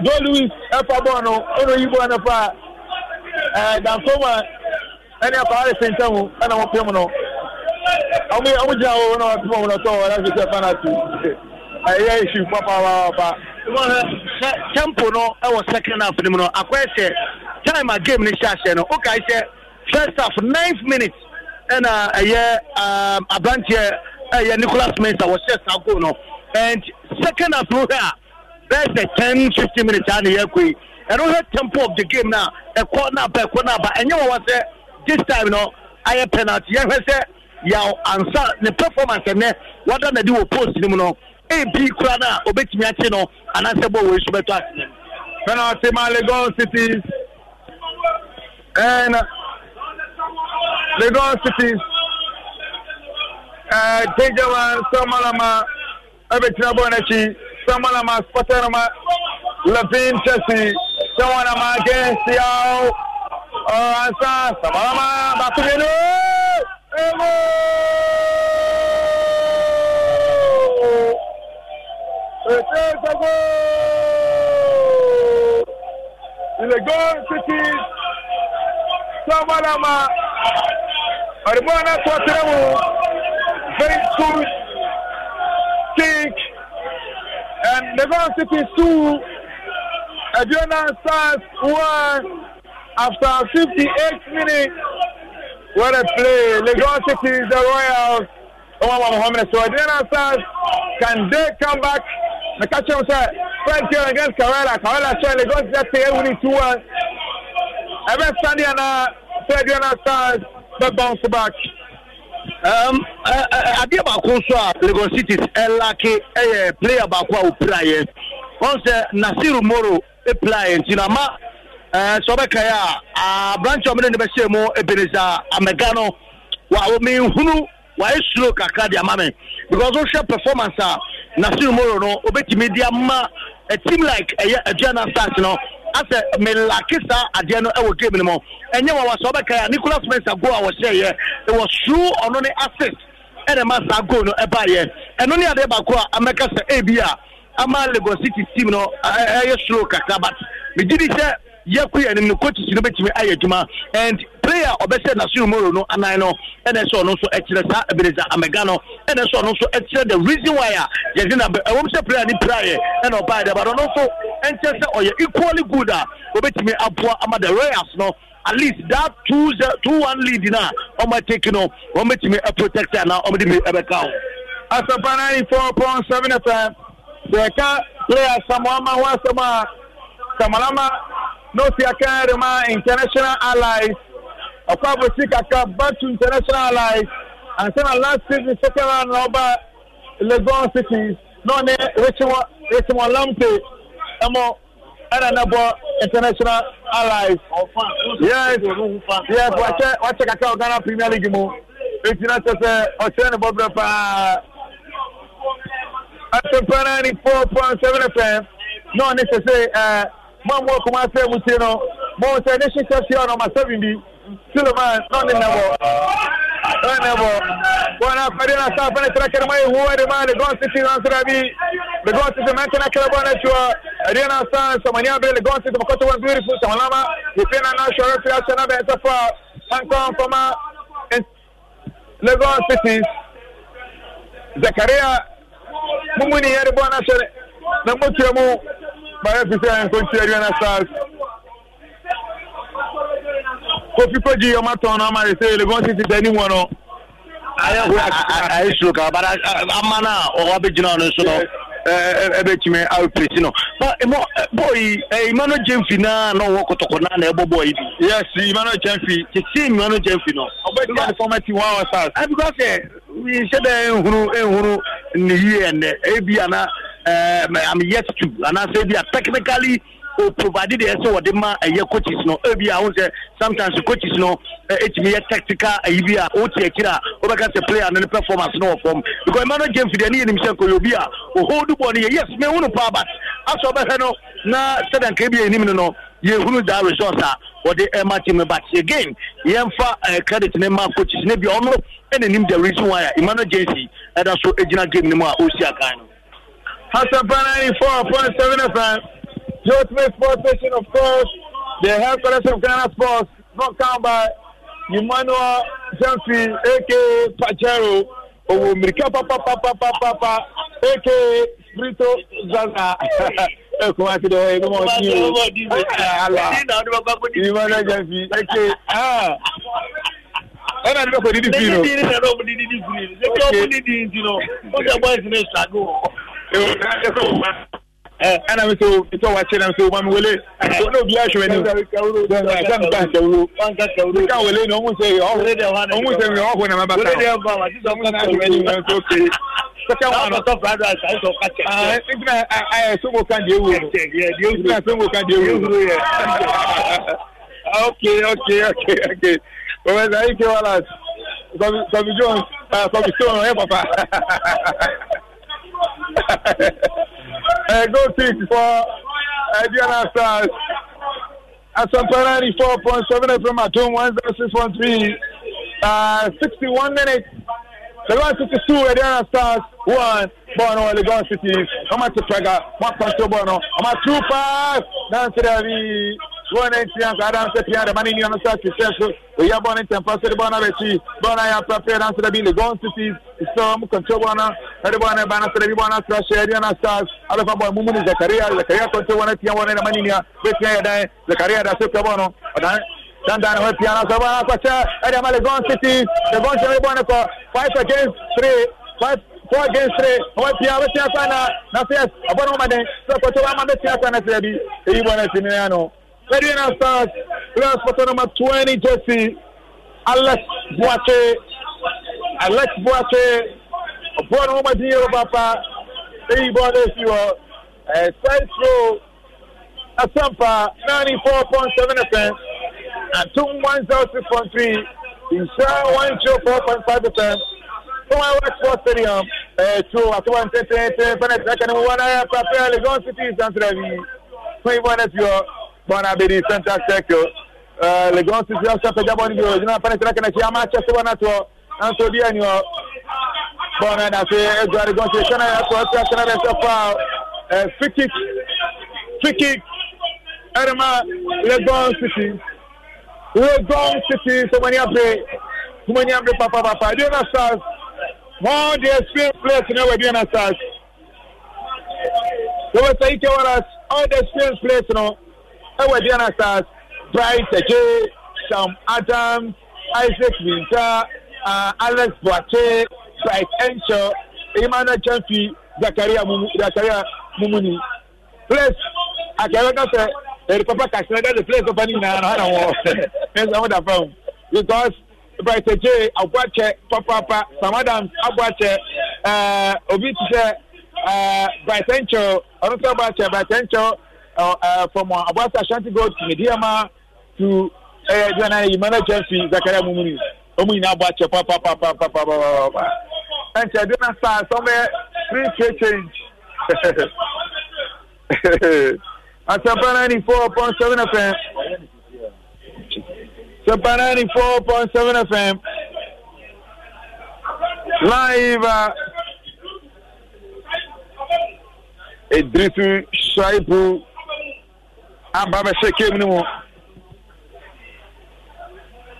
joe louis ẹfa bọọlụ ọnụ eyi bọọlụ ẹfa ẹ dansoma ẹni ẹfa harrison ntẹmu ẹna wọn ọmụ ọmụ gyina hụ na ọtụtụ ọmụ n'ọtọ ọrụ ẹsẹ ẹfa n'atụ ẹyẹ esi papapapa. tempo no ɛwɔ second half no mu no akɔyɛ sɛ time a game no hyɛ ahyɛ no wokae first half ninth minute ɛna e ɛyɛ um, aberanteɛ ɛyɛ e nicholas mensa and second half first uh, 10 15 minutes and the equi I don't have tempo of the game now a corner back corner by and you know what this time you know I have penalty yeah say yaw answer, the performance ɛnɛ eh, wada do? di wɔ post A, no corner, kura me, you know, and I bɔ wɔ esu bɛtɔ ase. penalty my lagos cities and uh, lagos cities ɛɛ uh, jɛjɛ wa sɔmalama ɛbɛtina bɔ n'akyi. someone am a spotter am a Levin Chelsea, someone am a against y'all. Oh, answer, someone am a Batumino. Evo! It's a é goal! It's a goal, City. Someone am a Arbona Quatremo. Very good. Think. and Lagos City 2, Adriana Stars 1. After 58 minutes, what a play. Lagos City is the Royals. Omar Mohamed. So Adriana Stars, can they come back? The ka kyerɛ sɛ first game against carrera carrera kyɛ lagos sɛ play winning two one ɛbɛ sani ana sɛ aduana stars bɛ bounce back. Um, uh, uh, adeɛ baako nso a lagos cities ɛlake ɛyɛ player baako a ɔpiraeɛ ɔn sɛ nasiru moro ɛpiraeɛ nti na ma sɛ ɔbɛkae a aberante ɔmene ne bɛhyɛ mu ebeneza amega no wa ɔmenhunu wayɛ suro kakra di ama me because wohwɛ performance a nasiru moro no obɛtumi de ama a team like ɛyɛ aduana stars no asɛ melaki saa adeɛ no ɛwɔ game no mu ɛnyɛ wawa sɛ ɔbɛka a nicolas mensa goal a wɔhyɛeɛ ɛwɔ suru ɔno ne assist ɛna ma saa goal no ɛbaeɛ ɛno ne adeɛ baako a amɛka sɛ ebi a ama lagos city team no ɛyɛ slow kakra but megye di sɛ yɛkɔ yɛ nim no coaches no bɛtumi ayɛ adwuma and player ɔbɛsɛ nasoro moro no anan no ɛna ɛsɛ ɔno nso ɛkyerɛ saa abirisa amega no ɛna ɛsɛ ɔno nso ɛkyerɛ the reason why a yɛde na ɛwɔm sɛ player ne praeɛ ɛna ɔbaa de abadɔ no nso ɛnkyɛ sɛ ɔyɛ equally good a ɔbɛtumi aboa ama the royals no at least that two two one lead na ɔmo atake no wɔn bɛtumi ɛprotect ana ɔmo de bi ɛbɛka o. asapa ninety four point seven fm yɛka player samuama ho asɛm a samalama na osi aka rema international allies ọkọ abosi kaka back to international allies ansa na last season second round na ọba lagos city na ọne richmond lampe ẹmọ ẹna na bọ international allies yes yes wakyɛ wakyɛ kaka wɔ ghana premier league mu eti na kyerɛ sɛ ɔkyerɛ ne bɔbrɛ paa asopɛ na ni four point seven fm na ɔne kyerɛ sɛ ɛɛ ma mo kuma se mu ti no mo se ne shisa fi ono ma seven bi Suleman no ne nebo no ne nebo bona fari na sa fana tra kere mai huwa de ma le gon city na sra bi le gon city ma kana kere bona tuwa adina sa samani abre le gon city makoto wan biri fu samalama yepena na shore fi asana be safa anko fama Lagos cities Zakaria mumuni yari bona shore na mutiamu Bayero fi sẹ́yìn kò ń Stars. ọmọ tán sùn kà bàdà ama náà ọwọ́ bẹ jìnnà ọ̀nà sọ̀rọ̀ ẹ bẹ tìmẹ aw pèsè náà. Bọ́ọ̀yì Emmanuel Jemfi náà náà wọ́n kọ̀tọ̀kọ̀ náà náà ẹ Yes, Emmanuel Jemfi. Emmanuel Jemfi um um náà. um, I'm yet to and I say they are technically o oh, provide the ɛsɛ wɔde ma ɛyɛ eh, coaches no ebi a wɔn sɛ sometimes coaches no eh, me a tactical ayi bi a wɔte akyire a wɔbɛka sɛ player no the performance no wɔ because emmanuel james deɛ ne yɛ nim sɛ nkɔyɛ obi oh, a ohold oh, bɔ no yes me hunu paa but asɔ bɛhɛ no na sɛdan kɛ bi yɛ nim no no yɛ hunu da results a wɔde ɛma team no ah, eh, but again I'm for credit ne ma coaches ne bi ɔno ɛna nim the reason why a emmanuel james ɛda so egyina game ne mu a ɔsi akan no. Hassanpa 94.7 FM, Youth Mix Sports Station, of course, the headquarters of Ghana Sports, not count by Emmanuel Jeffrey, aka Pachero, Owo Mirika Papa Papa Papa Papa, aka Brito Zaza. ẹ kò wá sí lọ ẹ kò mọ sí o Emmanuel Jeffrey, aka ẹ náà nígbà kò dídí fi nù. lẹ́yìn dídí náà ló mú dídí fi nù. ṣé kí ọmú dídí ti nù ó ṣe bọ́ ìsinmi ìṣàgó ɛna mi so ntɛ wa kye na mi so ma mi wele ɛna obi ahwɛ mi ni ɛna mi ka kɛwuro mi ka wele ni ɔmu sɛ ɔmu ɔmu sɛ mi ɔhu na ma ba ka ɔmu na ahwɛ mi ni mi so kiri sɛkɛ wa no ɛɛ ntina ɛɛ sogo kan de ewu ntina sogo kan de ewu ok ok ok ok professor ike wallace sɔbi jones sɔbi stone ɛ papa. Go kick four. Diana Stars. four Asampa 94.7 FM at home, 10613. Uh, 61 minutes. The last two Diana Stars One. Bono, Legon City. I'm at the Praga. One punch to Bono. I'm at two pass. Nancy Davi wọn náà ti yàn kó adam sẹ pia dama ni ní ọ̀nà sá ti sẹ so òyà bọ́ọ̀ ní tẹ̀mpa sẹ́ni bọ́ọ̀ náà bẹ̀ kyi bọ́ọ̀ náà yà pẹ́ fẹ́ náà sẹ́ni bí lè gọ́ọ̀n títí sọ mu kọ̀ntẹ́ bọ́ọ̀ náà ẹ̀rí bọ́ọ̀ náà bá náà sẹ́ni bí bọ́ọ̀ náà sọ ṣẹ́ ẹ̀rí náà sá alẹ́fà bọ́ọ̀ mímú ni zakaria zakaria kọ̀ntẹ́ wọn náà tiẹ̀ wọn náà dama ni ní bẹ́ tiẹ̀ yẹ dán zakaria dá sí pẹ́ bọ́ọ̀ náà ọ̀dán dandan hɔ pia náà sọ bọ́ọ̀ náà kọ̀tẹ́ ẹ̀rí ama legon city legon city bọ́ọ̀ náà kọ five against three five four against three ɔwɔ pia bɛ tiɛ kwana na fiyɛ abɔnɔmɔden sɛ kɔtɛ wɔn ama bɛ tiɛ kwana sɛ bi eyi bɔ náà ti ní yàn nù. Medina Stars players photo number 20 jersey Alex Boate Alex Boate bọ́ọ̀lù wọn ti yẹ papa èyí bọ́ọ̀lù èsì uh, wọ ẹ̀ central asampa ninety four point seven fm atum one zero six point three nsa one zero four point five fm fúnwa west sports stadium ẹ̀ tó àtúwà ntẹ́tẹ́ tẹ́ fẹ́nẹ́tì ẹ̀kẹ́ ni wọ́n náà yẹ pàpẹ́ legon city santravi fún ìbọn ẹ̀ ti wọ́ bwana bedi central circle uh, legon sisi ya usape jabo ni biyo jina pane tirake na chiyama chese wana tuo anto diya niyo bwana na se edwa eh, legon sisi kana ya tuwa tuwa kana resa fa free kick free kick erma legon sisi legon sisi somani ape somani ape papa papa diyo na stars wọ́n di experienced players ní ẹ̀wẹ̀ diyo na stars wọ́n sọ ike wọ́n ra all the experienced players no ɛwɔ diana stars Brian tɛkye sam adams isaac winter uh, alex boakye bright encho emmanuel champi zakaria mumu zakaria mumuni place akɛyɛ ka sɛ ɛri papa kasina dɛ de place papa ni nyinaa na hana wɔ ɛsɛ ɔmo da fam because bright tɛkye aboakyɛ papaapa sam adams aboakyɛ ɛɛ uh, obi ti sɛ ɛɛ bright encho ɔno sɛ aboakyɛ bright encho uh, uh, from uh, Abasa Ashanti Gold to Mediama eh, to Ghana, Imana Chelsea, Zakaria Mumuni. Omu ina bɔ akyɛ papapapapapapa. Ɛnkyɛ de na saa sɔmɛ free trade change. Asampa ninety four point seven FM. Asampa ninety four point seven FM. Live. Uh, Idrisu Shaibu aba bɛhyɛ game no mu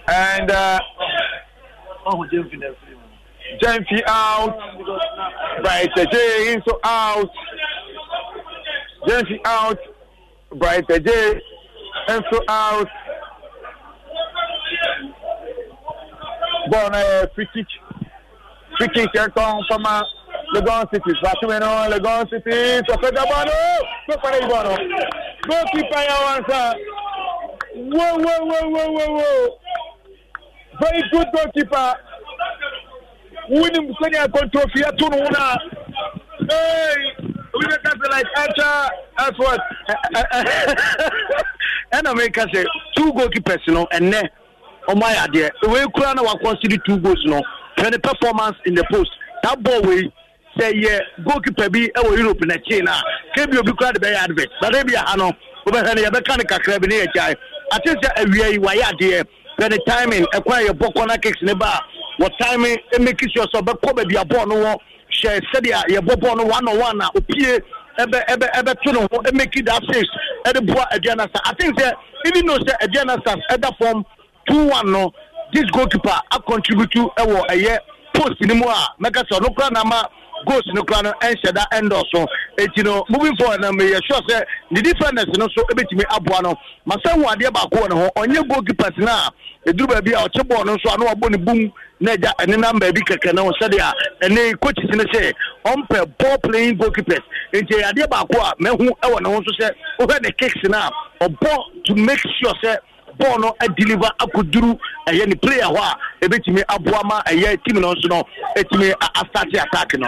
and uh, oh, out Bright J nso out Jenfi out Bright J nso out bɔɔl no yɛ free kick free kick yɛ tɔn fama. Legon City Fati menon Legon City Sofet Abano Sofet Abano Goalkeeper yẹn wọn sàn wo wo wo wo wo wo very good goalkeeper winning sẹ́ni àkọ́ntò fi ẹ̀ tún un náà we make us like extra effort ẹnna mi ka sẹ two goalkeepers no ẹnẹ ọmọ ayé adeɛ wei kura na wa consider two goals no twenty performance in the post that ball wei. sɛ yɛ goalkeeper bi wɔ europe na kyee no a kebi obi de bɛyɛ advert bade bi ha no wobɛhwɛ no yɛbɛka no kakra bi ne yɛgyae ate sɛ awia yi wayɛ adeɛ timing ɛkwan yɛbɔ kɔna kicks ne ba a wɔ timing meki sure sɛ ɔbɛkɔ baabi bɔɔl no wɔ hyɛ sɛdeɛ yɛbɔ bɔɔl no one on one a opie ɛbɛ ɛbɛ ɛbɛto ho goals no kora no nhyɛ da ndɔso enti no moving forward na meyɛ sure sɛ ne defenders no so ɛbɛtumi aboa no masa adeɛ baako wɔ ne ho ɔnyɛ goalkeepers no a baabi a ɔkye bɔɔl no nso ano wabɔ ne bum na agya ɛne nam baabi kɛkɛ no sɛdeɛ ɛne coaches no sɛ ɔmpɛ ball playing goalkeepers nti adeɛ baako a mahu ɛwɔ ne ho nso sɛ wohwɛ ne kicks no ɔbɔ to make sure sɛ bɔɔl no adeliver akoduru ɛyɛ ne player hɔ a ɛbɛtumi aboa ma ɛyɛ team no nso no ɛtumi astate attack no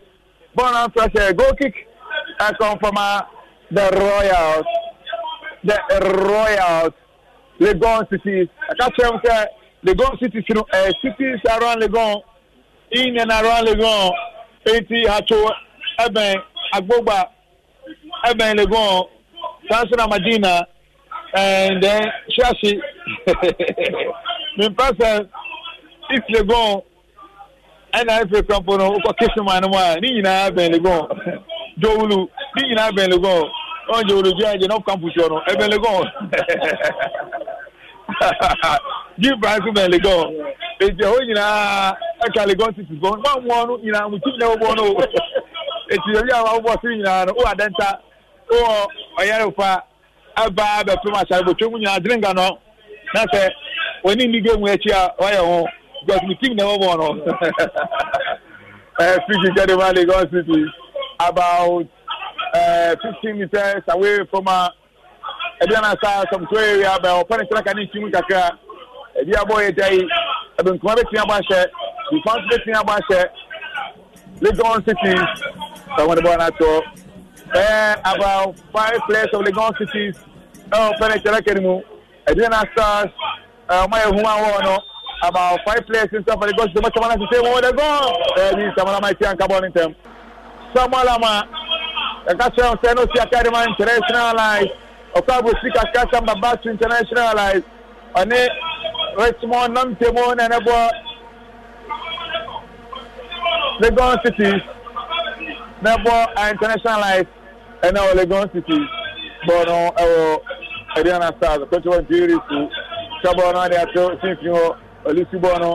Bonham Fresh a goal kick and come from uh, the Royals. The Royals. Legon City. I can't tell them say Legon City, you know, uh, eh, cities around Legon, in and around Legon, 80 Hato, Eben, Agboba, Eben Legon, Sansana Medina, and then Shashi. In person, if Legon, ɛna efe kampo no wokɔ kesima no mu a ne nyinaa bɛn legon jowulu ne nyinaa bɛn legon ɔn jowulu bi a gye nɔf campus hɔ no ɛbɛn legon jibra nso bɛn legon eti nyinaa ɛka legon titi nyinaa na ɛwɔ no eti ebi a wɔabɔ siri nyinaa no wɔ adanta aba mu nyinaa no a because the team never won. uh, Fiji General Lagos City, about uh, eh, 15 meters away from a uh, Ediana Star, some two area, but opponent like an inch in Kaka, a dear boy, day, I've been committing a bash, we found betting a bash, Lagos City, someone about an tour. Uh, about five players of Lagos Cities, uh, oh, opponent like an Ediana Stars, uh, my woman, no about five players in San Francisco. Sima Samala ti se wọn wọlé gan. Ẹbí Samala máa ti ànká bọ́ ní tẹ̀m. Samala ma ẹ̀ka sọ̀rọ̀ sẹ́yìn ní o ti akadema internationalize. it àbòsí kàkà Samba Basu internationalize. Ọ̀ní Richmond Namtemo nana bọ́ Legon cities. Nabọ internationalize ẹna wọ Legon cities. Bọ́ọ̀nù ẹ̀wọ̀ Ẹ̀díyànà Stars, ọ̀kọ́tù wọn ti rí su. Sábà ọ̀nà àdìyàtọ̀ sí ìfihàn olusi bɔnu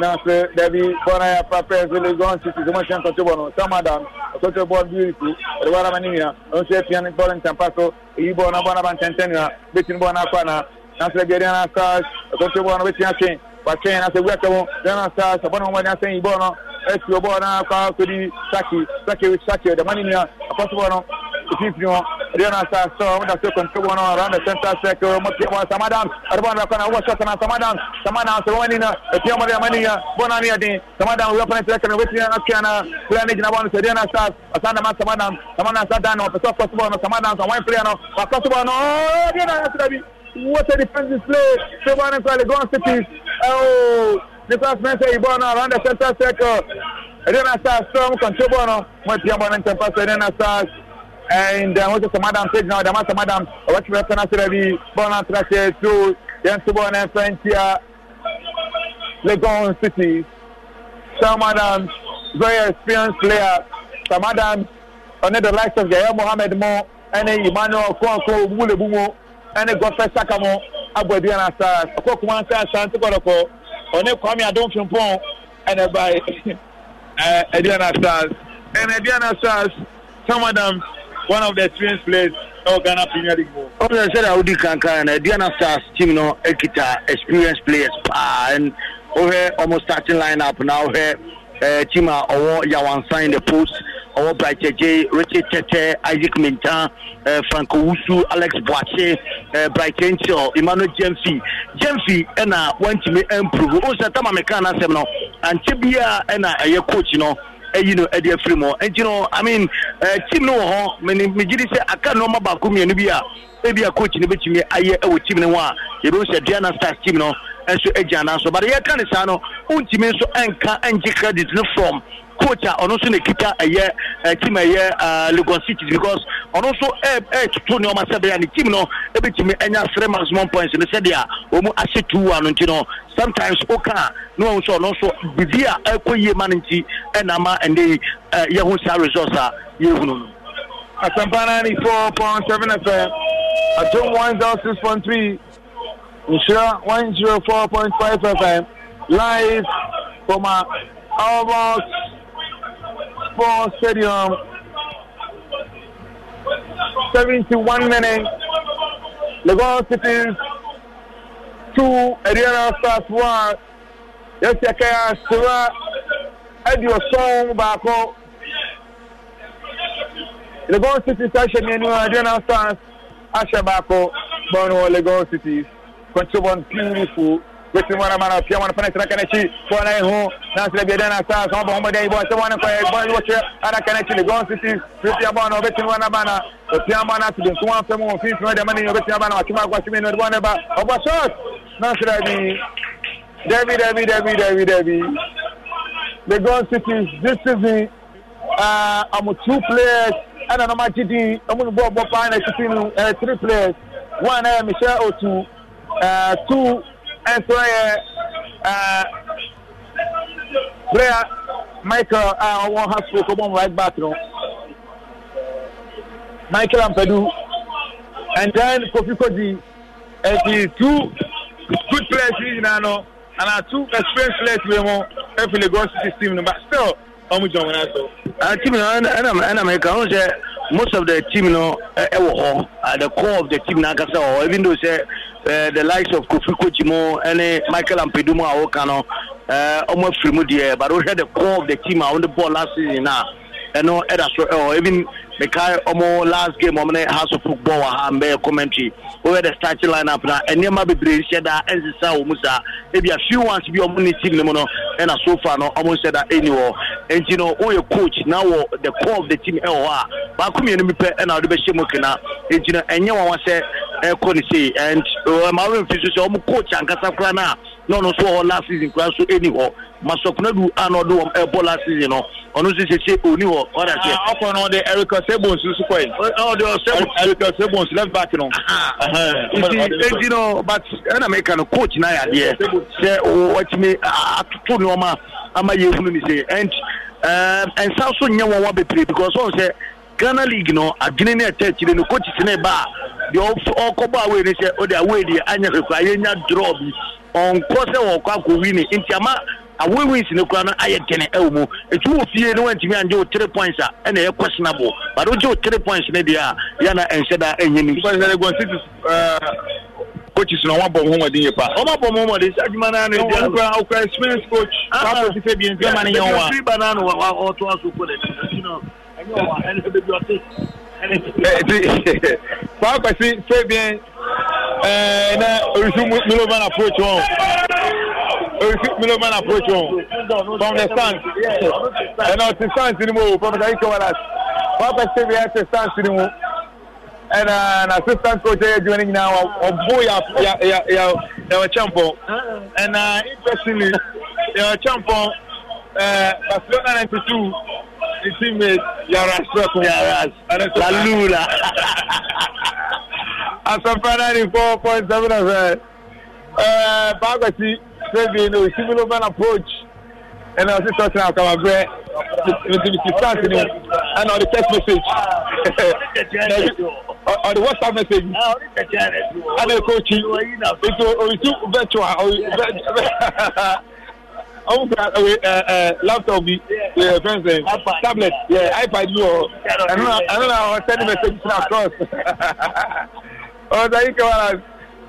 nanso dabi bɔnu ya papa ɛsɛ legon city sɛmɔ tiɛn tɔtɔ bɔnu samadan ɔtɔtɔ bɔnu biriku ɛdiba arama ni nyina ɔnso epian bɔnu ntampa so eyi bɔnu bɔnu aba ntɛntɛn nina betin bɔnu akɔ ana nanso dabi ɛdi ana stars ɔtɔtɔ bɔnu betin atwɛn watwɛn nanso ewu atɛmu ɛdi ana stars ɔbɔnu wɔn wɔn asɛn yi bɔnu ɛsi ɔbɔnu akɔ akɔdi saki saki saki ɛdama ni nyina akɔsi bɔnu Fifino, Leona Sasso, the second two one around the center circle, Motiwa Samadan, Arbana Kana, was shot on Samadan, Samadan, Savanina, Tiamania Mania, Bonania, Samadan, we open a second with Yana, Planet Navan, Serena Sas, Asana Samadan, Samana Sadano, Pesov Kosovo, Samadan, and one player, Kosovo, no, Diana Sabi. What a defensive play! Savannah Legon City. Oh, Nicholas Mensa Ibona around the center circle. Rena Stars strong control. Mwen Piambo nan tempa se Rena Stars and uh, wɔn sɛ madam sɛ now. The dama madam ɔbɛtwerɛ fɛn asɛrɛ bi bɔɔl no asɛrɛ hyɛ so yɛn so bɔɔl no ɛfɛ ntia lagos city sɛ madam very experienced player sɛ madam ɔne the likes of yaya mohammed mo ɛne emmanuel kɔnkɔn omulebu mo ɛne gɔfɛ saka mo abɔ aduane asa ɔkɔ kuma nsa asante kɔdɔkɔ ɔne kwame adomfimpɔn ɛna ɛba aduane asa ɛna aduane asa sɛ madam one of the experienced players ɛwɔ ghana premier league bɔ. o bɛ sɛ de awo di kankan na diana stars team no ekita experienced players paa and o hɛ ɔmo starting lineup now. na o eh, team a ɔwɔ in the post ɔwɔ J, richard tɛtɛ isaac Minta, ɛɛ eh, franco wusu alex buakye ɛɛ braitɛ nkyɛn emmanuel jemfi jemfi ɛna wɔntumi ɛmprove o sɛ tamamika anasɛm no Chibia, bia ɛna ɛyɛ coach no ɛyi no ɛde afiri mu nti no i mean ɛɛ team no wɔ hɔ mɛ megye di sɛ aka nneɛma baako mmienu bi a ebi a coach no betumi ayɛ ɛwɔ team no ho a yɛbɛn sɛ diana stars team no nso agyina n'aso but yɛka ne saa no ntumi nso nka ngye credit no from coach a ɔno nso na ɛyɛ team ɛyɛ lagos city because ɔno nso ɛɛtutu nneɛma sɛbɛyɛ ne team no ebitumi ɛnya three maximum points ne sɛdeɛ wɔn ahyɛ two wa no nti no sometimes oka a na wɔn nso ɔno nso bibi a ɛkɔ yie ma no nti ɛna ama ɛnde yi ɛɛ yɛho saa results a yɛhunu no. asampa ninety four point seven fm atom one zero six point three nsira one zero four point five fm live from our almost. Baseball Stadium. 71 minutes. Lagos Cities 2, Ariana Stars 1. Yes, I can. Sura, Eddie Osong Bako. Lagos Cities, Asha Nenu, Ariana Stars, Asha Bako, Bono, Lagos City. Control one beautiful bɛsi mu anamana fia wɔn fana tena kanakyi fɔɔ na ehu nansere bi ɛdɛn asa sɔn bɔ homɔden yi bɔ sɛ wɔn nkɔyɛ bɔn yi wɔkyɛ ana kanakyi ne gɔn sisi fifia bɔn na ɔbɛsi mu anamana ofia bɔn na ati dunkun wɔn fɛn mu wɔn fiin sinmi dɛmɛ ni ɔbɛsi mu anamana wakima akɔ simi nɔdi bɔn ne ba ɔbɔ sɔɔs nansere bi dɛbi dɛbi dɛbi dɛbi dɛbi the gɔn sisi this season uh, a ɔmu two players ɛna ɔmu agyi di ɔmu ni bɔɔl bɔ paa na sisi nu ɛɛ three players one ɛyɛ uh, michelle otu ɛɛ uh, two nso yɛ player michael a ɔwɔ ha stroke ɔbɔ right back no michael ampadu and then kofi koji ɛti two good players yi nyinaa and ana two experienced players bi mu ɛfi lagos city team no but still ɔmo jɔn wɔn aso. team na ɛna ɛna mɛka most of the team no ɛwɔ hɔ at the core of the team n'akasa wɔ oh, even though say uh, the likes of kofi kojimu ɛne michael ampedumu a wɔka no ɔmo eh, afiri mu deɛ but wohwɛ the core of the team a wɔn de ball last season na. Uh, ɛno ɛda so ɛwɔ oh, even mekae ɔmo last game ɔmo ne house of football wɔ ha mbɛyɛ commentary wɔyɛ the starting lineup na nneɛma bebree hyɛ da ɛnsesa wɔ mu saa ebi a few ones bi ɔmo ne team ne mu no ɛna so far no ɔmo nhyɛ da ɛni wɔ nti no wɔyɛ coach na wɔ the core of the team ɛwɔ hɔ a baako mmienu bi pɛ ɛna ɔde bɛhyɛ mu kena nti no ɛnyɛ wɔn wɔn sɛ ɛkɔ ne sei and ɛmaa wɔn mfi so sɛ ɔmo coach ankasa koraa na. na ɔno nso wɔ hɔ last season kura nso ɛni hɔ masɔkunadu a na ɔde wɔn ɛbɔ last season no ɔno nso sese oni hɔ ɔda seɛ. ɔkọ na ɔde ah, erika sebons nso kɔ yi. ɔde erika sebons er, left back no. nti eti no but ɛna mi ka no coach na yadeɛ sɛ wɔtumi atoto nneɛma ama yɛ ehunu ni sɛ and nsa so nyɛ wɔn wa bebree because wɔn sɛ ghana league no adwene ne ɛtɛ akyire no coach si ba deɛ ɔkɔ bɔ away ni sɛ ɔde away deɛ anya kakra yɛnya draw bi. ɔnkɔ sɛ wɔkɔ akɔwi ne nti ama awewins ne kora no ayɛ kene ɛwɔ mu ɛtu wɔ fie no wantumi angye three points a ɛna ɛyɛ but wogye o three points no deɛ a yɛna ɛnhyɛ da ɛnyɛ nim uh, coaches na wọn bọ wọn den pa. wọn den experience coach. Ah, ah. káàpọ̀ eh, eh, ti fẹ́ bí ẹni Eh, na orísun miloman approach wọn orísun miloman approach wọn from the stand ẹnna eh, ọtí stand ni mo professor ikewalas wọn bẹ ṣe bí ẹ ṣe stand ni mo ɛna eh, na assistant coach yɛ adwuma no nyinaa ɔbo yɛwɔ kyɛmpɔn ɛna interestingly yɛwɔ kyɛmpɔn barcelona ninety two the teammate yaras bɛko yaras lalula asafra ninety four point seven fm ɛɛ eh, baagasi febi no similo man approach ɛna ɔsi sɔsi na akababrɛ ntumisi stars ni ɛna ɔdi text message ɔdi whatsapp message ɛna ekoochi nti oyisi virtual oyi oh, virtual ɔmu kura ɛɛ ɛɛ laptop bi ɛɛ fɛn sɛ tablet ɛɛ ipad bi wɔ ɛnu na ɛnu na ɔsɛni message na ọ̀sán ikewaras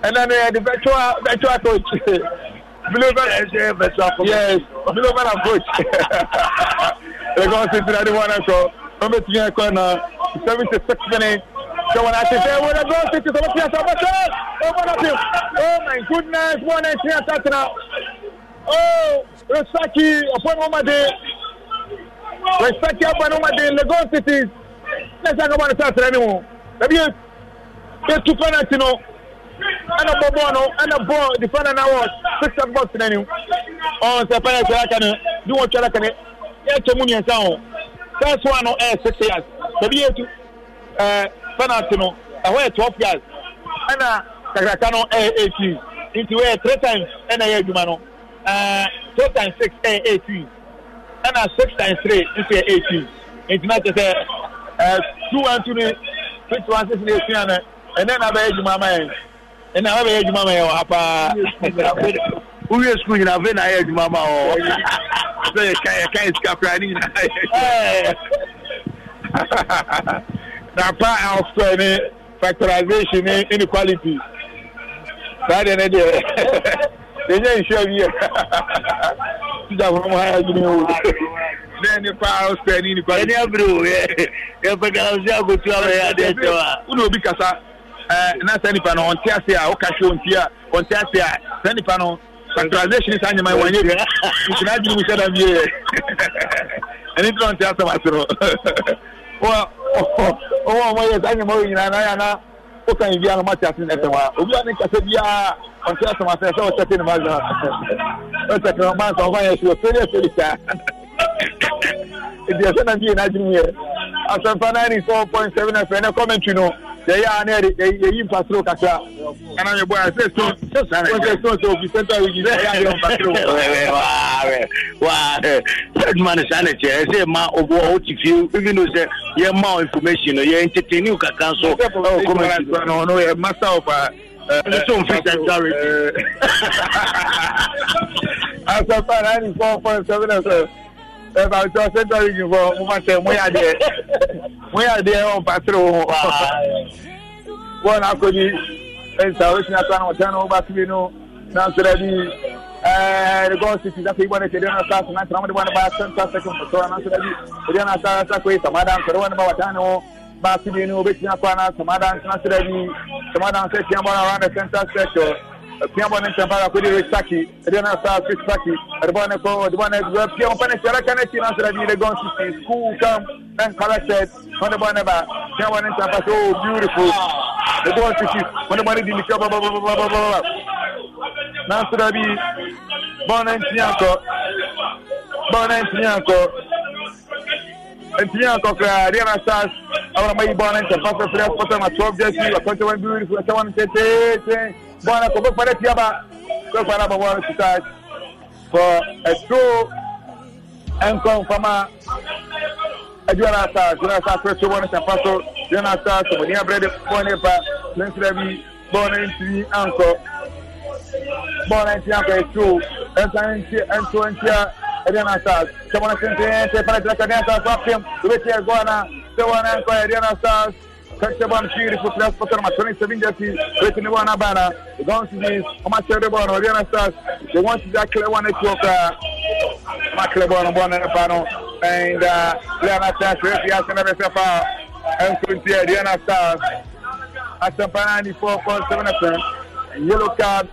ẹ̀nà ni ẹ̀ di virtual virtual coach biloban ẹ̀ṣẹ̀ virtual coach yes biloban and coach ẹ̀kọ́ ṣe ti náà ni wọ́n náà sọ wọ́n bẹ tiyẹn ẹ̀kọ́ náà seventy six minutes sọ̀wọ́n àti fẹ́ wọ́n náà gbọ́dọ̀ ti sọ̀rọ̀ fìyà sọ̀rọ̀ bẹ́tẹ̀ ó gbọ́dọ̀ ti oh my goodness wọ́n náà ti yàn sátìrà oh resaki ọ̀pọ̀ ọmọdé resaki ọ̀pọ̀ ọmọdé lagos city ẹ̀ṣẹ̀ akọ̀bọ̀n sátìrà ni wọn ẹ̀bí bɛtu oh, penalty no ɛna bɔ bɔɔl no ɛna bɔɔl defender na wɔ six up box n'anim ɔn sɛ penalty aka no bi wɔn twɛrɛ kane yɛkyɛ mu mmiɛnsa o first one no uh, ɛyɛ six yards baabi yɛ tu uh, ɛɛ penalty no ɛhɔ yɛ twelve yards ɛna kakraka no ɛyɛ eighteen nti wɔyɛ three times ɛna ɛyɛ adwuma no ɛɛ two times six ɛyɛ eighteen ɛna six times three nso yɛ eighteen nti na kyerɛ sɛ ɛɛ two one two ne six one six ne eighteen yɛn no. Uh, ɛnɛ na bɛyɛ adwuma ama yɛn ɛnɛ na bɛyɛ adwuma ama yɛn wɔ ha paa wúwíyẹ sukuu nyina afei na ayɛ adwuma ama wɔ sɛ yɛka yɛka yɛ sika koraa ne nyinaa na pa ɔfɛ ne factorization ne inequality saa deɛ ne deɛ yɛnyɛ nhyɛ bi yɛ sijafo mo ha yɛ adwuma wo bẹ́ẹ̀ ni pa ɔfɛ ne inequality. ɛni abiri wo yɛ yɛ pɛ kí a sɛ akoto abɛ yɛ adiɛ kyɛw a. wúni obi kasa. Eh, na saa nipa no ɔnte ase a woka hwɛ ɔnti a ɔnte ase a saa nipa no factorization saa nyɛma wɔnyɛ bi ntina adwene mu hyɛ da bie ɛne ntina ɔnte asɛm ase no ɔwɔ ɔmɔyɛ saa nyɛma wɔ nyinaa na ayɛ na woka ne biara no mate ase ne ɛtɛm obi a ne nkasa biara ɔnte asɛm ase sɛ ɔkyɛte ne mazɛ ɔkyɛte no mansa ɔfa yɛ so ɔfɛdeɛ fɛde saa ɛdi ɛsɛ na bie na adwene mu yɛ asɛmpa 94.7 fm ne commentary no yẹyẹ ani ẹdi yẹyi mpasiro kakra ẹna yẹ bọ ẹsẹ stone ẹsẹ stone sọ obi sẹńtà wíjì yẹyẹ ayọ mpasiro. wẹẹ wẹẹ wẹẹ third man sa ne kyerɛ ɛsɛ ma ɔbɔ ɔti fie even though sɛ yɛ ma information yɛ entertain you kakra nso ɛwɔ comment. ɔno yɛ master of ɛɛ so n fi central radio. asapa nine four point seven ɛsɛ ɛfɛ awo sɛ central region fɔ mo ma sɛ mo yà deɛ mo yà deɛ ɔn pasiri wo wɔn akɔni ɛnsa o sinna kan wɔn tɛnɛ o ba sibi no nansɛrɛ bi ɛɛ rigɔn sisi safi ibɔ ne tɛ deɛ nasa sinna tɛnɛ mo de bɔ ne ba central second sɔrɔ nansɛrɛ bi o deɛ nasa sako ye sama dan sɔrɔ wɔn ne ba wa tɛnɛ wo ba sibi no o bɛ tiɲɛ kɔ ana sama pia ne ntɛm pa kɔdi resaki ɛdi na sa resaki ɛdi bɔ ne kɔ ɛdi bɔ ne gbɛ pia wɔn pɛnɛ tiara kɛnɛ ti na sɔrɔ bi ne gɔn sisi skul kam ne nkala sɛt wɔn de bɔ ne ba pia ne ntɛm pa so beautiful ne gɔn sisi wɔn de bɔ ne di nika babababababa na sɔrɔ bi bɔ ne ntinya kɔ bɔ ne ntinya kɔ ntinya kɔ kura ɛdi na sa awɔrɔ ma bɔ ne ntɛm pa fɛ fɛrɛ fɔtɔ tɔ bɔɔla kò fɔ fɛrɛ tiɲɛ ba kò fara bɔ wɔɔrɔ sisan fɔ ɛtò ɛnkɔnfama ɛdiyɔna asa ɛdiyɔna asa fɛ sobɔ ne sanfa so ɛdiyɔna asa sɔmɔdiyɛ bɛrɛ de bɔɔ ne ba ne nsira bi bɔɔ ne nsiri ankɔ bɔɔ ne nsiri ankɔ ɛtò ɛnsan ɛnso ɛnsia ɛdiyɔna asa sɔmɔdiyɛ sɛnsɛn ɛnsɛn fana ɛdiyɔna asa ɛdiyɔna asa fɔ apim ebi tiɛ gɔɔna sɛwɔna ɛnkɔ ɛdiyɔna asa. Tekteban Širi su tres potrema, želim se vidjeti treći nivo nabana. Gonsizi, omače Rebano, Rijana Stas, they want to dakle one ekioka. Makle bono bono nepano. And uh, Rijana Stas, Rezi Jasen Ebesefa, Enkuntje, Rijana Stas. Asampanani 4-4-7 FM. Yellow card.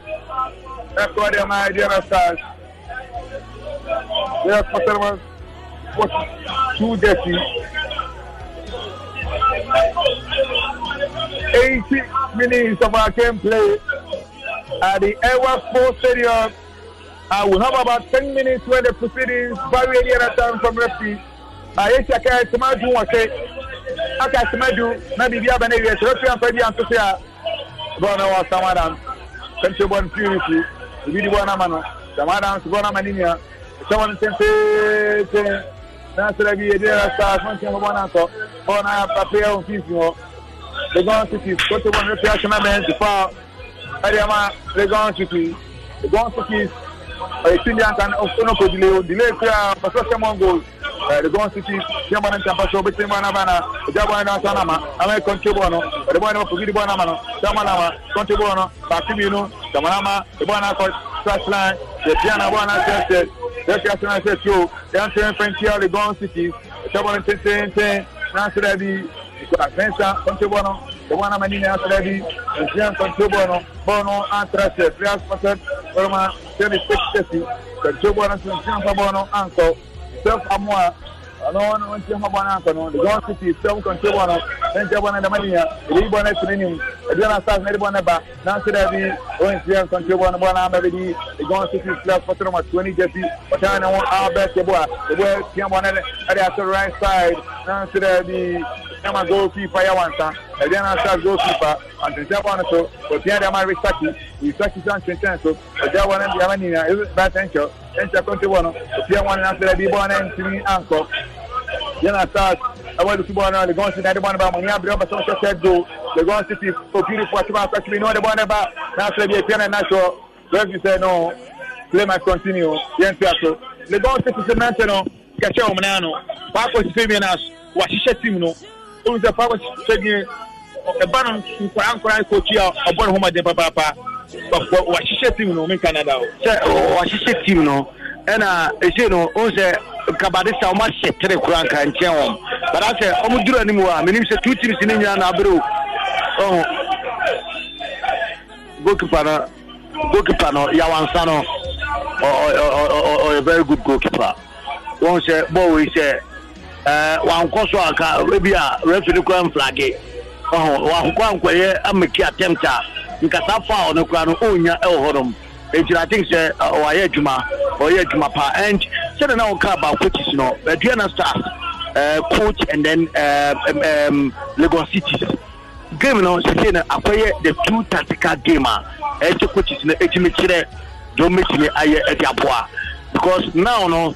Record them, Rijana Stas. Yes, potrema. Two dirty. 80 minutes of our game play at the Ewa Sports Stadium. Uh, we have about 10 minutes when the proceedings vary any other time from referee. ayesi aka asoma du wɔse aka asoma du na biribi aba na ewie sɛ referee ampa bi anto so a bɔɔl no wɔ sam adams Thank you, no fiirisi ebi di bɔɔl no ama no sam adams bɔɔl no ama ne nua ɛhyɛ wɔn ntententen n'asịrị gị edi rasta asọmpi ọgbọ na nsọ ọ na papịa ofisi hụ legon city kotu bọ n'ofe asọmenti fa ẹdịọma legon city legon city ẹtụli aka ọnọkọ dile o dile kura pàṣẹ sẹmọn goal legon city tí wọn bá ní nta pàṣẹ o bẹ tẹ wọn n'aba na ọjà bọ ẹni ọsán nama ama ẹ kọntrol bọ ọnọ ẹdịbọ ẹni ọfọgidi bọ touchline yɛtua na bɔɔl n'asɛsɛ yɛtua sɛ n'asɛ tio yɛntɛn fɛntia legon city ɛkyɛbɔ no tententen n'asɛrɛ bi kura fɛnsa kɔnte bɔɔl no ɛbɔɔl n'ama ano no nti ho bana ko no the john city stem ko nti bana en je bana da mania ri bana training e bana stars ne bana na se da bi o nti en kon ti bana bana ma bi the john city club for tro ma 20 jersey o ta na won our best e boa e boa ti bana ne e da so right side na se da bi kama goalkeeper ya wansa e bana stars goalkeeper and the bana so o ti da ma risaki san chen so e da bana bi amani yẹn na e sars ẹwọ ẹdùsù bọ́ọ̀ náà lẹ́gọ́n sí náà ẹdí bọ́ọ̀ náà bá mọ̀ ní abirẹ́ ọba sọ́n ṣẹṣẹ́ do lẹ́gọ́n sí ti òkìrì fún àti bá aṣọ tìmí ní wọ́n ẹdí bọ́ọ̀ náà bá náà sọ ebi ẹ̀pẹ́ náà náà sọ rẹ́fì sẹ́ nù play my continue yẹn ti àṣọ lẹ́gọ́n sí ti sẹ́mẹ́ntì nù kẹ̀kẹ́ ọ̀mùn náà nù pápọ̀ ti fẹ́mi náà wà ṣiṣẹ́ tìmù nù olùsọ pápọ̀ ti fẹ́mi ẹ̀bá nù nkọ̀rá nkọ̀rá kòtì ọ̀bọ̀n ọ̀húnmọ̀dé pàpàpà wà ṣiṣẹ́ tìmù nù mí kanada o. sẹ wà ṣiṣẹ́ tìmù nù ẹ na èsì nù ó ń sẹ kabade sa ɔmo ahyɛ tere kora nka nkyɛn wɔn but asɛ ɔmo anim menim sɛ two teams ne nyinaa na abere o goalkeeper no goalkeeper no yawansa no ɔyɛ very good goalkeeper wɔn sɛ bɔɔl wei sɛ ɛɛ eh, wankɔ so aka ebi a referee ne kora ankɔyɛ attempt a nkasa foul ne no ɔnya ɛwɔ hɔ nom. nti uh, oh, i think sɛ ɔayɛ adwuma ɔyɛ oh, adwuma paa and sɛde na wɔka about coaches no aduana stars coach and then uh, um, um lagos cities game no sɛsei no akɔyɛ the two tactical game a ɛsɛ coaches no ɛtumi kyerɛ deɛ ɔmɛtumi ayɛ ɛde aboa because now no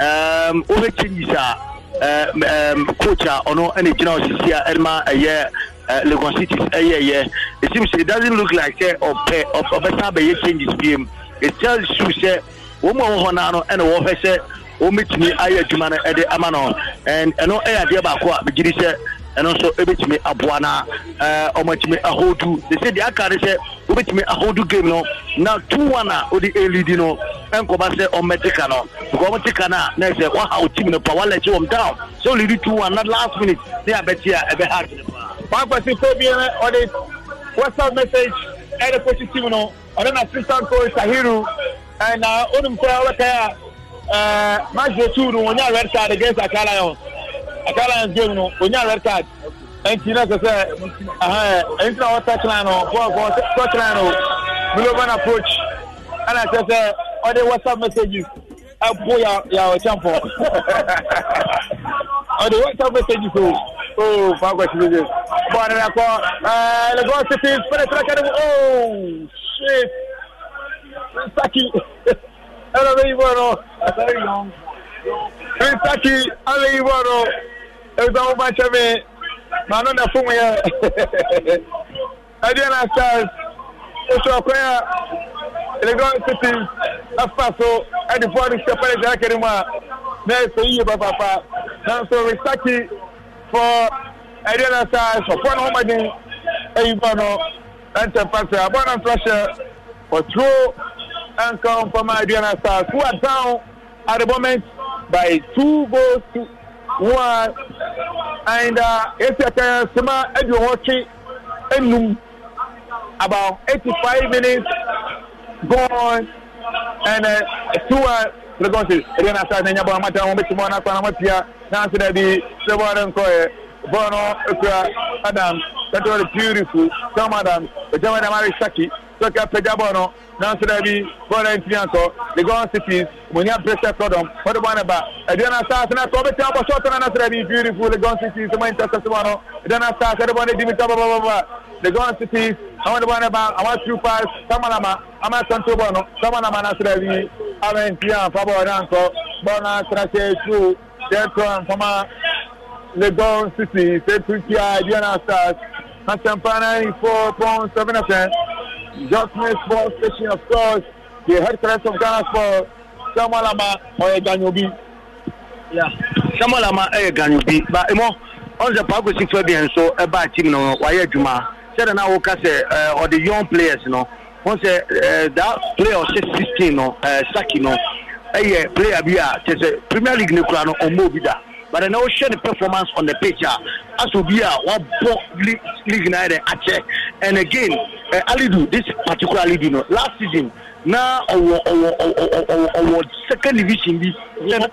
um, wobɛ changes a uh, um, um, coach a ɔno ɛna gyina ɔsisi a ɛma ɛyɛ uh, Eh, lagos cities ɛyɛ yɛ it seems it doesn't look like sɛ ɔpɛ ɔbɛsan abɛyɛ changes bi mu it tells you sɛ eh, wɔn a wɔn hɔ naa no ɛna wɔhwɛ sɛ wɔn bɛtumi ayɛ adwuma no ɛde ama no and ɛno ɛyɛ adeɛ baako a bɛgyiri sɛ ɛno nso ɛbɛtumi eh, aboa na ɛɛ wɔn atumi ahodu de sɛ deɛ aka ne sɛ wɔbɛtumi ahodu game no na two one ah, a wɔde ɛlidi no ɛnkɔba sɛ wɔn bɛ tika no because wɔn tika no a na ɛsɛ wɔn ha wɔn team no pa wɔn alɛ kye down so wɔn lidi two one na last minute ne abɛti a ɛbɛ hard ne paa akpasifo bi yɛn ɔde whatsapp message ɛde kɔsi tim no ɔne na assistant coach sahiru ɛna uh, onum koraa wɔbɛka uh, a ɛɛ match de two no wɔnya red card against aka lions aka lions game no wɔnya red card ɛnti na sɛ sɛ ɛhɛn ɛnti na wɔ touch line no bɔɔl bɔɔl touch line no oh. milovan approach ɛna sɛ sɛ ɔde whatsapp messages ɛpo ya ya ɔkyɛnpɔ ɔde wɔkyɛnpɔ stage so ooo fa kɔ si bebe bɔn ne nakɔ ɛɛ lagos city fɛnɛfɛnɛ kɛ ne mu ooo shit nsaki ɛna bɛ yi bɔ no nsaki ɛna yi bɔ no ebisan mo ba kyɛ mi maa no na fun yɛ ɛdiɛ na stars osu ɔkɔ yɛ elegan city afa so ɛde fo ɔde hyɛ pɛrɛ gyara kɛne mu a na ɛsɛ yie papaapa nanso resaki fɔ ɛdeɛ na sa sɔfoɔ no homɔden ayi bɔ no ɛntɛmfa sɛ abɔ no ntra hyɛ ɔturo ɛnka mfama ɛdeɛ na sa kuwa town at the moment by two goals to one and ɛsi ɛkɛ sema aduɔwɔtwe enum about eighty five minutes gone and uh, Stuart because ɛdeɛ na asase anya bɔn amata wɔn bɛtumi wɔn akpa na wɔn apia na ase dɛbi sɛ eh. bɔn no nkɔɛ bɔn no ekura adam pɛtɛl beautiful tom adam ɛgyɛn adam ari saki sɔkè apɛgya bɔn no na ase dɛbi bɔn no ntumi akɔ legon cities monya pressure kɔdɔm wɔde bɔn no ba ɛdeɛ na asase na kɔ bɛtumi abɔ sɔɔtɔ na ase dɛbi beautiful legon cities ɛmɛ ntɛsɛ sɛ bɔn no ɛdeɛ na asase ɛde bɔn no di mi ta bɔbɔbɔbɔ the Grand Cities, àwọn ẹni bọ́ ẹni bá àwọn troopers sámàlámà àmà sọ́ńtò bọ̀ nù sámàlámà náà sọ̀rọ̀ yìí àmà ẹ̀ ń fi hàn fábọ̀ náà nkọ́ bọ́ọ̀ náà sọ̀rọ̀ ṣe é tú dẹ́tọ̀ nfọ́mà the Grand Cities ètò kíá Diana Stars Nasampa ninety four point seven FM Jotman Sports Station of course the headquarters of Ghana Sports sámàlámà ọ̀yẹ̀ ganyobi. sámàlámà ẹ̀yẹ̀ ganyobi bá ẹ mọ́ ọ̀nzẹ̀ pàákó sí fẹ́ bí ẹ̀ ń so ẹ bá àti mi nà wọ́n wáyé ẹ̀dùnmá sɛde na woka sɛ ɔde young players no wọn sɛ da player ɔhyɛ sixteen no saki no ɛyɛ player bi a kyerɛ sɛ premier league ne kura no ɔmo bi da but ɛna wohyɛ ne performance on the pitch a aso bi a wabɔ league na yɛ dɛ akyɛ and again alidu this particular alidu no last season na ɔwɔ ɔwɔ ɔwɔ ɔwɔ ɔwɔ second division bi.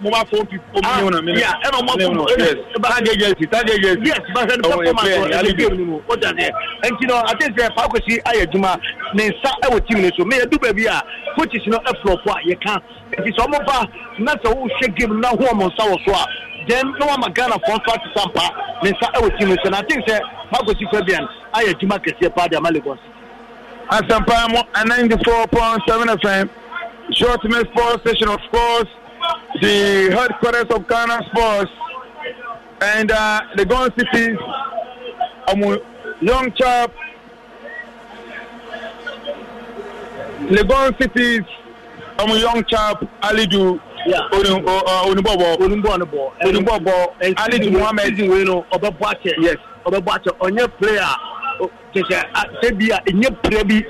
mobile phone people mi wọn na mi. ya Yes. ɔmɔ fún mi. third agency third agency. yes basa ni performance ɔyɛ ɛyɛ bi mu o ta sɛ ɛnti nɔ a ti sɛ paakosi ayɛ juma ne nsa ɛwɔ team ne so mɛ yɛ du baabi a coaches no ɛfɔlɔ fɔ a yɛ kan ebi sɛ ɔmɔ ba na sɛ o se game na ho ɔmɔ nsa wɔ so a then na wama ghana fɔ nso ati sampa ne nsa ɛwɔ team ne so na a ti sɛ paakosi fɛ bi yan ayɛ juma kɛseɛ paa de ama lagos. Asampamo at 94.7 FM, short Shortman Sports Station, of course, the headquarters of Ghana Sports, and uh, the Gon City, um, Young Chap, The Legon City's um, Young Chap, Alidu, Onubobo, uh, uh, Onubobo, Alidu Mohammed, Obabuache, yes, Obabuache, on your player kyerɛ sɛ bi a ɛnyɛ pra bi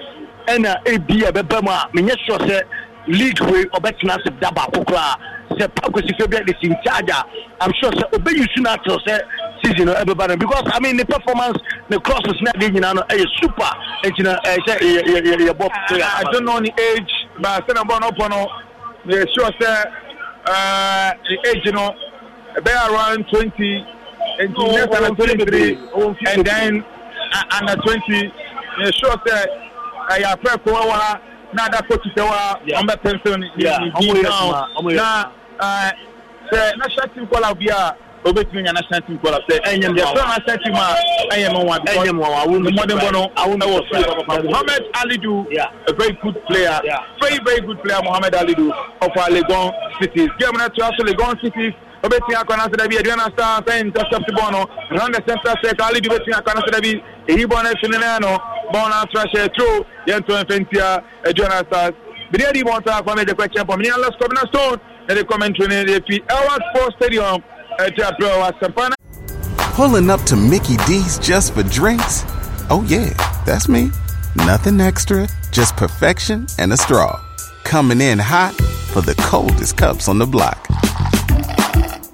ɛna ɛbi a ɛbɛba mu a menyɛ sure sɛ league wei ɔbɛtena ase da baako koraa sɛ pakosi fɛ bi a desi incharge a i'm sure sɛ ɔbɛyi su no akyerɛ sɛ season no ɛbɛba no because i ne performance ne crosses ne adeɛ nyinaa no ɛyɛ super nti na ɛhyɛ yɛbɔ player i don't know the age but sɛnɛ bɔ no pɔ no meyɛ sure sɛ ne uh, age no ɛbɛyɛ around twenty oh, nti next oh, time twenty three and then under twenty n eh, sure sɛ ɛyɛ afɛ kowa wɔ ha na ada kotu sɛ wɔ ha wɔn bɛ pɛnsɛn ni ni now na ɛɛ sɛ national team kɔla bi a obetumi nya national team kɔla sɛ ɛnyɛ mu wa yɛfɛ national team a ɛnyɛ mu wa ɛnyɛ mu wa awo mu mɔden bɔ no awo mu wɔ firi papa mohammed alidu a very good player very very good player mohammed alidu ɔfɔ legon cities game na to aso legon cities. obetumi akɔ n'asɛ dɛbi aduane intercept no round the centre alibi obetumi akɔ n'asɛ dɛbi eyi tro yɛn tia aduane bidi akɔ kɔbina stone fi stadium ɛti sɛpana. pulling up to mickey d's just for drinks oh yeah that's me nothing extra just perfection and a straw coming in hot for the coldest cups on the block.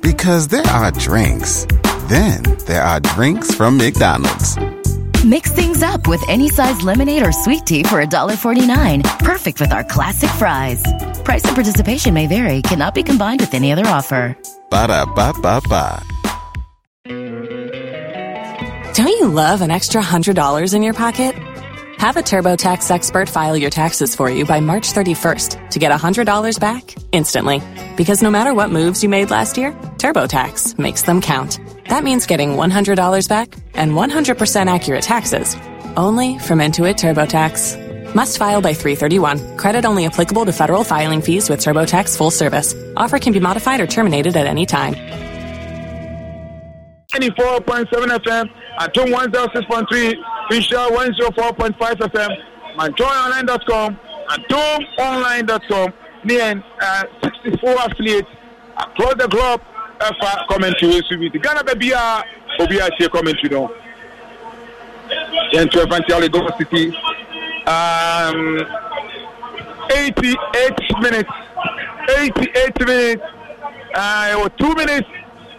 Because there are drinks, then there are drinks from McDonald's. Mix things up with any size lemonade or sweet tea for $1.49. Perfect with our classic fries. Price and participation may vary, cannot be combined with any other offer. Ba da ba ba ba. Don't you love an extra $100 in your pocket? Have a TurboTax expert file your taxes for you by March 31st to get $100 back instantly. Because no matter what moves you made last year, TurboTax makes them count. That means getting $100 back and 100% accurate taxes only from Intuit TurboTax. Must file by 331. Credit only applicable to federal filing fees with TurboTax full service. Offer can be modified or terminated at any time. 94.7 FM, at 106.3, Fisher 104.5 FM, ManjoyOnline.com, AtomOnline.com, near uh, 64 affiliates across the globe. ɛfa commentary wɔ so bi nti ghana baabiaa obiaa tie commentary no yɛnto ɛfa nti ale gol city um, 88 minutes 88 minutes uh, 2 minutes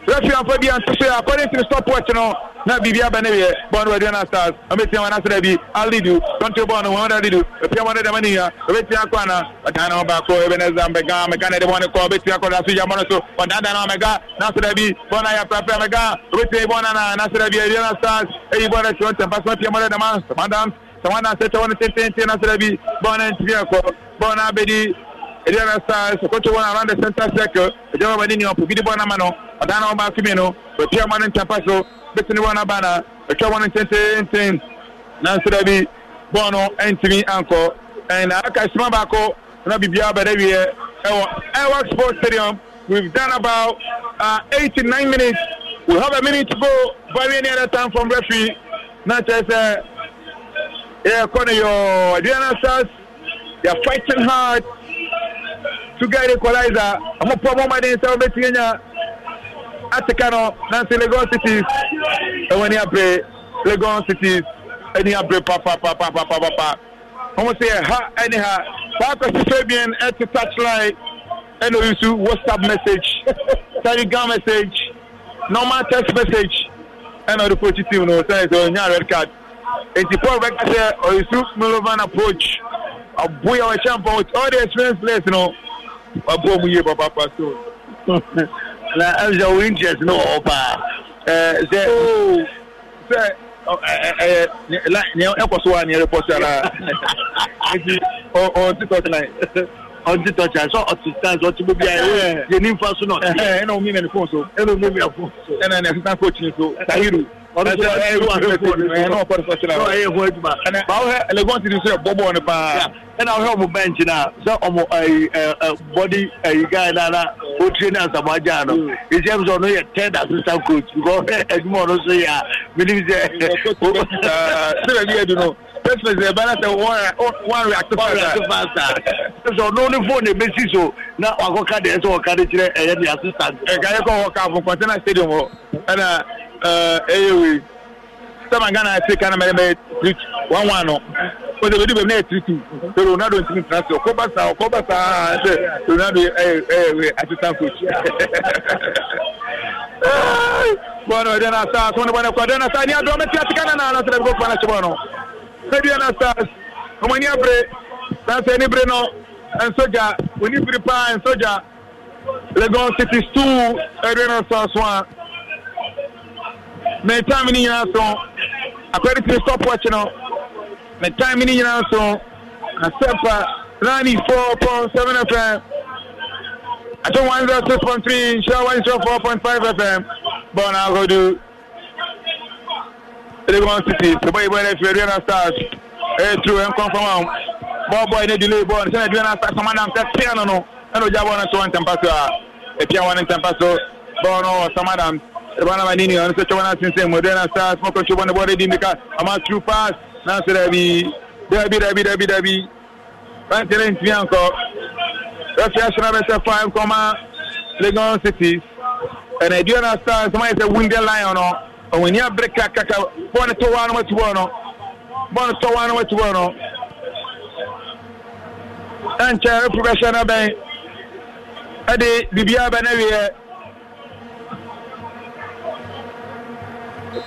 refi amfa bi anto so yɛ according to the stopwatch you no na biribi aba ne yɛ bɔɔl no waduana stars ɔbɛtia wɔn asrɛ bi alidu kɔntu bɔɔl no wɔn alidu ɔpia wɔn dɛm aniya ɔbɛtia kɔ ana ɔdan na ɔbaako ebeneza mbɛga mɛga na ɛde wɔn kɔ ɔbɛtia kɔ na soja bɔɔl so ɔdada na ɔmɛga n'asrɛ bi bɔɔl no ayɛ prapra mɛga ɔbɛtia bɔɔl no na n'asrɛ bi aduana stars eyi bɔɔl no tiwɔn tɛmpa so ɔpia wɔn dɛm samadam samadam sɛkyɛ wɔn tententen n'asrɛ bi bɔɔl no ntumi ɛkɔ bɔɔl no abɛdi aduana stars kɔntu bɔɔl no around the center circle ɛgyɛ wɔn ani ni ɔpo gidi bɔɔl no ama no ɔdan ɔbaako mi no ɔpia wɔn no ntɛmpa so apete ne wɔn aba atwa wɔn ntententen nanso dɛbi bɔɔl no ntumi ankɔ ɛna aka sima baako na biribiara bɛrɛ wiɛ ɛwɔ ɛwɔ sports stadium we've done about uh, eighty nine minutes we have a minute to go very near the time from referee na kyerɛ sɛ ɛyɛ kɔ ne yɔɔ aduane stars they are fighting hard to get equalizer ɔmo pɔ ɔmo ɔmo adi nsɛm ateka no nanso lagos cities ɛwɔ ani abere lagos cities ani abere papapapapapa wɔn sɛ ɛha ɛne ha baakɔsi fabian ɛte touchline ɛna oyi nso whatsapp message telegram message normal text message ɛna ɔde coach team no sɛ ɛsɛ ɔnya red card nti paul bɛka sɛ oyi nso milovan approach aboya ɔhyɛ mpɔ with all the experience players no wabɔ mu yie papapa so. na ɛsɛ o interest no wɔ paa ɛɛ sɛ ooo sɛ ɛɛ ɛɛ ɛkɔ so wa ni ɛrɛ pɔ si ara ɛti ɔn ti tɔ tonight ɔnti tɔkya sɛ ɔsistan sɛ ɔte bobi a yɛni mfa so na ɔte ɛna ɔmi na ne fon so ɛna ɔmi na fon so ɛna ne asistan coach ni so tahiru ɔno sɛ ɛyɛ wɔn ɛyɛ fon ɛna ɔkɔ ne sɔ kyerɛ ɛna ɛyɛ hɔn adwuma ɛna bawo hɛ legon ti di so yɛ bɔ bɔɔl ne paa ɛna ɔhɛ ɔmo bɛnkye na sɛ ɔmo ɛyi ɛɛ bɔdi ɛyi guy na na otire ne asamo agya no esi ɛmu sɛ ɔno yɛ third assistant coach because ɛdwuma ɔno so yɛ a minim sɛ text message ẹ bẹ́ẹ̀ sẹ wọ́n wọ́n react faster sọ n'o ni fóònù bẹ si so na wakọ káàdì ẹ sọ wọ káàdì kyerẹ ẹ yẹ di assistant. ẹ ká yẹ kọ wọ káàfù kọntẹ́nà stadium wọ ẹna ẹ yẹ wei sẹ́mà gánà ẹ ti kánà mẹ́rin bẹ́ẹ̀ three one one nọ o de bẹ di bẹ mi ẹ three two so ronaldo n ti mi tẹ̀lé sọ kó bá sa kó bá sa ẹ sẹ ronaldo ẹ ẹ ẹ assistant coach. bọ́ọ̀nù ọ̀dẹ́nà sáà sọ́ni bọ́ọ̀nù ọ̀dẹ́nà sáà ní adúlọ́mẹ́tì àti kánà náà lọ́sọ̀rọ̀ bí kò fún ẹ Sadiana Stars ọmọ ní abiri nansi ẹni biri no nsọgya òní biri paa nsọgya Lagos City stool Sadiana Stars wa mẹ taami ni nyinaa so akwari tiri stopwatch no mẹ taami ni nyinaa so asepa ninety four point seven fm ato one zero six point three nhyira one zero four point five fm bọ́ọ̀nù agodo. Legon City sọgbọn ìbọn ẹni fìlẹ Adriana Stars ẹ tu ẹ nkọnfọm àwọn bọọbọ ẹni delay bọọlù sẹni Adriana Stars ọmọ náà nkẹ pia nínú ẹni ọjà bọọlù náà sọ wọn ntẹmpa so uh, a ẹpia wọn ntẹmpa so bọọlù náà wọ sọmọ dàm ẹbọn náà wà ní nìyẹn ọ̀nà sọ̀tún wọn asínsẹ́ mu Adriana Stars mọ̀kọ́ sọ bọ́ọ̀lù bọ́ọ̀lù ẹ̀dín bíkà ọmọ true pass náà sọ dàbí dàbí dàbí dàbí dàbí wọn tẹ̀lé ntìmí ànkọ rẹ́fì aṣọ́nà bẹ́sẹ̀ five kọ́má Legon City ẹ̀nà Adriana Stars ọmọ yẹn sẹ́ wúndẹ́ lion náà. Oh ɔwɔ ni abere kakaka bɔɔl tɔ waa no wɔti bɔɔl no bɔɔl tɔ waa no wɔti bɔɔl no ɛnkyɛn repu bɛhyɛ no bɛn ɛde biribiara bɛ no wieɛ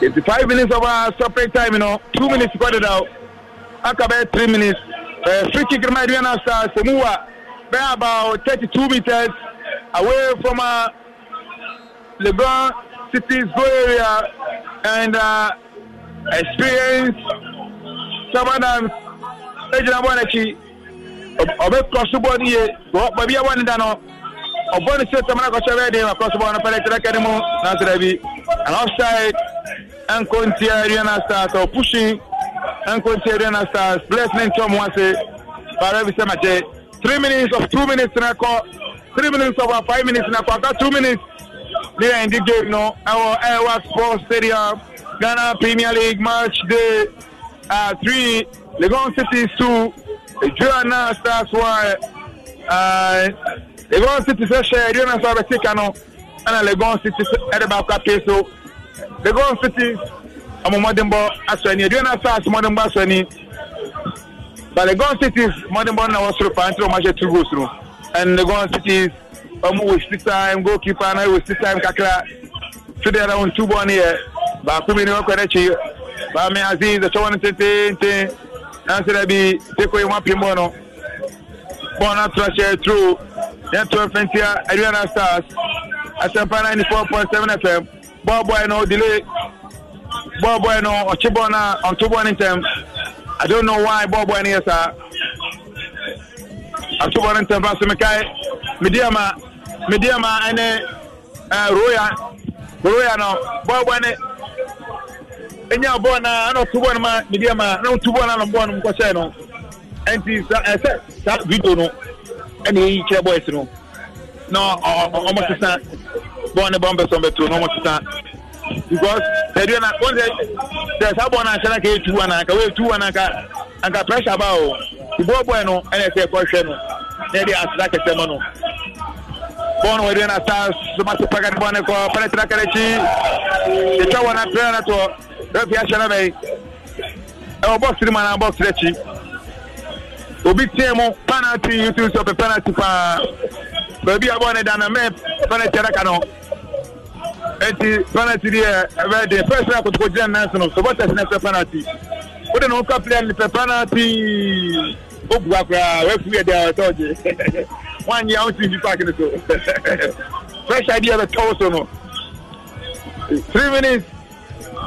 eighty five minutes of our uh, separate time you know two minutes kɔ deda o aka three minutes ɛɛ uh, free kick ma aduane asa semuwa bɛyɛ about 32 meters away from uh, legon City's goal area and uh, experience sometimes egyina bɔ n'akyi ɔbɛ kɔsu bɔ ne yie baabi a bɔ ne da no ɔbɔ ne sɛ sɛmana kɔsɛ bɛyɛ den ma kɔsu bɔ no pɛrɛ kyerɛ kɛne mu nanso dabi an offside ɛnkɔ ntia ariana stars ɔ pushing ɛnkɔ ntia ariana stars bless ne ntɔm wase baara bi sɛ ma kyɛ three minutes of two minutes na kɔ three minutes of five minutes na kɔ aka two minutes ne yɛn di game no ɛwɔ ɛwɔ sports stadium ghana premier league match day uh, three legon city two eduana stars one uh, legon city sɛ hyɛ eduana stars bɛ tika no ɛna legon city ɛde baako apɛ so legon city ɔmɔmɔdenbɔ asɔ ani eduana stars mɔdenbɔ asɔ ani but legon city mɔdenbɔ na wɔ soro paa n tɛ wɔn ahyɛ two goals no and legon city ɔmo waste time goalkeeper na waste time kakra to the round two bɔ ne yɛ baako mi ni wɔkɔ n'akyi maame aziz ɛkyɛw no tententen nansi dɛ bi teko yi wɔn apim bɔ no bɔɔl no ato ahyɛ turo yɛn to mfɛntia aduana stars asɛmpa ninety four point seven fm bɔɔl bɔɔl no delay bɔɔl bɔɔl no ɔkye bɔɔl no a ɔnto bɔɔl ntɛm i don't know why bɔɔl bɔɔl no yɛ saa ɔto bɔɔl no ntɛm fa so mekae medi ama. Midiyama ne eh, Roya Roya no bɔɔl bɔ ne enya na ɛna ɔtu bɔɔl no ma Midiyama na ɔtu bɔɔl na ɔbɔɔl no nkɔhyɛ no ɛnti sa eh, saa video no ɛna kyerɛ boys no na ɔmo sisa ne bɔɔl bɛsɛ ɔmo na ɔmo sisa because na e wɔn sɛ sɛ saa bɔɔl na ahyɛ na ka etu wa na ka wa na anka pressure baa o bɔɔl no ɛna ɛsɛ ɛkɔhwɛ no na ɛde asesa kɛse ma no. Bonu wa na stars sumasi paka ni bwana kwa pale traka lechi Icho wana player na to Refi asha na mei Ewa box ni mana box lechi Obi tiemu penalty yutu sope penalty pa Bebi ya bwana dana me penalty ya daka no Eti penalty diye Ewe de first round kutuko jina nansi no So bota sinese penalty Ude na uka player ni pe penalty Obu wakura wefu ya dia watoje Hehehe nwaanyị ahụ si ji paaki nso fresh idea bɛ tɔw so no three minutes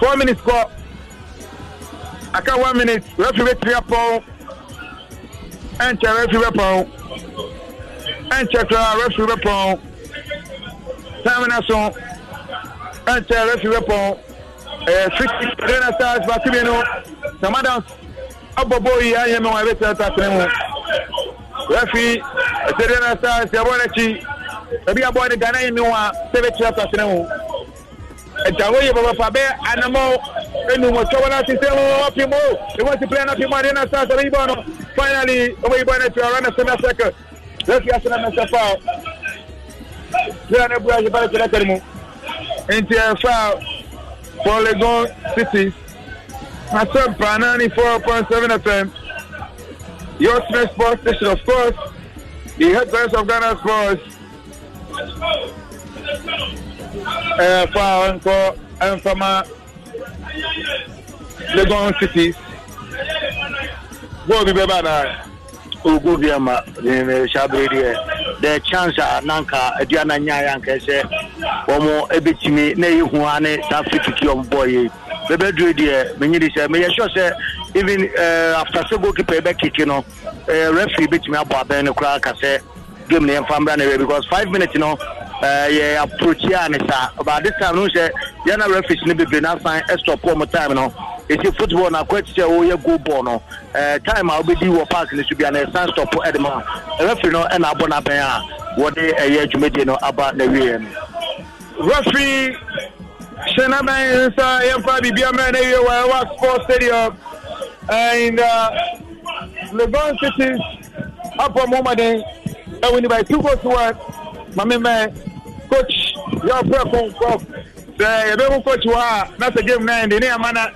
four minutes kɔ aka one minute refi bɛ tiri apɔw ɛnkyɛ refi bɛ pɔw ɛnkyɛ kura refi bɛ pɔw time na so ɛnkyɛ refi bɛ pɔw ɛɛ fifty arena stars baaki bi no samadans abɔ bɔɔl yi ayɛ mɛ wɔn a bɛ tɛ ɛta tene mu refi sɛdeɛ na sa sɛ ɛbɔ n'akyi ebi abɔ ne ghana yi mi wa sɛ bɛ kyerɛ asasene e ho ɛdawo yɛ bɔbɔfa bɛ anamɔ enum ɔtɔwɔ na sisɛ mu ɔpim o ewu esi pilɛ adeɛ na sa sɛ ɔbɛyi no finally ɔbɛyi bɔ ne fi ɔrɔ na sɛ na sɛkɛ refi asɛ na mɛsɛ fa sɛ ne bu ayi ba kyerɛ kɛrɛ mu nti ɛfa polygon city asɛ mpa naani four point seven fm. Yorkshire Sports Station, of course, the headquarters of Ghana Sports. Ẹ̀fọ́ àwọn nǹkan ẹ̀ǹfàmà Lagos cities. Bọ́ọ̀lù be bá now? ogo bia ma eh, saa deɛ eh, the chance a ah, nanka aduana eh, nyaayɛ anka sɛ wɔn bɛtumi na ɛyɛ hu ne saa fitiki wɔn bɔɔyɛ bɛbɛduro deɛ menyini sɛ meyɛ sure sɛ even uh, after sɛ goalkeeper bɛkiki no uh, referee bɛtumi abɔ abɛn no koraa ka sɛ game ne yɛmfa mmra no wɛ because five minutes no uh, yɛ approach a ne saa but this time no sɛ yɛna referees no bebree no asan stop wɔn time no eti football na akɔkyi sɛ ɔyɛ goal ball no ɛɛ eh, time a ɔbɛdi wɔ park ne so bia na stop ɛde ma referee no ɛna abɔ n'abɛn a wɔde ɛyɛ eh, dwumadie no aba na wie no. referee hyɛ n'abɛn nsa yɛmfa biribi amena na wie wɔ ɛwɔ sports stadium and uh, legon cities apɔ momaden ɛwɔ eh, ni by two goals to one maame mɛ coach yɛ ɔpɛ kɔnkɔ sɛ yɛbɛ mu coach wɔ a na sɛ game nine de ne yɛ ma na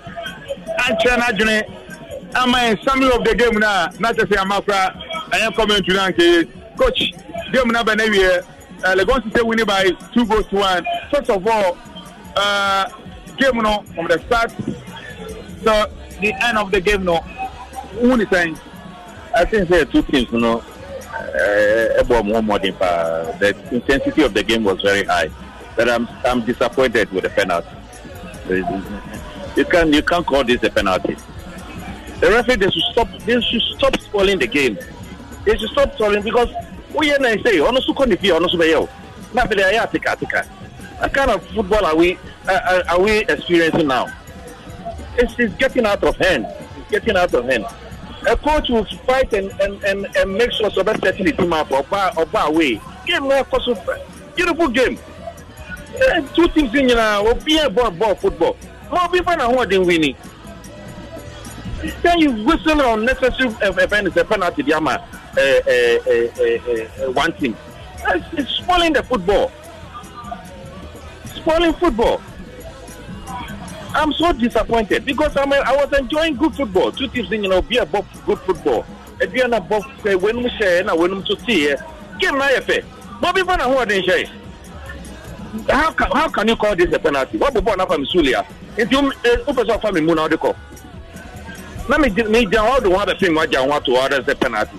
ankyerɛ n'adwene ama ah, yɛn summary of the game na na kyerɛ sɛ ama kora ɛyɛ comment na nke coach game na bɛn awie uh, eh, legon sise win by two goals to one first of all uh, game no from the start to the end of the game no who ni sɛn. Eh? I think say two teams No, know ɛbɔ mu mmɔden paa the intensity of the game was very high but I'm I'm disappointed with the penalty you can you can't call this a penalty. The referee they should stop they should stop spoiling the game. They should stop spoiling because we and I say onosu konifi onosu beyo. Na bele aya tika tika. What kind of football are we uh, uh, are we experiencing now? It's, it's getting out of hand. It's getting out of hand. A coach will fight and and and, and make sure so best setting the team up or by or by way. Game where Beautiful game. Uh, two teams in you know, be a ball ball football ma obi fa na ahoɔden winning then you whistle on necessary event is a penalty di ama one team it's spoiling the football spoiling football i'm so disappointed because I'm. mean i was enjoying good football two teams you know be above good football ebi ɛna bɔ wenum hyɛ ɛna wenum so ti yɛ game na yɛ fɛ bɔbi fa na ahoɔden hyɛ how can how can you call this a penalty wọ́n bọ̀ bọ́ọ̀ náà fàmì sùúlì à nti ó fẹ́ sọ fàmì mú náà ó di kọ̀ náà mi mi jẹun ọ̀dùn wọn abẹ́fẹ́ mi wá jẹun wọn àti wọn ọ̀dọ̀ ṣe penalty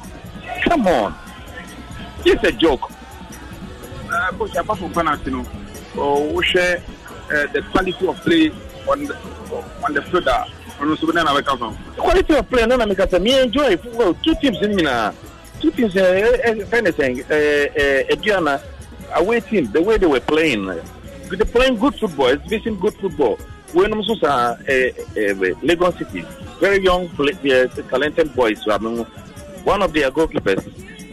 come on it's a joke. Uh, coach apart from penalty no o ṣe uh, the quality of play on the, on the fielder ah ọ̀nà sọ́kùn náà nàbẹ́ka fún. quality of play náà nàbẹ́ka fún mi enjoy football two teams nyinaa two teams ẹ ẹ fẹ́ẹ́ nìsẹ̀ ẹ ẹ away team, the way they were playing, they're playing good football. It's missing good football. When I'm uh, eh, eh, eh, Lagos City, very young, talented boys. I mean, one of their goalkeepers,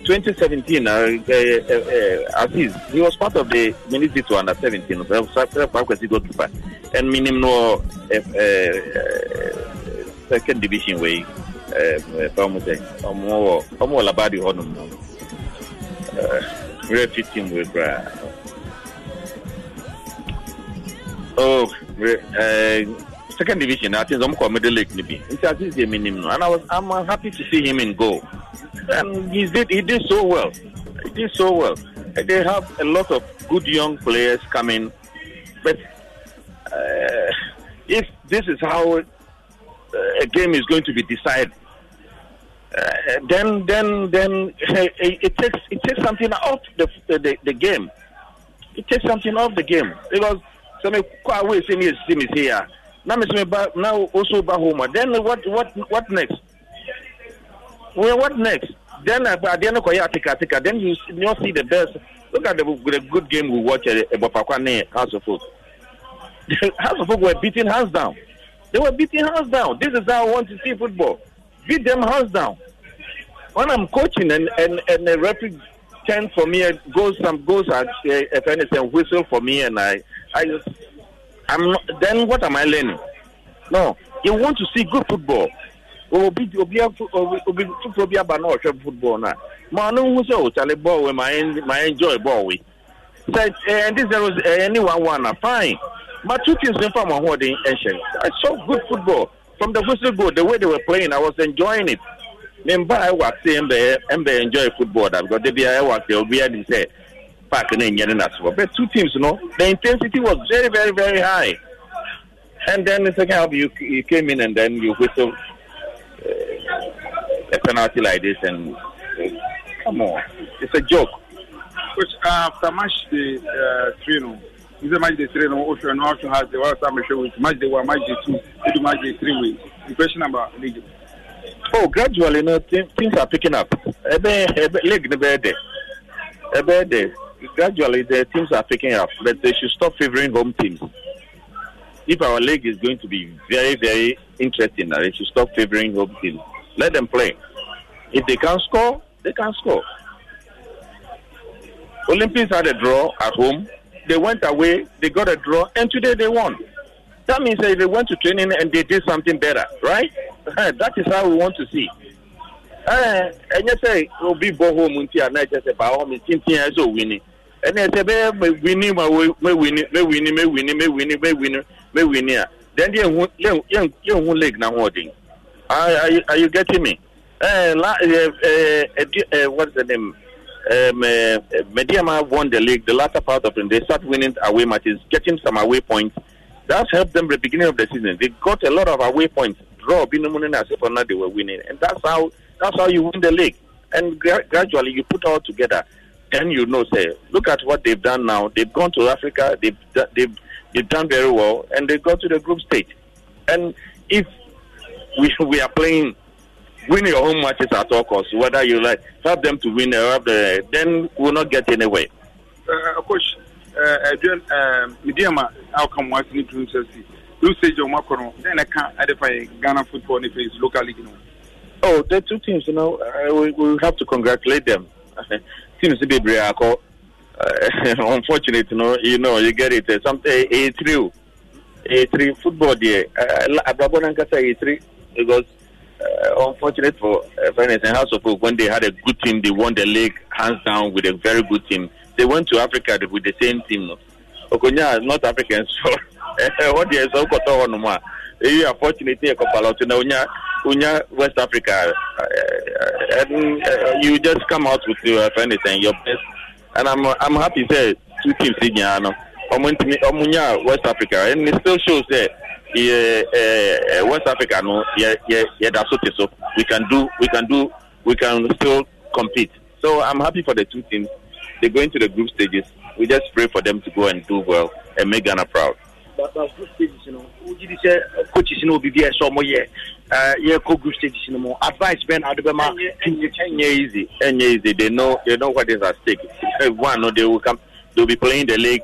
2017, uh, uh, uh, Aziz, he was part of the Ministry to under 17, was a goalkeeper, and minimum no second division way. Uh, ọmọ ọmọ ọlabadi ọdún repeating with uh, oh uh, second division I think Zomko Middle Lake maybe it's at a minimum and I was I'm uh, happy to see him in goal and he did he did so well he did so well they have a lot of good young players coming but uh, if this is how uh, a game is going to be decided uh, then then then uh, it takes it takes something off the, the the, game. It takes something off the game because some quite away see me see me here. Now me now also back home. Then what what what next? Well, what next? Then uh, at the end of take tika. Then you you see the best. Look at the, the good game we watch at Bapakwane House of Folk. House of Folk were beating hands down. They were beating hands down. This is how I want to see football beat them hands down when I'm coaching and and and a referee turns for me and goes some goes and if anything whistle for me and I I just I'm not, then what am I learning? No, you want to see good football. Obi obi obi tupu obi aba na ɔhwɛ football na Manu, ɔno nhu ball we ma ma enjoy ball we eh, and this there was eh, anyone one na ah, fine but two teams nfa mu ahoɔden ɛnhyɛ I saw good football from the whistle goal the way they were playing I was enjoying it. me mba a ɛwɔ ase mbɛyɛ mbɛyɛ enjoy football da because ebi a ɛwɔ ase obi adi sɛ park na enye ne na so but two teams no the intensity was very very very high and then the second half you you came in and then you whistle uh, a penalty like this and uh, come on it's a joke. Coach, uh, after match the uh, three no you say match the three no ocean no ocean has the one time match the one match the two match the three win the question about league oh gradually no things are picking up ebe ebe leg ni bẹẹ dẹ ebe dẹ gradually the things are picking up but they should stop favouring home teams if our league is going to be very very interesting they should stop favouring home teams let them play if they can score they can score olympics had a draw at home they went away they got a draw and today they won. That means that they went to training and they did something better, right? that is how we want to see. ɛnyɛ sɛ obi bɔ hɔ mu nti ana ɛkyɛ sɛ baa hɔ mi tintin ɛsɛ owini ɛna ɛsɛ bɛyɛ mɛwini ma mɛwini mɛwini mɛwini mɛwini mɛwini mɛwini a then yɛn ho yɛn ho leg na ho ɔden are you are you getting me Eh, la ɛɛ ɛɛ ɛɛ the name um, uh, Mediama won the league the latter part of it they start winning away matches getting some away points. That's helped them the beginning of the season. They got a lot of away points. Draw, Binomune, as if or not they were winning. And that's how that's how you win the league. And gra- gradually you put all together. Then you know, say, look at what they've done now. They've gone to Africa. They've they've they've done very well, and they got to the group stage. And if we we are playing win your home matches at all costs, whether you like help them to win or help the, then we'll not get anywhere. Uh, course." ɛdwa eh, eh, eh, mediama outcome wa sini tun sɛ si usage ɔmo akɔ no dɛn na ka ɛde yɛ ghana football ne face local league no. oh the two teams you know uh, we, we have to congratulate them teams to be brave. Unfortunately, you know you know, you get it uh, something a three a a three football deɛ abrabɔ nankasa a three because. Uh, unfortunate for uh, Finance and House of Hope when they had a good team, they won the league hands down with a very good team. they went to Africa with the same team. Okonya is not African, so eh, what they so got on ma. Eh, you are fortunate to couple out unya unya West Africa, uh, and uh, you just come out with your friends and your best. And I'm I'm happy say two teams in Ghana. Omunya West Africa, and it still shows that. Yeah, uh, West Africa, no, yeah, yeah, yeah, that's what so. We can do, we can do, we can still compete. So I'm happy for the two teams they go into the group stages. We just pray for them to go and do well and make Ghana proud. But, but group stages, you know, uh, coaches, you know, BBS or more, yeah, uh, yeah, group stages, you know, advice, Ben, Adobema, and easy, and easy. They know, they know what is at stake. One, no, they will come, they'll be playing the league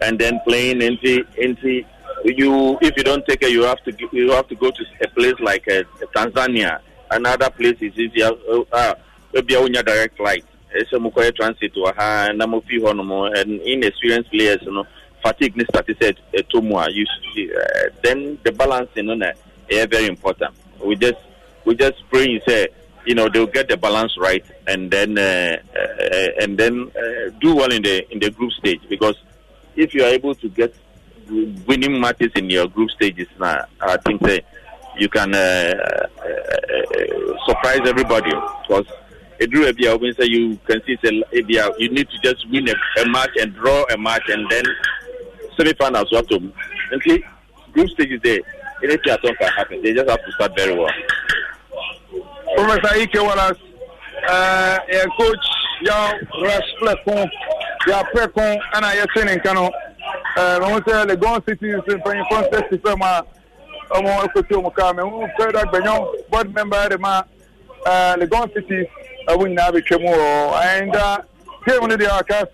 and then playing into into you. If you don't take it, you have to you have to go to a place like uh, Tanzania. Another place is easier. Uh, uh, maybe a direct flight. ɛsɛ mu kɔyɛ transit wɔ ha na mo fi hɔ nom inexperienced players no fatigue ne start sɛ ɛtɔ mu a then the balancing no na ɛyɛ eh, very important we just we just praying sɛ you know they'll get the balance right and then uh, uh, and then uh, do well in the in the group stage because if you are able to get winning matches in your group stages now I think you can surprise everybody because eduru ebi a obin say you can see say ebi a you need to just win a, a match and draw a match and then semi-finals what to nti group stage is there anything at all can happen they just have to start very well. Professor Ike Wallace, uh, yeah, coach yaw respect kun yaw and kun ɛna yɛ se ne nka no ɛɛ mɛ n sɛ legon city mpanyinfo n sɛ sifɛ mu a ɔmo ekoti ɔmo kaa mɛ n fɛ board member yɛ de ma ɛɛ legon city ɛmu nyinaa bɛtwa mu wɔ ɛnda game no deɛ aka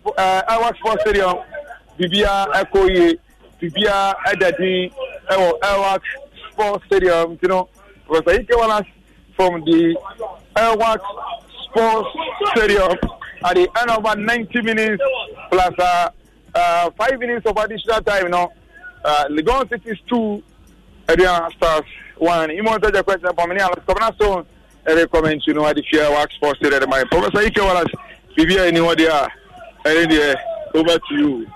awa sports stadium biribiara ɛkɔ yie biribiara ɛda din ɛwɔ ɛwa sports stadium nti no professor ike wallace from the ɛwa sports stadium at the end of about ninety minutes plus uh, uh, five minutes of additional time no uh, legon cities two aduana stars one imo n tẹjọ question pamini alaskobana stone ɛde kɔmɛnti no ade fia wax force de ma professor ike wallace biribi a ɛni hɔ deɛ a ɛne deɛ over to you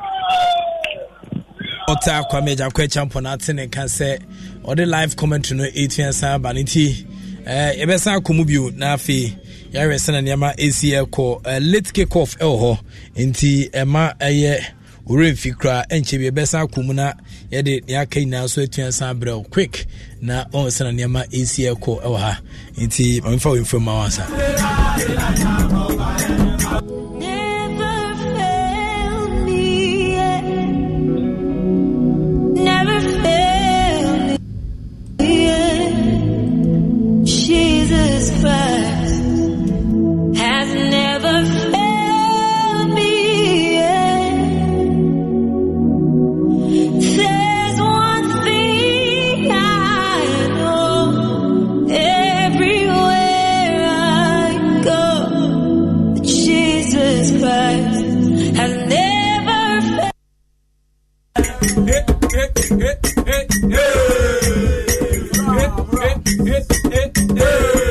ɔta kwame gyakɔ akyampɔ no ate ne ka sɛ ɔde live commentary no ɛtua san aba no nti yɛbɛsan akɔ mu bio na afei yɛahwɛ sɛ na nneɛma ɛsi ɛkɔ late eh, kick off ɛwɔ eh, hɔ nti ɛma eh, ɛyɛ ɔremfi koraa ɛnkyɛ bi yɛbɛsan akɔ mu na yɛde ne aka nyinaa so atua san berɛ wo quick na ɔn sana nneɛma ɛsi ɛkɔ ɛwɔ ha nti mamefa wo mfuo ma wo Hey, hey, hey, hey, hey. Hey, hey, hey, hey, hey!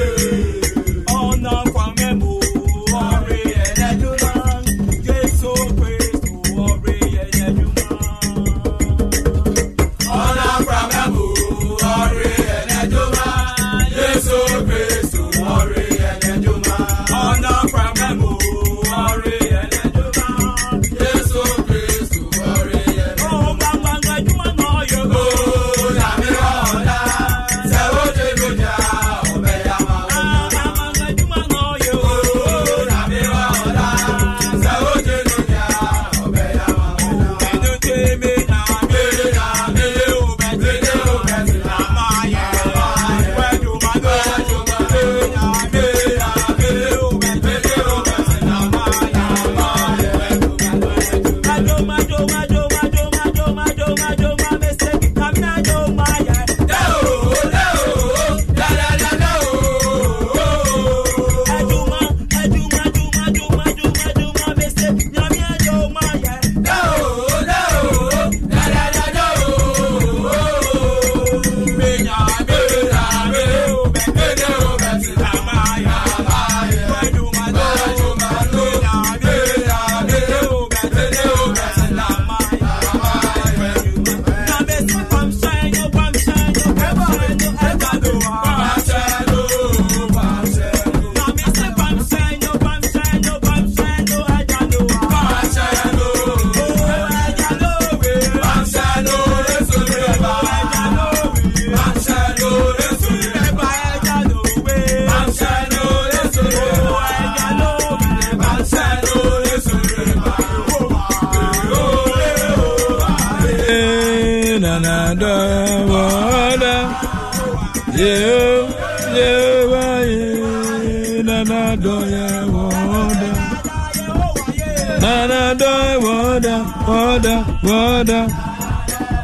Father.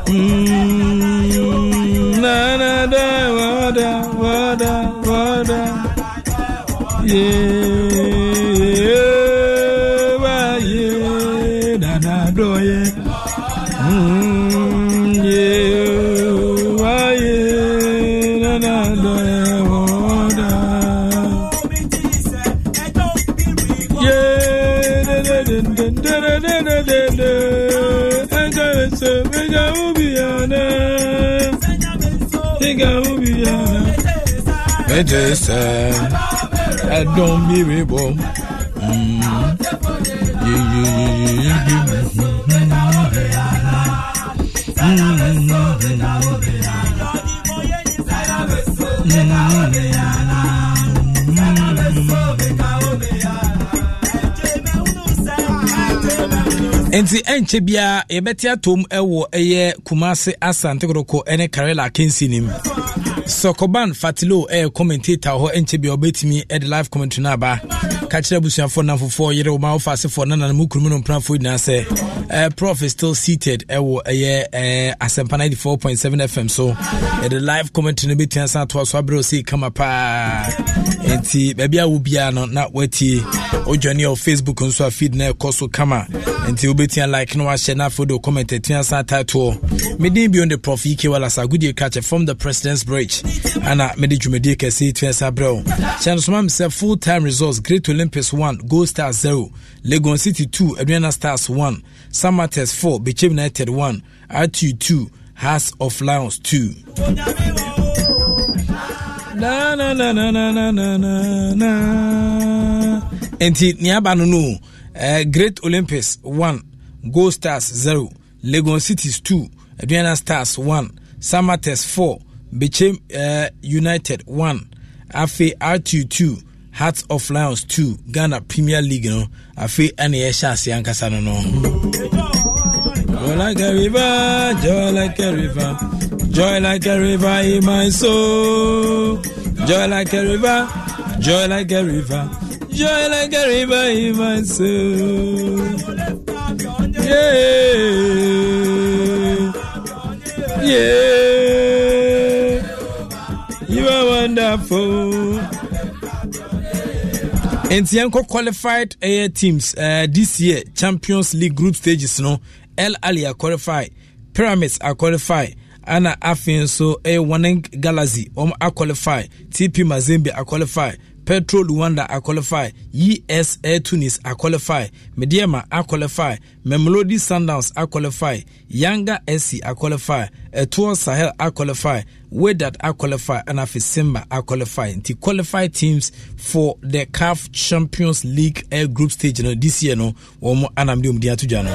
Mm. mede sɛ ɛdɔm bi rebɔ nti ɛnkyɛ biara yɛbɛte atom ɛwɔ ɛyɛ kumase asantekoroko ne karela kensi no mu sɛ ɔkɔban fatilo ɛyɛ eh, commentator hɔ nkyɛ bia ɔbɛtumi de eh, live commentary no aba ka kyerɛ abusuafoɔ nam fofoɔ yere wo ma wofa asefoɔ na nanamu kurum no mprafoɔ nyinaa sɛ uh, prof is still seated ɛwɔ eh, ɛyɛ uh, asɛmpa 94.7 fm so yɛde live commentary no bɛtua sa atoa so aberɛ ɔsɛ kama paa enti baabi a wo biaa no na woatie wodwane ɔ facebook nso a feed no ɛkɔ so kama enti wobɛtua like no wahyɛ na afei de comment atua sa atatoɔ meden bio de prof ek walasa goodie kakyɛ from the president's bridge ana mede dwumadie kɛse tua sa berɛ wo hyɛ no soma me sɛ full time resource great to olympics one, gold stars zero, legon city two, adriana stars one, samatex four, bechem united 1 rtu two, hearts of lions two. na na na na na na na na na nti nea aba no no eh, great olympics one, gold stars zero, legon cities two, adriana stars one, samatex four, bechem uh, united 1 afei rtu two. Hearts of Lions 2 Ghana Premier League no afei ɛna yɛhyɛ ase ankasa no no Joy like a river, joy like a river, joy like a river in my soul. Joy like a river, joy like a river, joy like a river in my soul. Yeah, yeah, you are wonderful. nti yɛnkɔ qualified air teams uh, this year champions league group stages no el ali a qualify pyramids a qualify ana afei nso eh, warning galaxy wɔn um, a qualify tp mazembe a qualify petro luanda aqualify air tunis aqualify mediema aqualify memlodi sundowns aqualify yanga esi aqualify etuo sahel aqualify wedat aqualify and afei simba aqualify nti qualify teams for the caf champions league air eh, group stage no this year no wɔn mo anamdi omudi atudwa no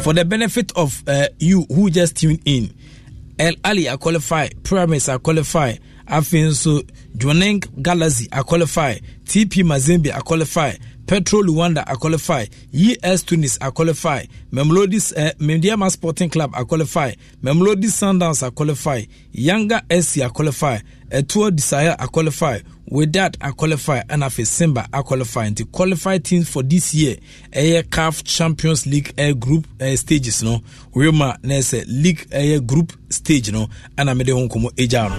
for the benefit of uh, you who just tuned in el ali aqualify pyramids aqualify. afei nso dwonne galaxy aqualify tp mazembe aqualify petro luwanda aqualify es tunis aqualify memlodis eh, mediama sporting club aqualify memlodis sundowns aqualify yanga sc aqualify etuo desire aqualify without aqualify ɛna afei simba aqualify nti qualify teams for this year ɛyɛ caf champions league ɛyɛ eh, group ɛyɛ eh, stages no wema na ɛsɛ league ɛyɛ group stage no ɛna mede ho nkɔmmɔ agya no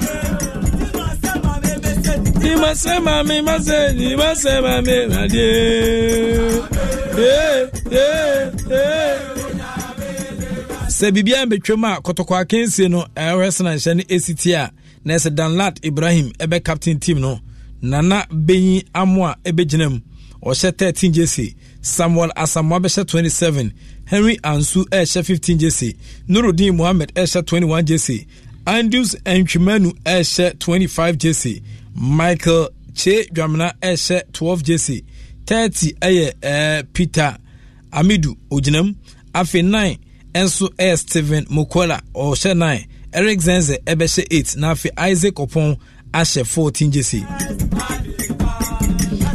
Se masema mi mase ni masema mi nadie eh eh eh sɛ biribiara mbɛtwam a kɔtɔkɔ akansie no ɛwɛ sena nhyɛ no ɛsiti a na ɛsɛ danlat ibrahim ɛbɛ captain team no nana bɛnyi amo a ɛbɛgyina mu ɔhyɛ 13 jese samuel asamoa bɛhyɛ 27 henry ansu ɛhyɛ 15 jese nurudin mohammed ɛhyɛ 21 jese andrews ntwimanu ɛhyɛ 25 jese michael che dwamena ɛhyɛ twelve jc thirty ɛyɛ eh, peter amidu ogyinam afei 9 ɛnso ɛyɛ steven mokola ɔhyɛ 9 eric zenze ɛbɛhyɛ 8 na afei isaac ɔpɔn ahyɛ 14 jc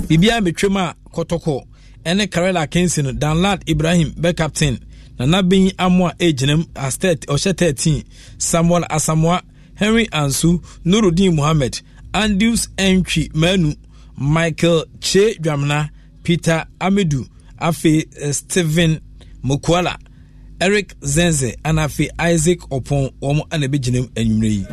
biribiara metwam a kɔtɔkɔ ɛne karela kensi danlad ibrahim bɛ captain nana bɛyi amoa ɛgyinam ɔhyɛ 13 samuel Asamoah, henry ansu nurudin mohammed andrews entry manu michael che dwamna peter amedu afei eh, stephen mokuala eric zenze ana afei isaac ɔpɔn wɔn ana ɛbɛgyina mu anwummerɛ yi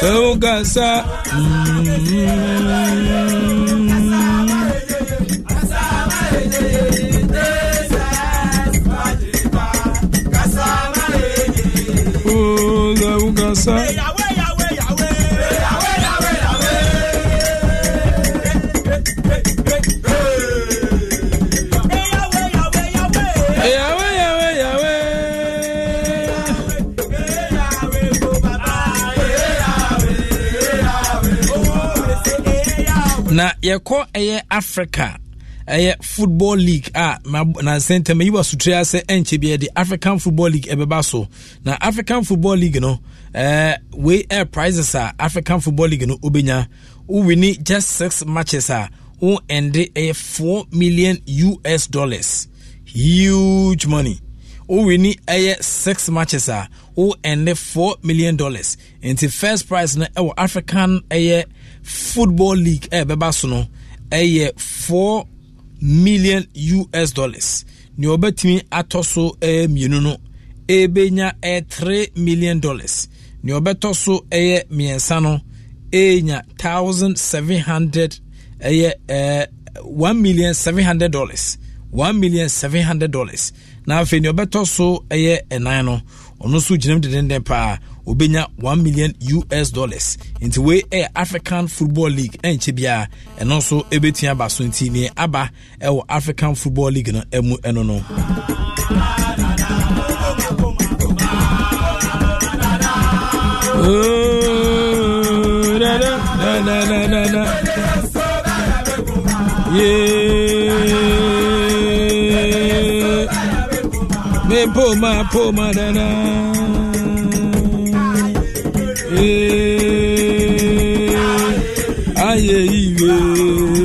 sɛ wokasa mm -hmm. sir. na yɛkɔ ɛyɛ africa ɛyɛ football league a nansɛntɛm ayiwa sotire asɛ ɛnkyɛ biɛ de african football league ɛbɛba so na african football league no Eh, wei air prizes a african football league no wobɛnya wowini just six matches a wo ɛnde ɛyɛ four million us dollars huge money wowini ɛyɛ six matches a wo ɛnde four million dollars nti first prize no ɛwɔ african ɛyɛ football league ɛbɛba eh, so no ɛyɛ 4 million us dollars nea ɔbɛtumi atɔ so eh, ɛyɛ mmienu no ɛbɛnya ɛyɛ three million dollars nea ɔbɛtɔ so yɛ mmiɛnsa no ɛnya thousand seven hundred ɛyɛ ɛɛ one million seven hundred dollars one million seven hundred dollars na afei nea ɔbɛtɔ so yɛ ɛnan nso gyinam dendenden paa one million us dollars nti wei ɛyɛ african football league ɛnkyɛ biara ɛno nso ɛbɛtua aba so nti nea aba ɛwɔ african football league no ɛmu ɛno no. Me poma poma da da. Aye iwe.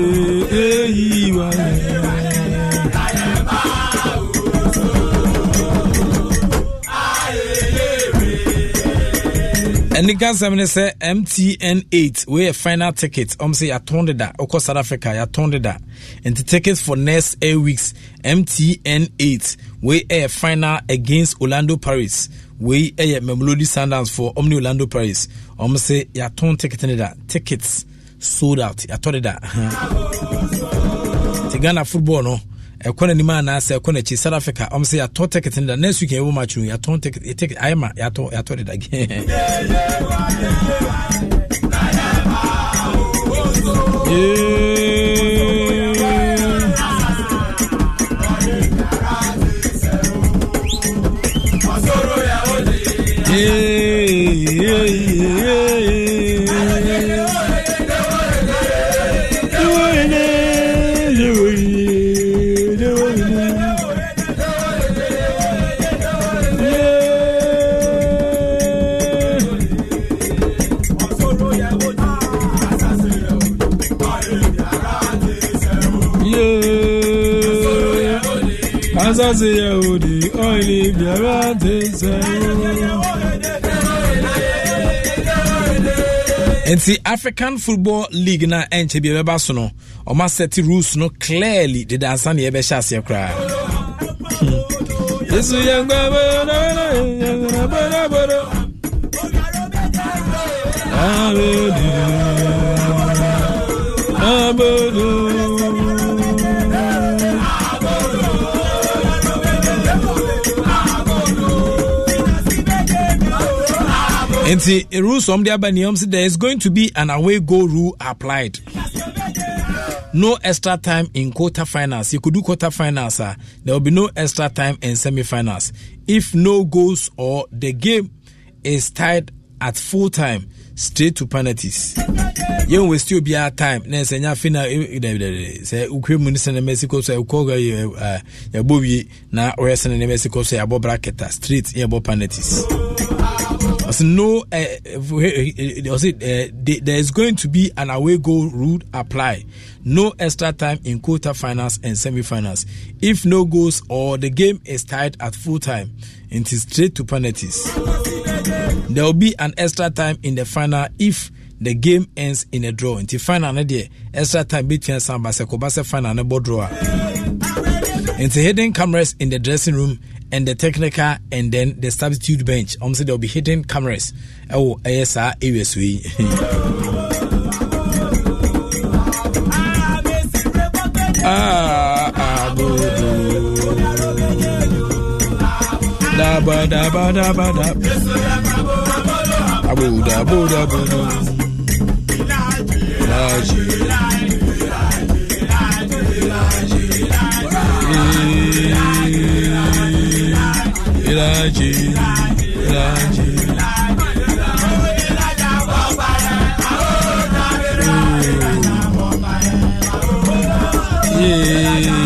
ɛnika nsɛm ne sɛ mtn 8 weyɛ final ticket ɔm sɛ yɛatɔn da. wokɔ south africa yɛatɔn da. nti ticket for next eight weeks mtn 8 wei ɛyɛ final against orlando paris wei ɛyɛ mamelodi sundowns for ɔm orlando paris ɔm sɛ yɛatɔn ticket ne da tickets sold out yɛatɔ deda nti ghana football no ɛkɔ n'anim anaasɛ ɛkɔ n'akyi south africa ɔm sɛ yɛatɔ ticket no da next week yɛwɔ match no yɛatɔ ticket ticket ayɛ ma yɛatɔ yɛatɔ de da Yeah, yeah, yeah. Jesus Yehudi, Oili Biarate nti african football league na ɛnkyɛ bi ɛbɛba so no ɔma sɛte rules no clearly deda ansa ne yɛbɛhyɛ aseɛ koraa hmm. yesu nti rules ɔm de aba nneɛm si there is going to be an away go rule applied no extra time in quarter finals you could do quarter finals uh, there will be no extra time in semi-finals if no goals or the game is tied at full time straight to penalties yẹn wọ still bi a time na ẹsẹ nya final dẹdẹdẹ eh, eh, eh, sẹ ukwe mu ni sẹ na mexico sọ ẹkọ ọgá yẹ ẹ wie na ọyẹ sẹ na mexico sọ yẹ abọ bracket straight yẹ bọ penalties. no, uh, was it, uh, there is going to be an away goal rule apply. No extra time in quarter finals and semi finals. If no goals or the game is tied at full time, it is straight to penalties. There will be an extra time in the final if the game ends in a draw nti final no deɛ extra time bɛtua san ba sɛ kɔba sɛ final no bɔ draw a nti hidden cameras in the dressing room and the technical and then the substitute bench ɔm sɛ there will be hidden cameras ɛwɔ ɛyɛ saa area so yi ah, ah, boo, boo. Dabba, dabba, dabba, dabba. Abu, dabba, dabba, dabba. Yeah.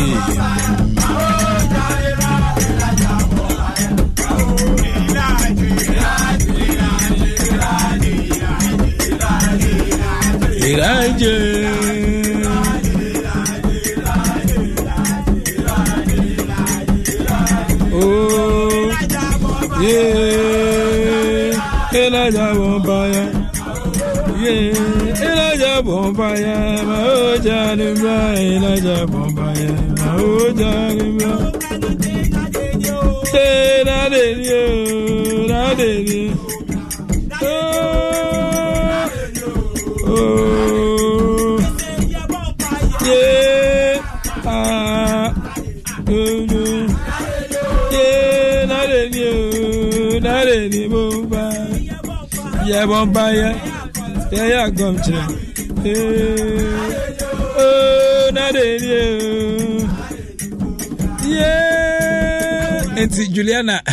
ilaja bombaya ye ilaja bombaya ma o jalimba ilaja bombaya ma o jalimba te la de dio la de dio ẹbọn bá yẹ yẹyẹ àgọmjẹ ooo náde ni ooo nti Juliana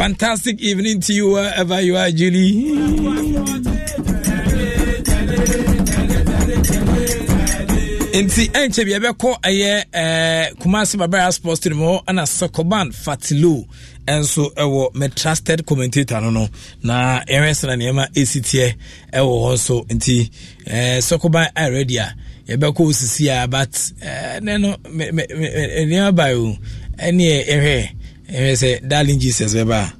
fantastic evening to you wherever you are Julie. nti ɛnkyɛ bi ɛbɛkɔ ɛyɛ ɛɛ eh, kumasi babaya sports team hɔ ɛna sɛkɔban fatilu ɛnso ɛwɔ mɛ trusted commentator no no na ɛwɛn sena nneɛma esi teɛ ɛwɔ hɔ nso nti ɛɛ eh, sɛkɔban ayɛrɛdi a yɛbɛkɔ osisi a but ɛɛ eh, ne no mɛ mɛ mɛ nneɛma baa yi o ɛne ɛhwɛ ɛhwɛ sɛ darling jesus bɛba a.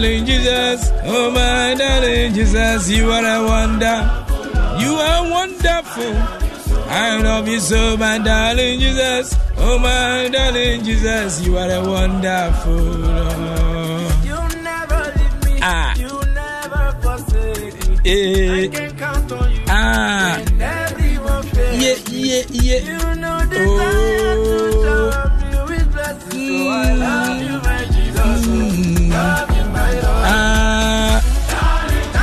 Darling Jesus. Oh, my darling Jesus, you are a wonder. You are wonderful. I love you so, my darling Jesus. Oh, my darling Jesus, you are a wonderful Lord. You never leave me. Ah. You never forsake me. Eh. I can count on you. Ah. When everyone fails yeah, yeah, yeah. You know desire oh. to love you with blessings. Mm. So I love you, my Jesus. Mm. Love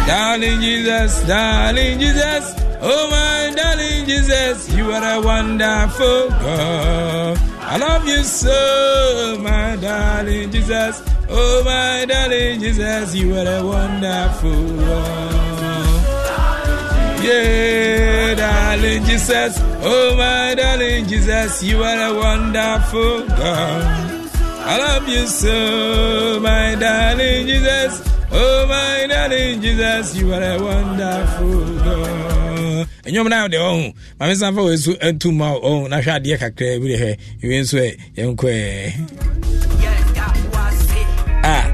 Darling Jesus, darling Jesus, oh my darling Jesus, you are a wonderful God. I love you so, my darling Jesus, oh my darling Jesus, you are a wonderful God. Yeah, darling Jesus, oh my darling Jesus, you are a wonderful God. I love you so, my darling Jesus. Oh, my darling Jesus, you are a wonderful God. ɛnwom no de ɔho mame sa fa wɔ so antum ma ɔho na hwɛ adeɛ kakra bi de hɛ ɛwei nso ɛ e, yɛnkɔɛ ah.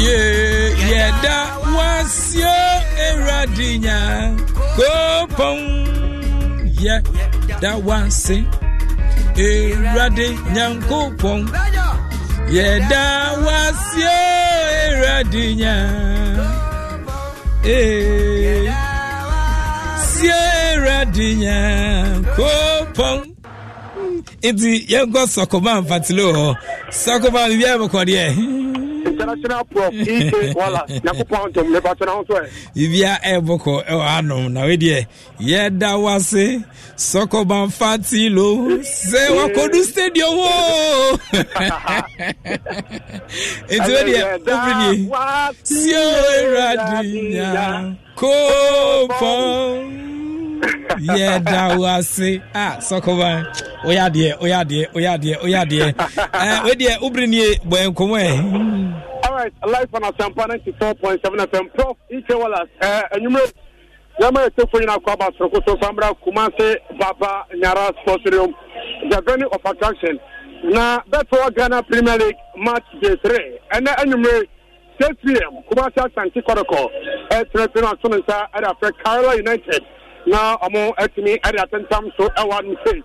yɛda wasio awurade nya kopɔn yɛda wase awurade nyankopɔn yɛda wasio ewurade nya ee sio ewurade nya kopɔn. nti yɛnkɔ sɔkoba mfatilo hɔ sɔkoba biribiara mekɔ deɛ international prof ek wala nyankopɔn ntom mebatena ho so ɛ biribia ɛɛbɔkɔ ɛwɔ anom na wedeɛ yɛda wo ase sɔkɔbamfa tilo sɛ wakɔdu stadium o nti wedeɛ wobrini sio awurade nya kopɔn yɛ da wo ase a sɔkoba ah, woyɛ adeɛ woyɛ adeɛ woyɛ adeɛ eh, woyɛ adeɛ ɛɛ wei deɛ wobere nie bɔ nkɔmɔ ɛ. E. all right life on asampa ninety four point seven fm prof ike wallace ɛɛ eh, enyimire yamma etefo nyina akɔ aba soroko sanbra kumase baba nyara sports room the venue of attraction na bɛtɔ ghana premier league match day three ɛnɛ enyimire. 6 p.m. Kumasi Asante Kɔrɔkɔ ɛtẹnɛtẹnɛ atunisa ɛdafɛ Kerala United na ɔmo atumi ɛde atentam so ɛwɔ anum sei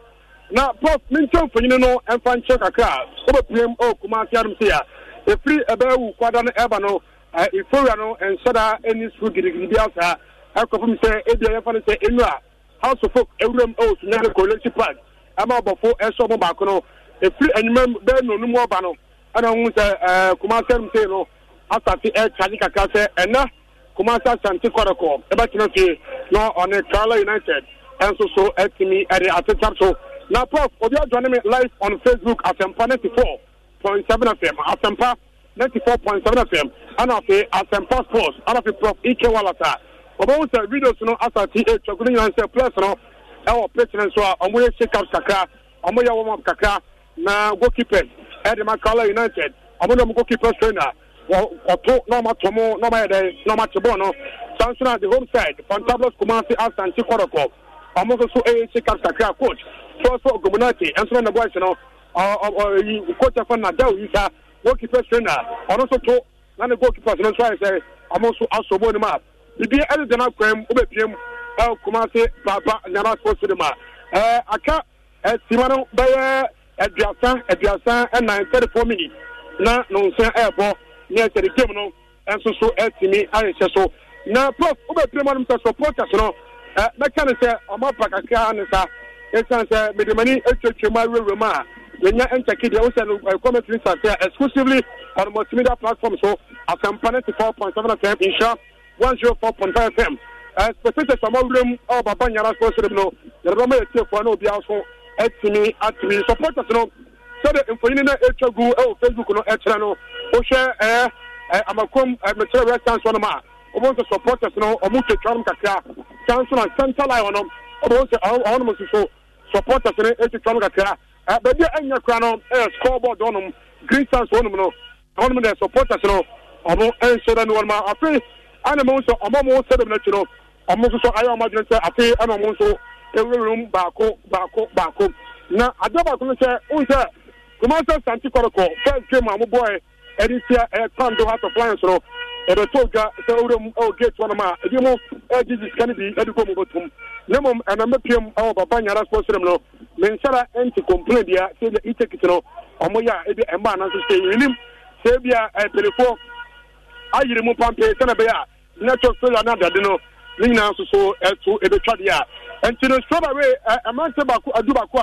na prof ne nkyɛn mfonyin no mfa nkyɛn kakra a wɔbɛpiem ɔwɔ oh, kumase anum sei a efiri ɛbɛɛwu kwada no ɛba no ɛ ifowura no nsɛda ɛni sukuu gidigidi bi asa ɛkɔ fam sɛ ebi a yɛfa no sɛ enu a house of folk ewuram ɛwɔ sunyane kɔlɛnsi park ɛma ɔbɔfo ɛsɛ ɔmo baako no efiri enyima bɛɛ na onum ɔba no ɛna ɔmo sɛ ɛɛ kumase anum no Kumasa asante kɔrɔkɔ e bɛ tɛmɛ fie na ɔne kala united ɛnso so ɛtumi ɛde atetare so na prof obi adwane me live on facebook asɛmpa ninety four point seven fm asɛmpa ninety four point seven fm ɛna afei asɛmpa sports ɛna afei prof ike walasa ɔbɛn sɛ videos no asante etwa kunu nyinaa sɛ players no ɛwɔ pitch ne nso a wɔn yɛ shake up kakra wɔn yɛ warm up kakra na goalkeepers ɛde ma kala united wɔn de wɔn goalkeeper trainer ɔto na ɔma to mo na ɔma yɛ dɛ na ɔma te bɔɔl no san so na the home side fantabulous kumasi asante kɔrɔkɔ ɔmo nso so ɛyɛ si kakra coach fɔɔfɔ gomunati ɛnso na nabɔ ɛhyɛ no ɔyi coach ɛfɔ na dɛw yi sa goalkeeper trainer ɔno nso to na ne goalkeepers no nso ayɛ sɛ ɔmo nso asɔ bɔɔl no mu a bibi ɛde dana kwan mu ɔbɛpiem ɛwɔ kumasi papa nyama sports stadium a ɛɛ aka ɛsima no bɛyɛ aduasa aduasa ɛnan thirty four minutes na nonsa ɛɛbɔ na sɛde game no nso so atumi ayehyɛ so na prof wobɛpire ma nom sɛ supporters no mɛka ne sɛ ɔma pa kakra ne sa ɛsiane sɛ mede m'ani atwatwa mu awerɛwerɛ mu a yɛnya nkyɛke deɛ wo sɛ no ne sase exclusively on multimedia platform so asɛmpa no te 4.7 fm nhyira 104.5 fm spɛsɛsɛ sama wuram a ɔbaba nyara so serem no yɛrebɛma yɛtiefoɔ na obiara so atumi atumi supporters no sɛde mfonyini na ɛtwa gu ɛwɔ facebook no ɛkyerɛ no wohyɛ ɛɛ ɛ amakom ɛ mekyerɛ wɛstans hɔ nom a wɔn eh, eh, nso supporters no wɔn twetwa nom kakra sanso na center line hɔ nom wɔn nso nom eh, so supporters no etwetwa nom kakra ɛ baabi a ɛnyɛ kora no ɛyɛ scoreboard hɔ nom green sanso hɔ nom no hɔ nom supporters no wɔn nso dɛ no wɔn ma afei ɛna a sɛ dɛm n'akyi na adeɛ baako no sɛ sɛ a mo bɔɔ ɛde hyia ɛkwan do hatɔ flyers no ɛbɛtɔ dwa sɛ wura mu ɛwɔ gate hɔ nom a ebi mu ɛgye gye sika no bi ɛde kɔ mu bɛtum ne mmom ɛnamɛpiem ɛwɔ baba nyara sports rem no me nsara ɛnti complain bia sɛdeɛ itekit no ɔmoyɛ a ebi ɛmba ananso sɛ yɛnim sɛ ebia ɛpelefo ayere mu pampee sɛna ɛbɛyɛ a network failure no adade no ne nyinaa nso so ɛto ɛbɛtwa deɛ a ɛnti no strawberry ɛmante baako baako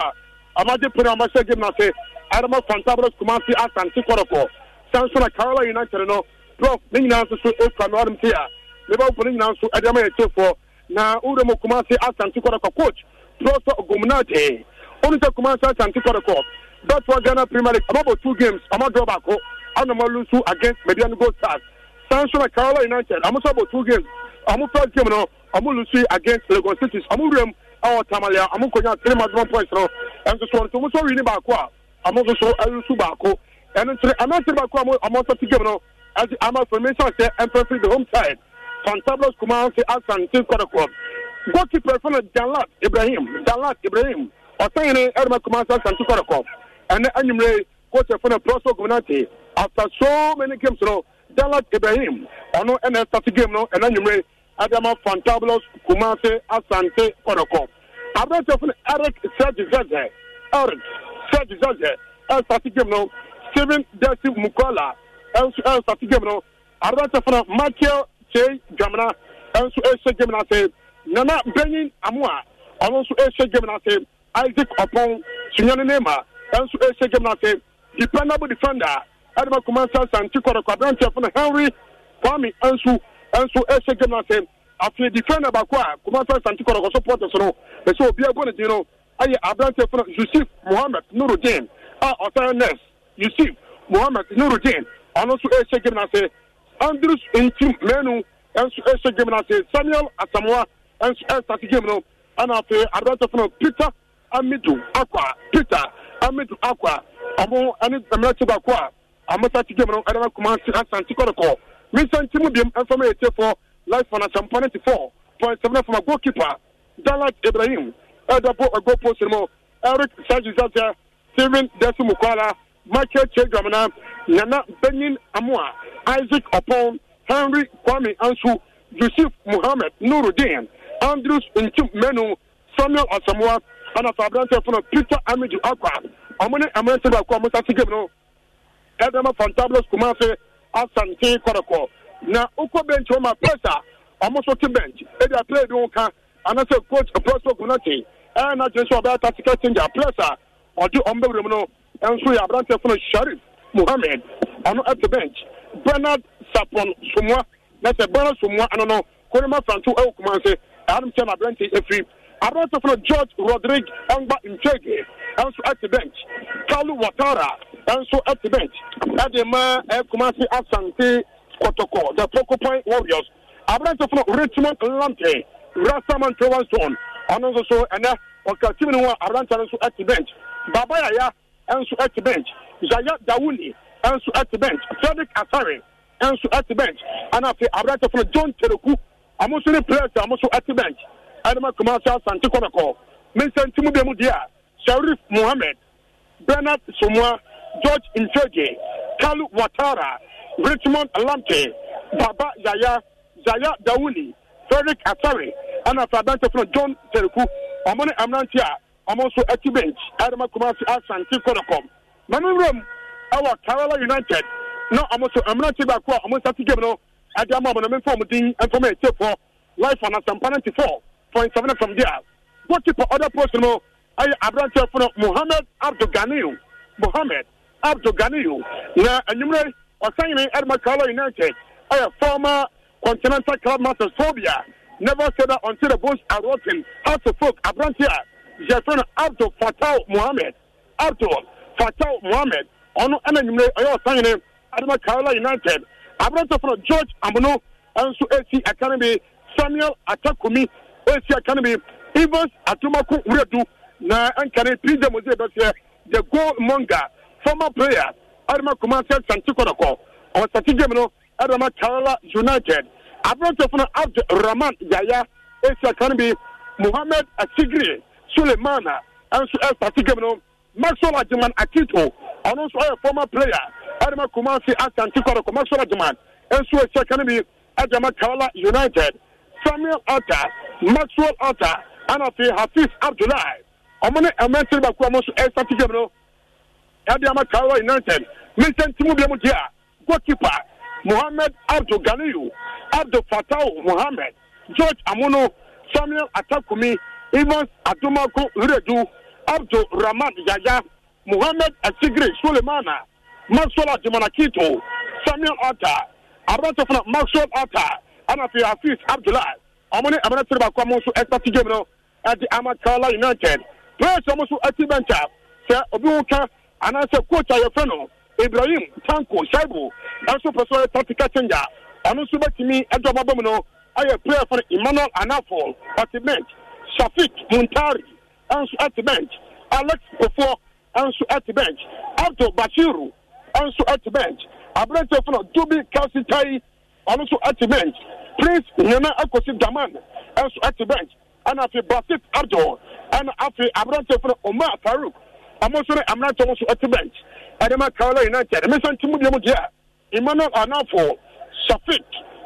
san na karola united no block ne nyinaa nso so ekura na ɔdum te a liverpool ne nyinaa nso ɛde ama yɛ tiefoɔ na wura mu kumase asante kɔdɔkɔ coach trɔsɔ ogomunate onu sɛ kumase asante kɔdɔkɔ bɛtɔ ghana premier league ɔmabɔ two games ɔmadɔ baako ana ɔmo lusu against mediano gold stars san na karola united ɔmo sɔ bɔ two games ɔmo first game no ɔmo lusu against lagos cities ɔmo wura mu Tamale, tamalia ɔmo nkonya three maximum points no ɛnso so ɔmo sɔ wi ni baako a ɔmo nso so ɛlusu baako ɛno nkyerɛ anankyerɛ baako a ɔmo nsɔ ti game no ɛti ama formation sɛ ɛmpɛfiri the home side fantabulous kuma ase asante kɔdɔkɔ goalkeeper fana dalat ibrahim dalat ibrahim ɔsan yɛn ɛrima kuma ase asante kɔdɔkɔ ɛnɛ anyimire goalkeeper fana prɔsɔ gominante after so many games no dalat ibrahim ɔno ɛna ɛsɛ ti game no ɛnɛ anyimire adama fantabulous kuma ase asante kɔdɔkɔ abirante fana eric sɛgye zɛzɛ eric sɛgye zɛzɛ ɛsɛ ti game no. Kevin Desi Mukola nso ɛnsate game no adeɛ fana Michael J Dwamina nso ɛhyɛ game no Nana Benin Amoa ɔno nso ɛhyɛ game no Isaac Ɔpɔn Sunyane Neema nso ɛhyɛ game no dependable defender ɛde ma kumasa santi kɔrɔkɔ aberanteɛ fana Henry Kwame nso nso ɛhyɛ game no ase afei defender baako a kumasa santi kɔrɔkɔ supporters no ɛsɛ obi abɔ ne din no ayɛ aberanteɛ fana Yusuf Mohammed Nurudeen a ɔsan nurse yusuf mohammed nurudin ɔno nso ɛhyɛ game n'ase andrews ntum menu nso ɛhyɛ game n'ase samuel asamoa nso ɛstate game no ɛna afei adantofoɔ no peter amidu akwa peter amidu akwa ɔmo ɛne mmerɛkye baako a amosate game no ɛde ma kuma asante kɔdɔkɔ misanti mu biem ɛfam ɛyɛ tiefoɔ life on asampa ninety four point seven fam a goalkeeper dalat ibrahim ɛdɔbɔ ɛgɔ post no mu eric sajizazia steven desimukwala makyerɛkyerɛ dwam na nana benyin amoa isaac Opon henry kwame ansu yusuf muhammed nurudin andrews ntim menu samuel asamoa ana fa aberantɛ peter amidu akwa ɔmo ne mmerantɛ baako a ɔmo sase game no ɛdɛma fantabulous kumase asante kɔrɔkɔ na okɔ bench hɔ ma pressa ɔmo so te bench ebi apɛɛ bi ho ka anasɛ coach prospect nate ɛna gyere sɛ ɔbɛyɛ tasikɛ sinja pressa ɔde ɔmo bɛwura mu no nso yɛ aberanteɛ fo no sharif mohammed ɔno ɛte bench bernard sapon somoa na sɛ bernard somoa ano no korema franto ɛwɔ kumase ɛhanom kyɛ no aberanteɛ afiri aberanteɛ fo no george rodrigue ɛngba ntwege ɛnso ɛte bench kalu watara ɛnso ɛte bench ɛde ma se asante kɔtɔkɔ the porcupine warriors aberanteɛ fo no richmond lante rasaman trewanson ɔno eh, nso so ɛnɛ ɔka tim no ho a aberanteɛ no nso ɛte bench baba yaya nso ɛte bench zaya dawuni nso ɛte bench frederick asare nso ɛte bench ɛna afei aberante funu john tereku ɔmo nso ne players a ɔmo nso ɛte bench ɛnima kumasi asante kɔmɛkɔ mmesantimu bɛ mu deɛ a sharif mohammed bernard somua george nfege kalu watara richmond lamte baba yaya zaya dawuni frederick asare ɛna afei aberante funu john tereku ɔmo ne mmeranteɛ a ɔmo nso ɛti bench ɛdema kumasi asante kɔdɔkɔm mɛmi nwuram ɛwɔ kerala united na ɔmo nso mmeranteɛ baako a ɔmo nsa ti game no ɛde ama ɔmo na mmefa ɔmo din mfam ɛsiefoɔ life on asampa ninety four point seven from there goalkeeper ɔda post no ɛyɛ aberanteɛ fono mohammed abdul ganiyu mohammed abdul ganiyu na enyimire ɔsanyini ɛdema kerala united ɛyɛ former continental club masters phobia never say that until the bones are rotten house of folk aberanteɛ yɛfrɛ no abdul fatau mohammed abdul fatau mohammed ɔno ɛna nwumire ɔyɛ ɔsanyene adama kaola united aberɛntɛfo no george amono nso ɛsi aka bi samuel atakumi ɛsi aka bi evans atomako wuradu na ɛnkane pj mose bɛsɛ the goal monga former player adama kumase santi kɔdɔkɔ ɔsati game no adama kaola united aberɛntɛfo no abdul rahman yaya ɛsi aka no bi mohammed asigiri sulemana nso ɛsate game no maxwell agyeman akito ɔno nso ɔyɛ former player ɛde ma kumase asante kɔdɔkɔ maxwell agyeman nso ɛhyɛ ka no bi ɛde kawala united samuel alta maxwell alta ɛna afei hafiz abdullahi ɔmo ne ɛmɛnti baako a ɔmo nso ɛsate game no ɛde ama kawala united ne nsɛm ti bi mu deɛ goalkeeper mohammed abdul ganiyu abdul fatau mohammed george amuno samuel atakumi even Atumako Redu, up to Ramad Yaya, Muhammad Asigri Suleimana, Maxwell Jimanakito, Samuel Otta, Abatafana Maxwell Otta, Anafi Afis Abdullah, Amani Amanatiriba Kwamusu Ekpati Gemino, Ati Amakala United, Players Amusu Ati Bencha, Sir Obiwuka, Anasa Kota Yefeno, Ibrahim Tanko Shaibu, Ansu Pessoa Tactical Changer, Anusu Batimi, Edward Babono, I a prayer for Emmanuel Anafol, Ati Bench, Shafik Muntari nso at bench Alex Kofo nso at bench Abdul Bashiru nso at bench aberante fana Dubi Kalsitai ɔno nso at bench Prince Nana Akosi Daman nso at bench ɛna afei Basit Abdul ɛna afei aberante fana Omar Farouk ɔmo nso ne aberante nso at bench ɛde ma Kaola United ɛmɛ nsa ntimu deɛ mu deɛ Emmanuel Anafo Shafik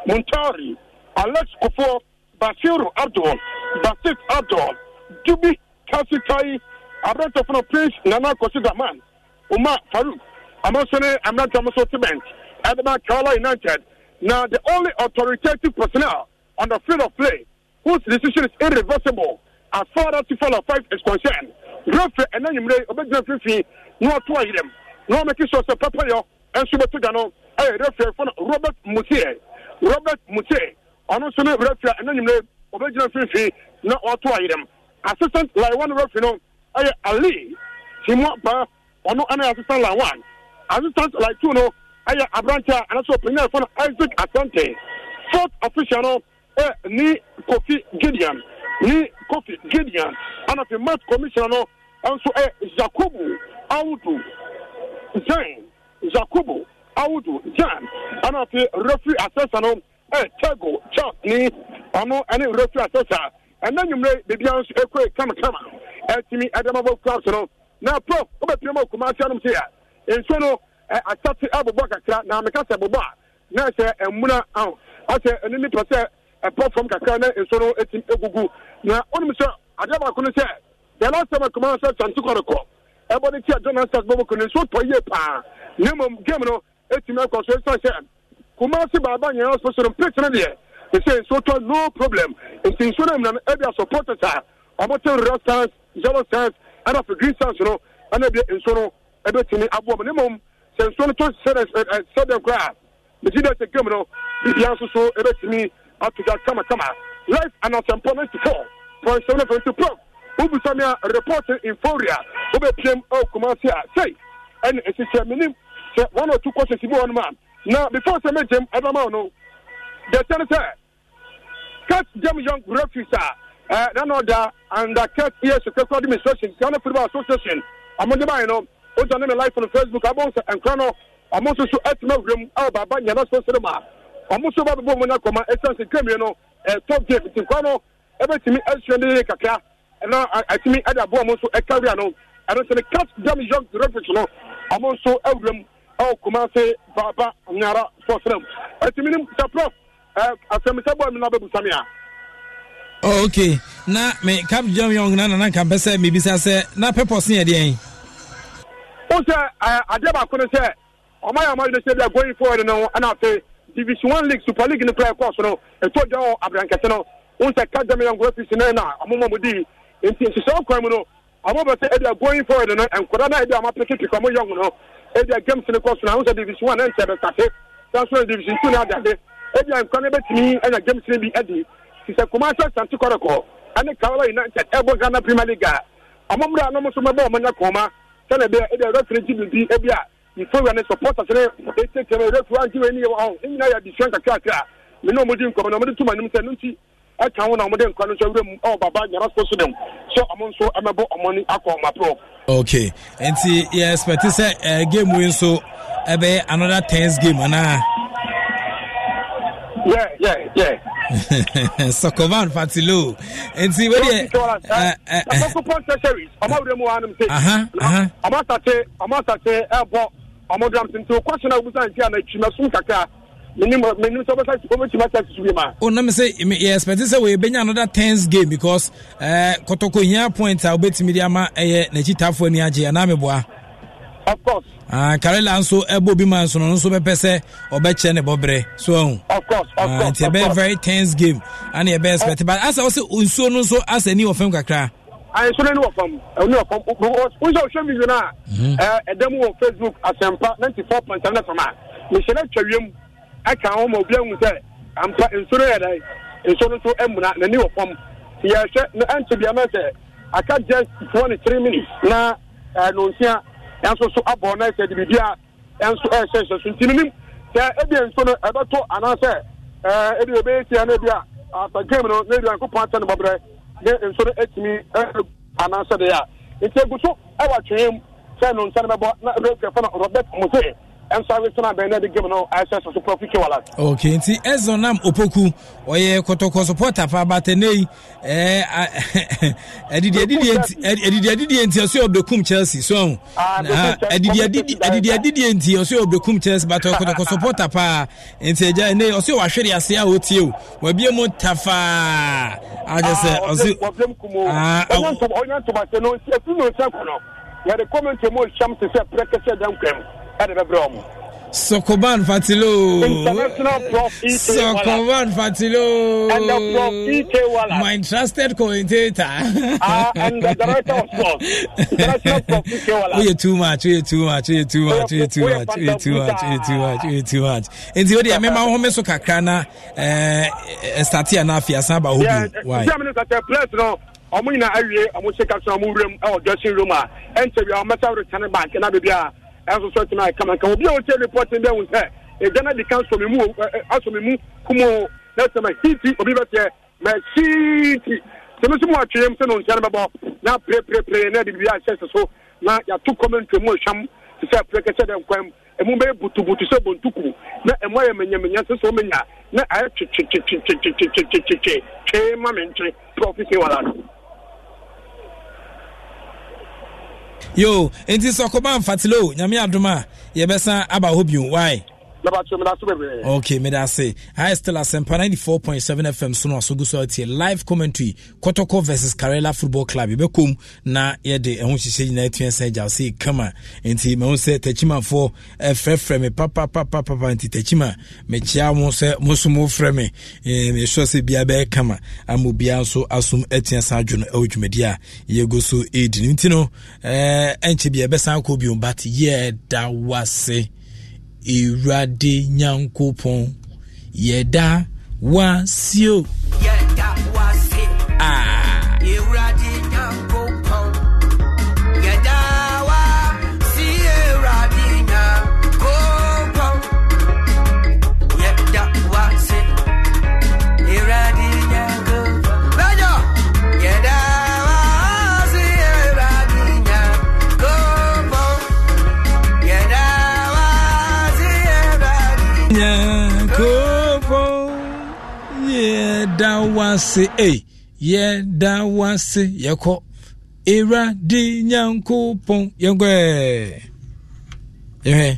Muntari Alex Kofo. basiru abdul basit abdul dubi kasikai Abra fana prince nana kosi daman umar farouk amasane amrata amaso tibent adama kaola united Now the only authoritative personnel on the field of play whose decision is irreversible as far as tifala five is concerned referee ɛnanyimire obegyina fifi na ɔto ayerɛm na ɔmɛki sɛ sɛ pɛpɛyɔ ɛnso bɛto eh, referee fana robert mutie robert mutie ɔno nso ne referee ɛna nyimire ɔbɛgyina mfimfini na ɔto ayerɛm assistant line one referee no ɛyɛ ali timua ba ɔno ɛna assistant line one assistant line two no ɛyɛ aberante a ɛna so panyin a yɛfɔ no isaac asante fourth official no ɛyɛ ni kofi gideon ni kofi gideon ɛna fi match commissioner no ɛnso ɛyɛ yakubu awudu jan yakubu awudu jan ɛna fi referee assessor no ɛ chago chop ni ɔmo ɛne rotary asesa ɛna nwumire biribiara nso ekoe kamakama ɛtumi ɛdɛmabɔ clubs no na prof wobɛpia ma okuma ase anom se a nsuo oh, no ɛ asate abobɔ kakra na meka sɛ bobɔ a na sɛ ɛmuna aho ɔsɛ ɛne nipa sɛ ɛpɔ fam kakra na nsuo no etumi egugu na onim sɛ adeɛ baako no sɛ deɛ last time akuma sɛ santi kɔre kɔ ɛbɔ ne ti a jonas sars bɔbɔ ko ne nsuo tɔ yie paa ne mu game no etumi akɔ so esan sɛ kumasi baaba nyɛ hospital no plate no deɛ they say nsuo no problem nti nsuo no nam ebi a supporters a wɔn te red stands yellow stands ɛna for green stands no ɛna ebi nsuo no ebetumi aboɔ mu ne mu sɛ nsuo no tɔ sɛdɛ ɛ sɛdɛ koraa meji dɛ sɛ game no bibi nso so ebetumi uh, kamakama life anasɛmpɔ ninety four point seven point two pro ubusami report inforia obepiem ɔ kumasi a sei ɛna esikyɛ minim sɛ one or two questions bi wɔ no mu na before sɛ mɛgyam ɛbɛma wo no dekyɛ no sɛ cat jam young refuse a na na ɔda under cat es critical administration ghana football association ɔmode bae no wogya ne me life no facebook abɛhu sɛ nkra no ɔmo nso so atumi awuram a baaba nyana so sere ma ɔmo nso babɛbɔ mu no akɔma ɛsiane sɛ kamie no top game nti nkra no ɛbɛtumi asua ne yeye kakra na atumi ade aboa mo nso ɛkawea no ɛno sɛ ne cat jam young refuse no ɔmo nso awuram aw kumase baba ŋara fɔsiram ɛtumi ni sɛ prof ɛ asɛmisɛ bɔ mina na bɛ busa mi a. Oh, ok na mi cap jam yɔn na nana nka mpɛsɛ mi sɛ na purpose yɛ deɛ. o sɛ ɛ adeɛ baako ni sɛ ɔmo ayɛ ɔmo ayɛ sɛ bi a going forward no ɛna afei division one league super league ni kura ɛkɔ so no etu ɔjɔ wɔ abrankɛse no o sɛ cap jam yɔn nkura fisi ne na ɔmo mɔ mo di nti nsusu ɔkwan mu no ɔmo bɛ sɛ ebi a going forward no nkura na ebi a ɔmo apɛkɛ pikɔ ɔmo yɔn ebia games ni kɔ so na ahosɛ division one ɛnkyɛ bɛsate sanso na division two na adade ebia nkwa no bɛtumi ɛnya games no bi adi ti sɛ santi kɔrɔkɔ ɛne kawala united ɛbɔ ghana premier league a ɔmo mmerɛ a ɔmo nso mɛbɔ ɔmo nya kɔma sɛnɛ bɛ ebia referee gyi biribi ebia ifowura ne supporters ne etetem referee agyi wɔ ani yɛ wɔ hɔ nyinaa yɛ adisuan kakrakra mene ɔmo di nkɔmɔ na ɔmo tuma nim no nti ɛka ho na ɔmode nkwa no nso awura mu ɛwɔ baba nyarasfo so dem sɛ ɔmo nso ɛmɛbɔ ɔmo ne akɔ ɔmaporɔ ok nti yɛ expect sɛ uh, game wei nso ɛbɛyɛ another tens game ana yeah, yeah, yeah. Sokovan Fatilo. And see where you are. I'm not going to series. I'm out of the Uh huh. I'm out of the I'm menim nam sɛ yɛspɛte sɛ wɔyɛbɛnya another tens game because uh, kɔtɔkɔ hia point a wobɛtumi de ama ɛyɛ n'akyitafoɔ ani agye anaa meboa of course uh, karela nso ɛbɔ obi ma nso no nso bɛpɛ sɛ ɔbɛkyɛ ne bɔberɛ so ahu nti ɛbɛyɛ very tens game ane yɛbɛyɛ spɛte but asa wɔ sɛ nsuo no nso asa ani wɔ fam kakraa nsono ne wɔ fam ne wɔ fam wosɛ wohwɛ mi no a ɛda mu wɔ facebook asɛmpa 94.7 fm a mehyɛ no atwa wiem ɛka ho ma obi ahu sɛ ampa nsuo no yɛ dɛ nsuo no nso amuna n'ani wɔ fam yɛhwɛ na ɛnkyɛ bi sɛ aka just foɔ ne three minutes na ɛɛ nonsia ɛnso so abɔ na ɛsɛ dibidi a ɛnso ɛhyɛ hyɛ so ntini nim sɛ ebi nsuo no ɛbɛto anaasɛ ɛɛ ebi ebi esi ɛna ebi a asa game no na ebi anko pɔn atɛ ne bɔbrɛ ne nsuo no etumi ɛɛ anaasɛ de a nti egu so ɛwɔ atwere mu sɛ nonsia no bɛbɔ na ɛbɛ kɛfɛ na ɔbɛ kɔmɔsee no ok nti ɛzon nam opoku ɔyɛ kɔtɔkɔ supporter fa abatɛnɛyi adidiadidiɛ nti ɔsɛ ɔbɛkum chelsea so ahu adidiadidiɛ ah, nti ɔsɛ ɔbɛkum chelsea batɔ kɔtɔkɔ supporter paa nti ɛgya ɛnɛ ɔsɛ wahwere ase a ɔtie o wabie mu tafaa agye sɛ ah, ɔsɛ ah, yɛde kɔmɛntɛ mu ɔhyɛm te sɛ prɛkɛsɛ dɛnkwam ɛde bɛbrɛ ɔmo Sokoban Fatilo. International Prof. E. Sokoban Fatilo. And the Prof. E. K. My trusted commentator. uh, and the director of sports. International Prof. E. K. Oye too much, oye too much, oye too much, oye too much, oye too much, oye too much, oye too much. Nti o de ɛmɛ ma wɔn mɛ so kakra na ɛɛ eh, ɛsitati ana afi asan ba obi. Eh, why? Ṣé àmì ní sàtẹ̀ pẹ́ẹ́sì náà? Ọmọ yìí na awie, ọmọ ṣe kásán, ọmọ wúrẹ́ mu, ẹ̀ wọ dressing a, ẹ̀ ń tẹ̀wé àwọn mẹ́ta rẹ̀ bank náà bèbí a. Ah ɛnso sɛ tena ɛkama nka obi a wɔtie repɔtin bɛ hu sɛ ɛgya no de ka nsɔmemu asɔmemu kumo na sɛ mahinti obi bɛteɛ mahinti sɛ me so mu atweyɛm sɛ no nkyɛ na preprepre na de biribi ahyɛ sɛ so na yɛato kɔmmɛntwa mu ahwam sɛ prɛkɛ sɛ dɛ nkwam ɛmu bɛyɛ butubutu sɛ bontuku na ɛmu ayɛ manyamanya sɛ sɛ womenya na ayɛ twetwetwetwetwetwetwetwetwetwe yo nti sɛ ɔkɔba nyamia o nyame adom a aba hɔ bio wae okay meda ase ayɛ still asɛmpa 94.7 fm so no aso so atie live commentary kɔtɔkɔ versus carela football club yɛbɛkɔm na yɛde ɛho hyehyɛ nyinaa atua sɛ agyaw sei kama enti mahu sɛ takyimafoɔ frɛfrɛ me papapapapa nti takyima mekyea mo e, sɛ mo so mofrɛ me mesure sɛ bia bɛyɛ kama ama obiaa nso asom atua sa adwo no ɛwɔ e, dwumadi a yɛgu so ɛdi no nti no ɛnkyɛ bia ɛbɛsan kɔ bio but yɛɛda wase ewurade nyankopɔn yɛda wasio wo ase e yɛda wo ase yɛkɔ ewurade nyankopɔn yɛnkɔ ɛ yɛhwɛ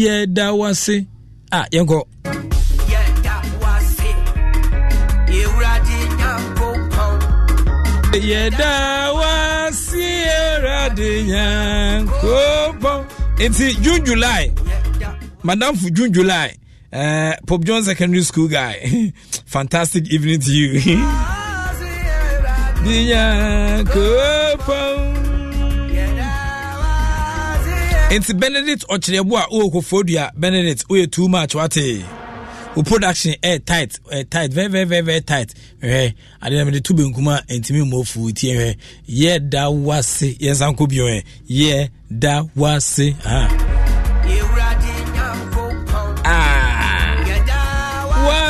yɛda wo ase a yɛnkɔ. yɛda wo ase ewurade nyankopɔn. nti june july Madam, madamfo june july uh, pope john secondary school guy. fantastic evening to you. Nti Benedict Ọ̀kyerẹ́bù a owó Kòfódùà Benedict ó too much wate. O production ẹ eh, tight eh tight very very very very tight Eh, hwɛ adenamide tu benkum a ntumi mmɔ fu tie eh. hwɛ yɛ da wase yɛnsa nkɔ bio hwɛ eh. yɛ da wase.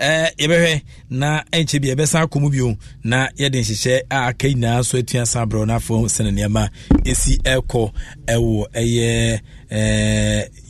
Eh, yɛbɛhwɛ na ɛnkyɛ bi yɛbɛsan akɔ mu bio na yɛde nhyehyɛ a aka nyinaa nso atua san brɛ no afo sɛne nneɛma ɛsi ɛkɔ ɛwɔ ɛyɛ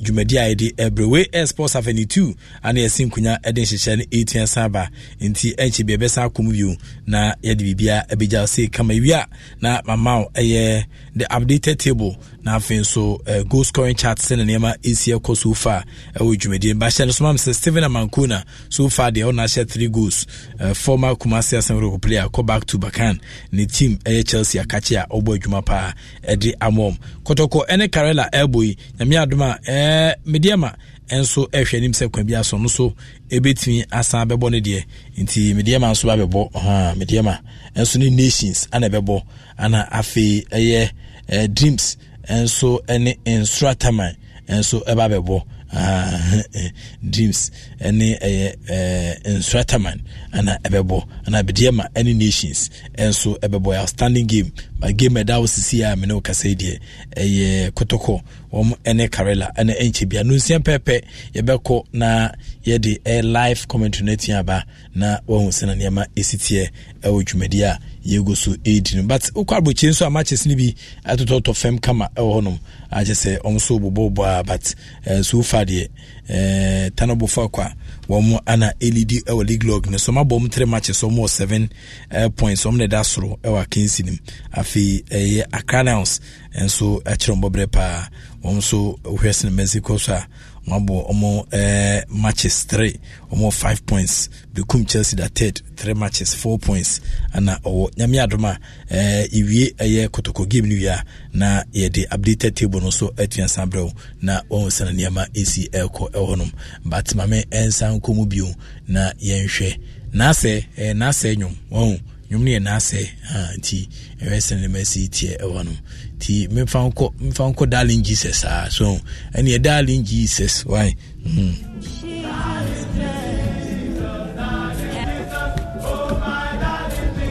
dwumadi eh, a yɛde eh, ɛbrɛwe air sports avenue two ana yɛsi nkonya ɛde nhyehyɛ no ɛtua san ba nti ɛnkyɛ bi yɛbɛsan akɔ mu bio na yɛde biribia ɛbɛgya se kama wie na mama wo ɛyɛ the updated table na afei nso uh, goal scoring chart sɛne nneɛma ɛsi ɛkɔ so far ɛwɔ dwumadi bahyɛ no so mam sɛ steven amankona so far deɛ ɔna ahyɛ three goals uh, former kumasi asanwere player kɔ back to bakan ne team ɛyɛ chelsea akakye a ɔbɔ adwuma paa ɛde amɔm kɔtɔkɔ ɛne karela ɛɛbɔ yi nyame adom a ɛɛ mediama nso ɛhwɛ anim sɛ kwan bi aso no so ɛbɛtumi asan bɛbɔ no deɛ nti mediama nso babɛbɔ haa mediama nso ne nations ana ɛbɛbɔ ana afei ɛyɛ ɛɛ dreams nso ɛne nsorataman nso ɛba bɛbɔ Ah, dreams ɛne ɛyɛ eh, nstrataman ana ɛbɛbɔ ana abɛdeɛ ma ɛne nations ɛnso ɛbɛbɔ yɛ outstanding game ma game ɛda eh, osisi sisi a mene wo kasa yi deɛ ɛyɛ kotoko wɔn ɛne karela ɛne ɛnkyɛ bia nsia pɛpɛ yɛbɛkɔ na yɛde eh, ɛyɛ live commentary na tia aba na wɔn sɛ na nneɛma esi teɛ ɛwɔ dwumadie a yɛgu so ɛdi no but wokɔ abrɔkyie nso a matches no bi atotɔtɔ fam kama ɛwɔ hɔnom akyɛ sɛ ɔm so bobɔbɔ a but eh, so fa deɛ eh, tanobofo akɔ a wɔn ana ɛlidi ɛwɔ league log no so mabɔ mu three matches wɔn wɔ seven eh, points wɔn na ɛda soro ɛwɔ akansi no mu afei ɛyɛ akra nouns nso ɛkyerɛ wɔn bɔbrɛ paa wɔn nso hwɛ sinimɛsi kɔ so a wɔabɔ ɔmo eh, matches three ɔmo five points bekum chelsea da third three matches four points ana ɔwɔ nyame adom a eh, iwie ɛyɛ eh, kotoko game no wie na yɛde updated table no so atua san berɛ na wɔhu sana nneɛma ɛsi ɛrekɔ ɛwɔ nom but ma me ɛnsa eh, nkɔ mu bio na yɛnhwɛ naasɛ eh, naasɛ nnwom wɔhu nnwom no yɛ naasɛ ah, nti ɛwɛ sɛ mɛsi tiɛ ɛwɔ no nti memfa nkɔ memfa nkɔ darling jesus a ah, so ɛneɛ darling jesus why hmm.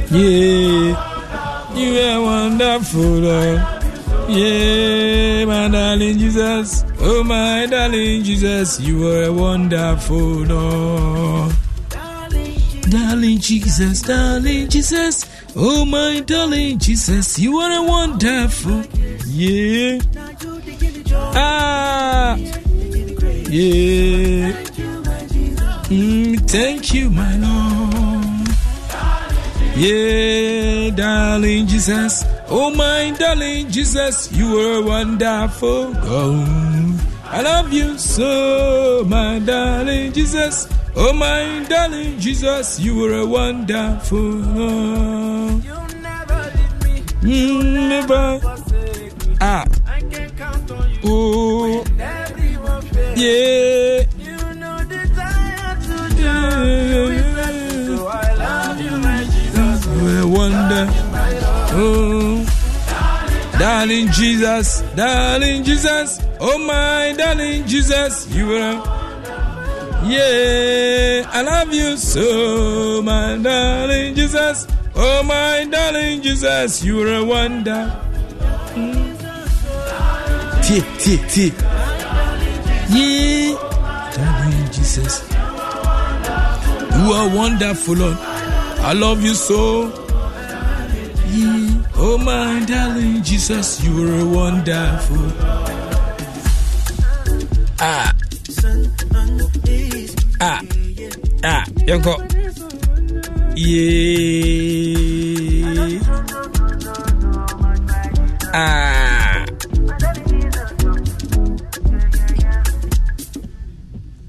Yeah, you are wonderful. Yeah, my darling Jesus. Oh, my darling Jesus, you are wonderful. Lord. darling Jesus, darling Jesus. Oh, my darling Jesus, you are wonderful. Yeah. Ah. Yeah. Mm, thank you, my Lord. Yeah, darling Jesus. Oh, my darling Jesus, you are wonderful. God, I love you so, my darling Jesus. Oh, my darling Jesus, you were a wonderful You never leave me. You never Ah. Oh. Yeah. You know the desire to do. Yeah. So I love you, my Jesus. You were a wonder. Oh. Darling Jesus, darling Jesus, oh my darling Jesus, you were a yeah, I love you so, my darling Jesus. Oh, my darling Jesus, you're a wonder. Tie, tie, tie. Yeah, darling Jesus. You are wonderful, Lord. I love you so. Yeah. Oh, my darling Jesus, you're a wonderful. Ah. a ah, a ah, yɛnkɔ yee a ah.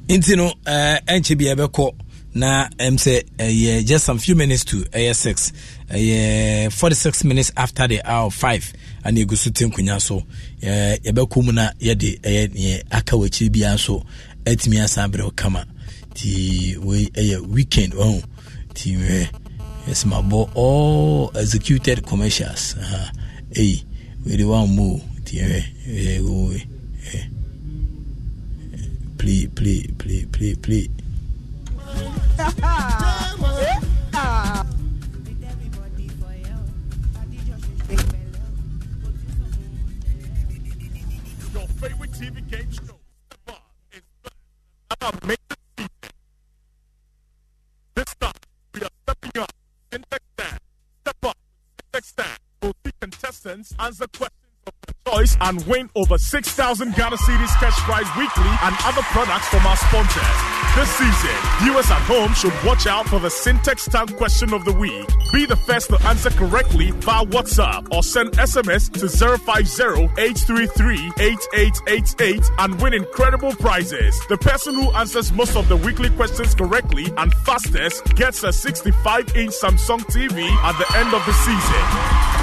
nti no ɛnkyɛ eh, bi yɛbɛkɔ na ɛm sɛ ɛyɛ just some few minutes to ɛyɛ eh, six ɛyɛ eh, forty six minutes after the hour five ana egu so te nkonnwa so yɛbɛkɔ mu na yɛde ɛyɛ neɛ aka wɔ akyiri biara nso atumi asan abere kama. nti wei ɛyɛ weekend ɔhu nti mehwɛ yes mabɔ all executed commercials uh, ɛyi wede wammo nti ɛhwɛ ɛwei play play play play play favorite TV game show. This time, we are stepping up. Index stand. Step up. Index stand. Both the contestants answer questions and win over 6,000 Ghana Cedis cash prize weekly and other products from our sponsors. This season, viewers at home should watch out for the Syntax Tank question of the week. Be the first to answer correctly via WhatsApp or send SMS to 050-833-8888 and win incredible prizes. The person who answers most of the weekly questions correctly and fastest gets a 65-inch Samsung TV at the end of the season.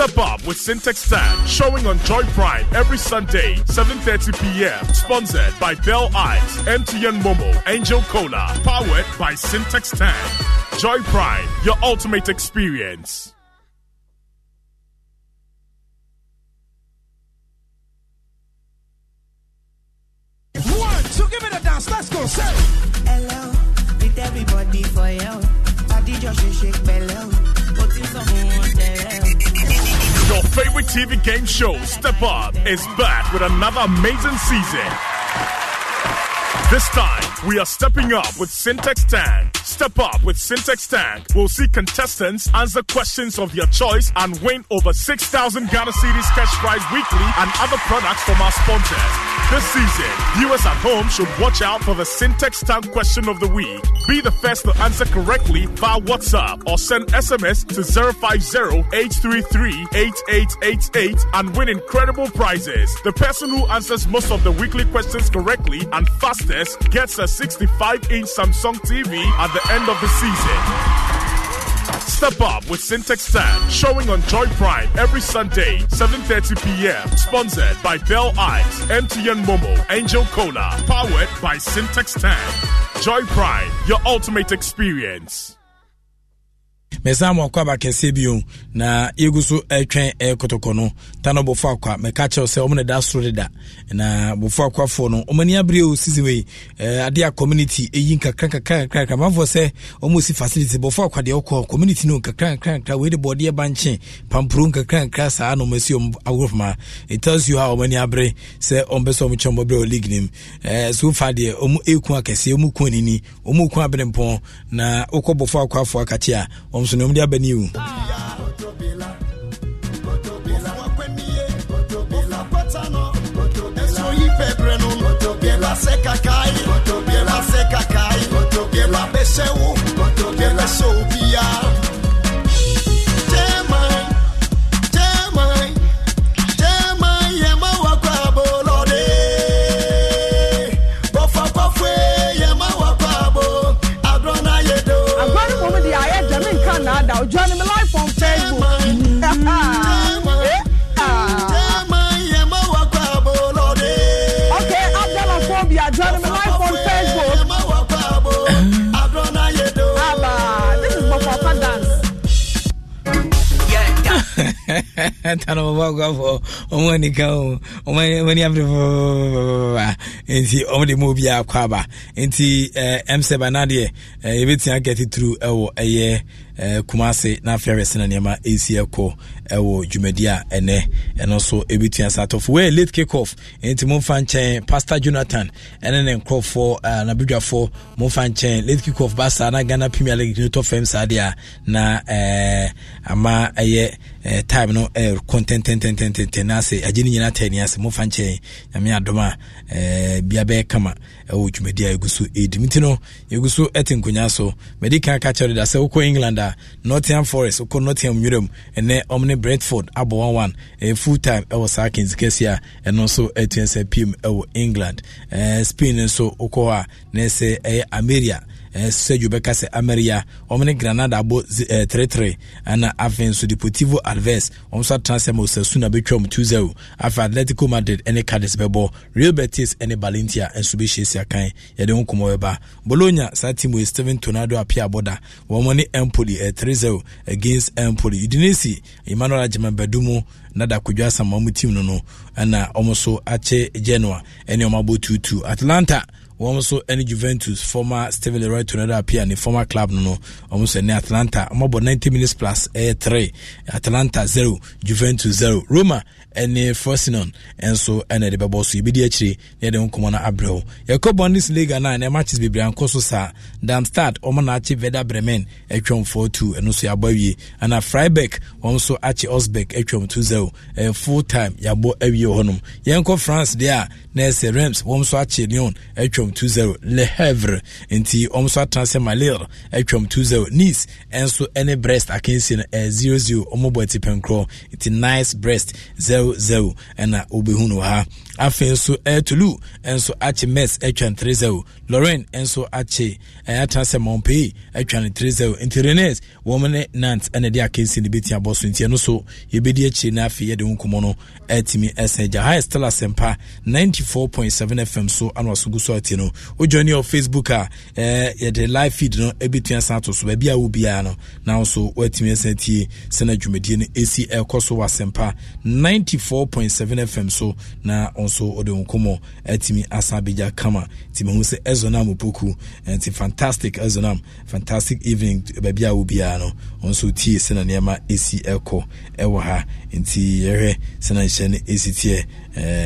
Step up with Syntex 10, showing on Joy Prime every Sunday, 7.30 p.m. Sponsored by Bell Eyes, MTN Momo, Angel Cola. Powered by Syntex 10. Joy Prime, your ultimate experience. One, two, give it a dance. Let's go. Say. Hello, with everybody for you. Body just shake, shake, bellow. Putting some on your favorite TV game show, Step Up, is back with another amazing season. This time, we are stepping up with Syntax Tank. Step up with Syntax Tank. We'll see contestants answer questions of your choice and win over 6,000 Ghana Cities cash prize weekly and other products from our sponsors. This season, viewers at home should watch out for the Syntax time question of the week. Be the first to answer correctly via WhatsApp or send SMS to 050-833-8888 and win incredible prizes. The person who answers most of the weekly questions correctly and fastest gets a 65-inch Samsung TV at the end of the season. Step up with Syntax Stand, showing on Joy Prime every Sunday, 7.30 p.m. Sponsored by Bell Eyes, MTN Momo, Angel Cola. Powered by Syntax Stand. Joy Prime, your ultimate experience. mesa ma ɔkɔ aba kɛseɛ bio na yɛgu so ɛtwɛn kotokɔ no ta no bɔfo akwa mɛka kyerɛw sɛ ɔmo da soro deda na bɔfo akwafoɔ no ɔmo abere o wei adeɛ a community nkakra sɛ facility akwa deɛ ɔkɔ community no nkakra bɔdeɛ ba nkyɛn nkakra saa na ɔmo esi ɔmo it tells you how abere sɛ ɔmo sɛ wɔ league nim so deɛ akɛseɛ anini na ɔnso ne ɔmde abɛne wu Seca, ɔmo akɔ afɔ ɔmo anika ɔmo ɔmo ani abiri fɔfɔfɔfɔfɔfɔ nti ɔmo de mu obi akɔ aba nti ɛɛ ɛmsɛb anadeɛ ɛɛ ebetia get through ɛwɔ ɛyɛ ɛɛ kumase n'afɛ rɛsɛ na nneɛma esi ɛkɔ ɛwɔ dwumadi a ɛnɛ ɛno nso ebetua sa atɔfo wɛɛ late kick off nti mo nfa nkyɛn pastor jonathan ɛne ne nkorɔfoɔ ɛɛ n'abedwafoɔ mo nfa nkyɛn late kick off baasa na ghana premier league ne tɔ fam saa deɛ na ɛɛ ama ɛyɛ. Eh, time no eh, kontentententententen na ase agye ne nyinaa tani ase mofa nkyɛn nyame adom a eh, bia bɛyɛ kama ɛwɔ eh, dwumadi a ɛgu so ɛdi m no yɛgu so ɛte nkonnwa so mede ka ka kyerɛ da sɛ wokɔ england a nottingham forest wokɔ nottingham nwuram ɛnɛ ɔmne Brentford abɔ one eh, full time ɛwɔ eh, saa kens kɛsi a ɛno nso atua sɛ pm ɛwɔ england eh, spain nso wokɔ hɔ a na ɛsɛ ɛyɛ ameria Eh, sɛdwo bɛka sɛ ameria ɔm granada abɔ 33 ɛna afei nso deportivo alves ɔm so atena sɛ ma osasuna bɛtwam 20 afei atletico madrid ne cades bɛbɔ real betis ne balentia nso bɛhyiesia kan yɛde ho nkɔmmɔ bɛba bologna saa team wei steven tonado apia bɔda wɔm ne empoli 30 eh, against empoli udinesi emmanuel agyeman bɛdu mu na dakodwa mu team no no ɛna ɔmo so akye genoa ɛne ɔmo abɔ tutu atlanta wɔn nso ne juventus former steven leroy tornado apia ne former club no no wɔn nso ne atlanta wɔn abɔ ninety minutes plus ɛyɛ three atlanta zero juventus zero roma ne Frosinone nso na ɛde bɛbɔ so ebi di akyire na yɛde nkɔmɔ no abrɛw yɛkɔ Bundesliga na ne matches bebree ankɔ so saa Darmstadt wɔn na akye Werder Bremen atwam 4-2 ɛno nso yɛabɔ awie ana Freiburg wɔn nso akye Osberg atwam 2-0 ɛyɛ full time yɛabɔ awie wɔ hɔnom yɛnkɔ France deɛ a na ɛsɛ Reims wɔn nso akye Lyon atwam 2-0 Le Havre nti wɔn nso atena sɛ Malil atwam 2-0 Nice nso ne Brest akansie no ɛyɛ 0-0 wɔn bɔ ti pɛnkorɔ nti nice Brest 0 00 ɛna wobɛhu no ha afei nso eh, tulu eh, nso akye mess atwa no 3-0 lauren nso akye eh, atena sɛ mompei atwa eh, no 3-0 nti renes wɔm eh, ne nant ɛna de akɛsi no bɛtia bɔ so nti ɛno so yɛbɛdi akyire no afei yɛde wo nkɔmmɔ no atumi ɛsɛn gya ha stella sɛmpa 94.7 fm so ana waso gu so ate no wojoine ɔ facebook a eh, yɛde live feed no ɛbɛtua san to so baabi a wo biara no na nso woatumi ɛsɛn tie sɛ no adwumadie no ɛsi ɛkɔ so wɔ asɛmpa 94.7 fm so na ɔnso nso ɔde nkɔmmɔ atumi asa abɛgya kama nti mahu sɛ ɛzonam opoku nti fantastic ɛzonam fantastic evening baabi a wobiara no ɔnso tie sɛna nneɛma ɛsi ɛkɔ ɛwɔ ha nti yɛhwɛ sɛna nhyɛ no ɛsi teɛ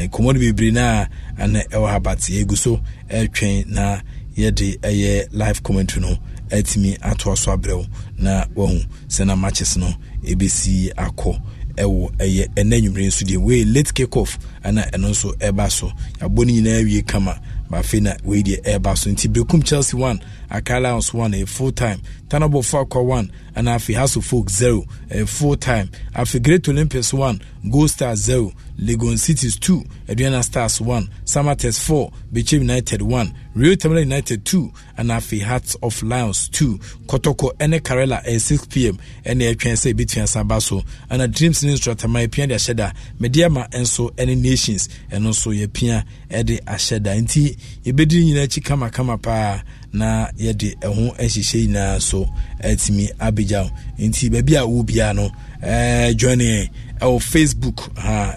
nkɔmmɔ no bebree no a ɛnɛ ɛwɔ ha but yɛgu so ɛretwɛn na yɛde ɛyɛ live commentary no atumi atoa so abrɛw na wahu sɛna matches no ɛbɛsi akɔ ɛwɔ ɛyɛ ɛnɛ nwumire nso deɛ wei late kick off ɛna ɛno nso ɛba so yɛabɔ no nyinaa wie kama baafei na wei deɛ ɛba so nti berekum chelsea one Aka Lions 1 ɛyɛ full time Tanabo Akwa 1 ɛna afei House of Folk 0 ɛyɛ full time afei Great Olympics one. Gold Stars 0 Legon Cities two. Aduana Stars one. Samatex four. Bechem United one. Real Tamale United two. ɛna afei Hearts of Lions two. Kotoko ɛne Karela ɛyɛ six pm ɛna ɛtwɛn sɛ ebi tuen saba so ɛna Dreams ne Nsoratama yɛpia de ahyɛ da Mediama nso ɛne Nations ɛno nso yɛpia ɛde ahyɛ da nti yɛbɛdi nyinaa akyi kamakama paa na yɛde ɛho ahyehyɛ nyinaa so atumi abegya wo nti baabi a wo biara no dwane ɛwɔ facebook ha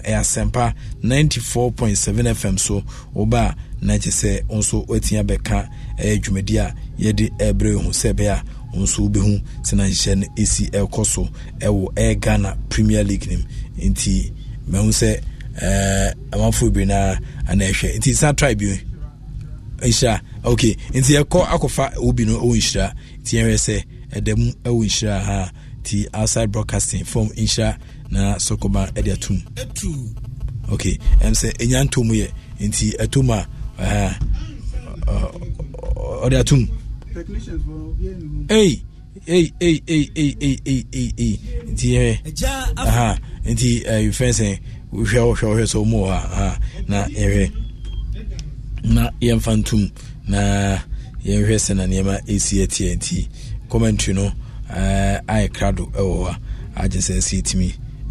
ninety four point seven fm so woba a na kyɛ sɛ wo nso woatumi abɛka ɛyɛ dwumadi a yɛde ɛbrɛ ho sɛ ɛbɛyɛ a wo nso wobɛhu sɛna nhyehyɛ no ɛsi ɛkɔ so ɛwɔ ɛyɛ ghana premier league nim nti mahu sɛ amanfoɔ bebree naa ana ɛhwɛ nti sa tribe nhyira ok nti yɛkɔ akɔfa obi no ɛwɔ nhyira nti yɛhwɛ sɛ ɛda mu ɛwɔ nhyira ha ti outside broadcasting fam nhyira na sokoma ɛde ok ɛm sɛ ɛnya ntom yɛ nti atom a ɔde atom ei ei ei ei ei ei ei ei nti aha nti ɛyɛ fɛn sɛ wohwɛ wɔhwɛ ha na yɛhwɛ. na yɛmfa ntom na yɛnhwɛ sɛ na nneɛma ɛsi atiɛ nti commentary no uh, ayɛ krado ɛwɔ hɔ a agye sɛ ɛsɛ ɛtumi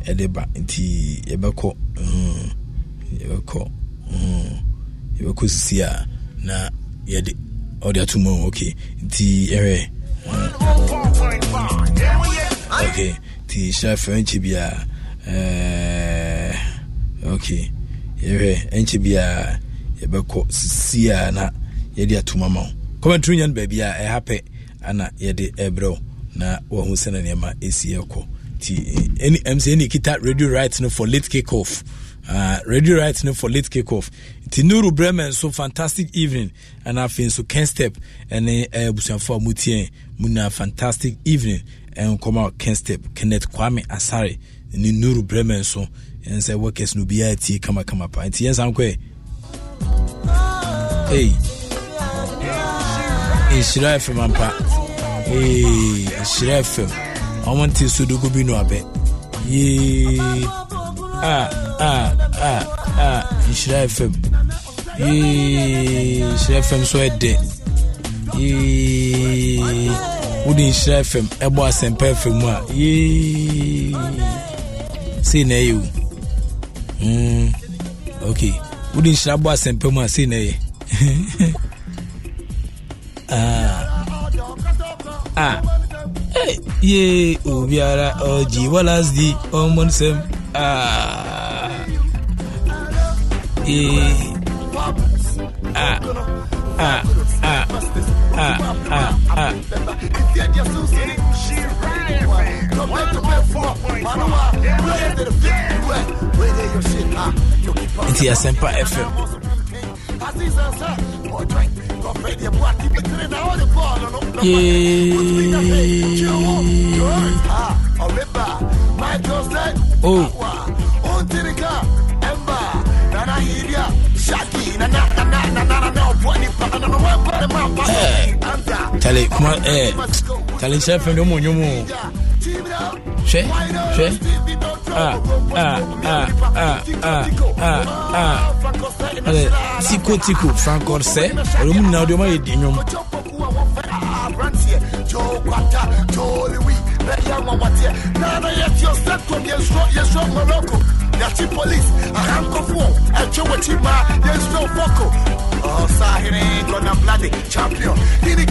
ɛde ba nti yɛbɛkɔ hmm, yɛbɛkɔ hmm, yɛbɛkɔ sisi a na yɛde ɔde ato mu ok nti yɛhwɛ ok nti hyɛ fɛnkyi bi a eh, ok yɛhwɛ ɛnkyɛ bi a yɛbɛkɔ sisi a na yɛde ato mama wo commentary nya no baabi a ɛha pɛ ana yɛde ɛbrɛ na wahu sɛne nneɛma ɛsi ɛkɔ nti ɛm sɛ ɛne radio right no for late kick off Uh, ah, radio right no for late kick off nti nuru bremen so fantastic evening Ana afei nso ken step ɛne eh, abusuafoɔ a motie mu na fantastic evening nkɔma ken step kenneth kwame asare ne nuru bremen so ɛnsɛ workers no biara tie kamakama pa nti yɛnsa nkɔɛ Hey. nhyira fm ampa nhyira fm ɔmo nte sodogo bi no abɛ yee ah, ah, ah, a a a a nhyira fm yee nhyira fm so ɛdɛ yee wode nhyira fm ɛbɔ asɛmpa fm mu a yee sei na ɛyɛ o mm okay wode nhyira bɔ asɛmpa mu a sei na ɛyɛ Ah ah. ah ye ah ah ah ah ah ah. ah ah tale kuma tale sɛ fɛn Ṣé ṣé ah, ah, ah, ah, ah, ah. Tico, yɛ di nnwom yɛti police ahankofoɔ ɛtwe w'akyi baa Oh, Sahir ain't gonna Champion. Did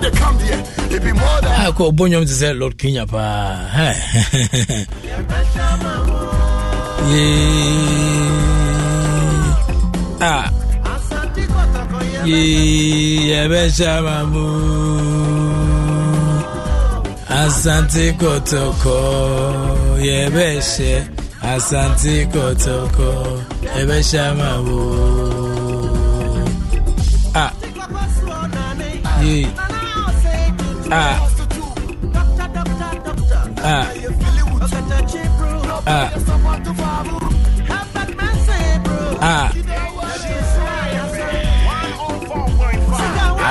to come here. It be more than. I call to say Lord Kenya pa. Ah. Asante Kotoko, yeah, Asante Kotoko, Ebe Shamawo. Ah. Yeah. Ah. Ah. Ah. Ah.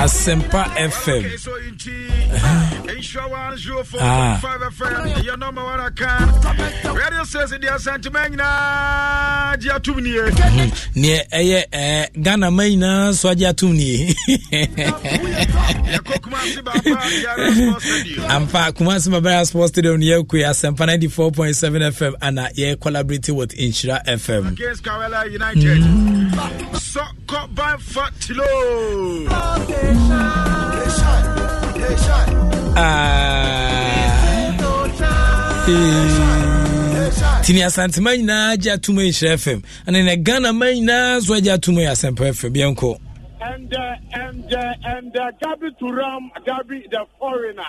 Asempa FM. neɛ ɛyɛ ah. mm-hmm. eh, eh, ghana ma nyinaa nso agye atom nie ampa kumase babara sports stadium ne yɛkue asɛmpa 94.7 fm ana yɛ collaborate with nhyira fm mm. tini asantema nyinaa agye atom nhyerɛ fm ɛne ne ghana ma nyinaa so agye atom yɛ asɛmpa fm biɛnkɔ And uh, and uh, and Gabi Turam, Gabi the foreigner.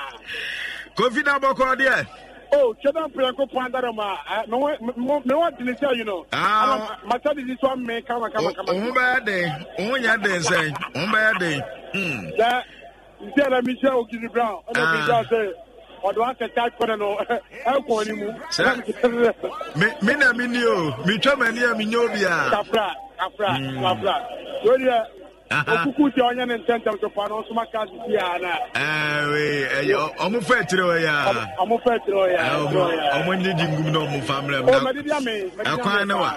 Kofi na boko there. Oh, Chedan Priyanko Pandarama. Me want to tell you know. Ah. My son is this one on, come on, on. Umba ya den. Umba ya den say. Umba ya den. Hmm nti ɛna mehyia okiri brown ɛna mehyia sɛ ɔde wakɛta kɔnɛ no ɛkɔ ne mu me na menni o metwa m'ani a menyɛ obi a kafra kafra hmm. kafra wɛdeɛ okuku tí ɔnyɛ ne ntɛntɛm so fa no nsoma ka si si ana. ɛɛ ɔmo fɛ tiri o ya. ɔmo fɛ tiri o ya. ɔmo nye di ngum na ɔmo fa mìíràn. o mɛ didi ami. ɛkwan ne wa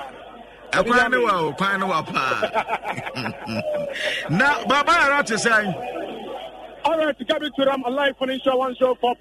ɛkwan ne wa o kwan ne wa paa. na baba yɛrɛ ti sɛn. All right, Gabi Turam, alive on Insha 104.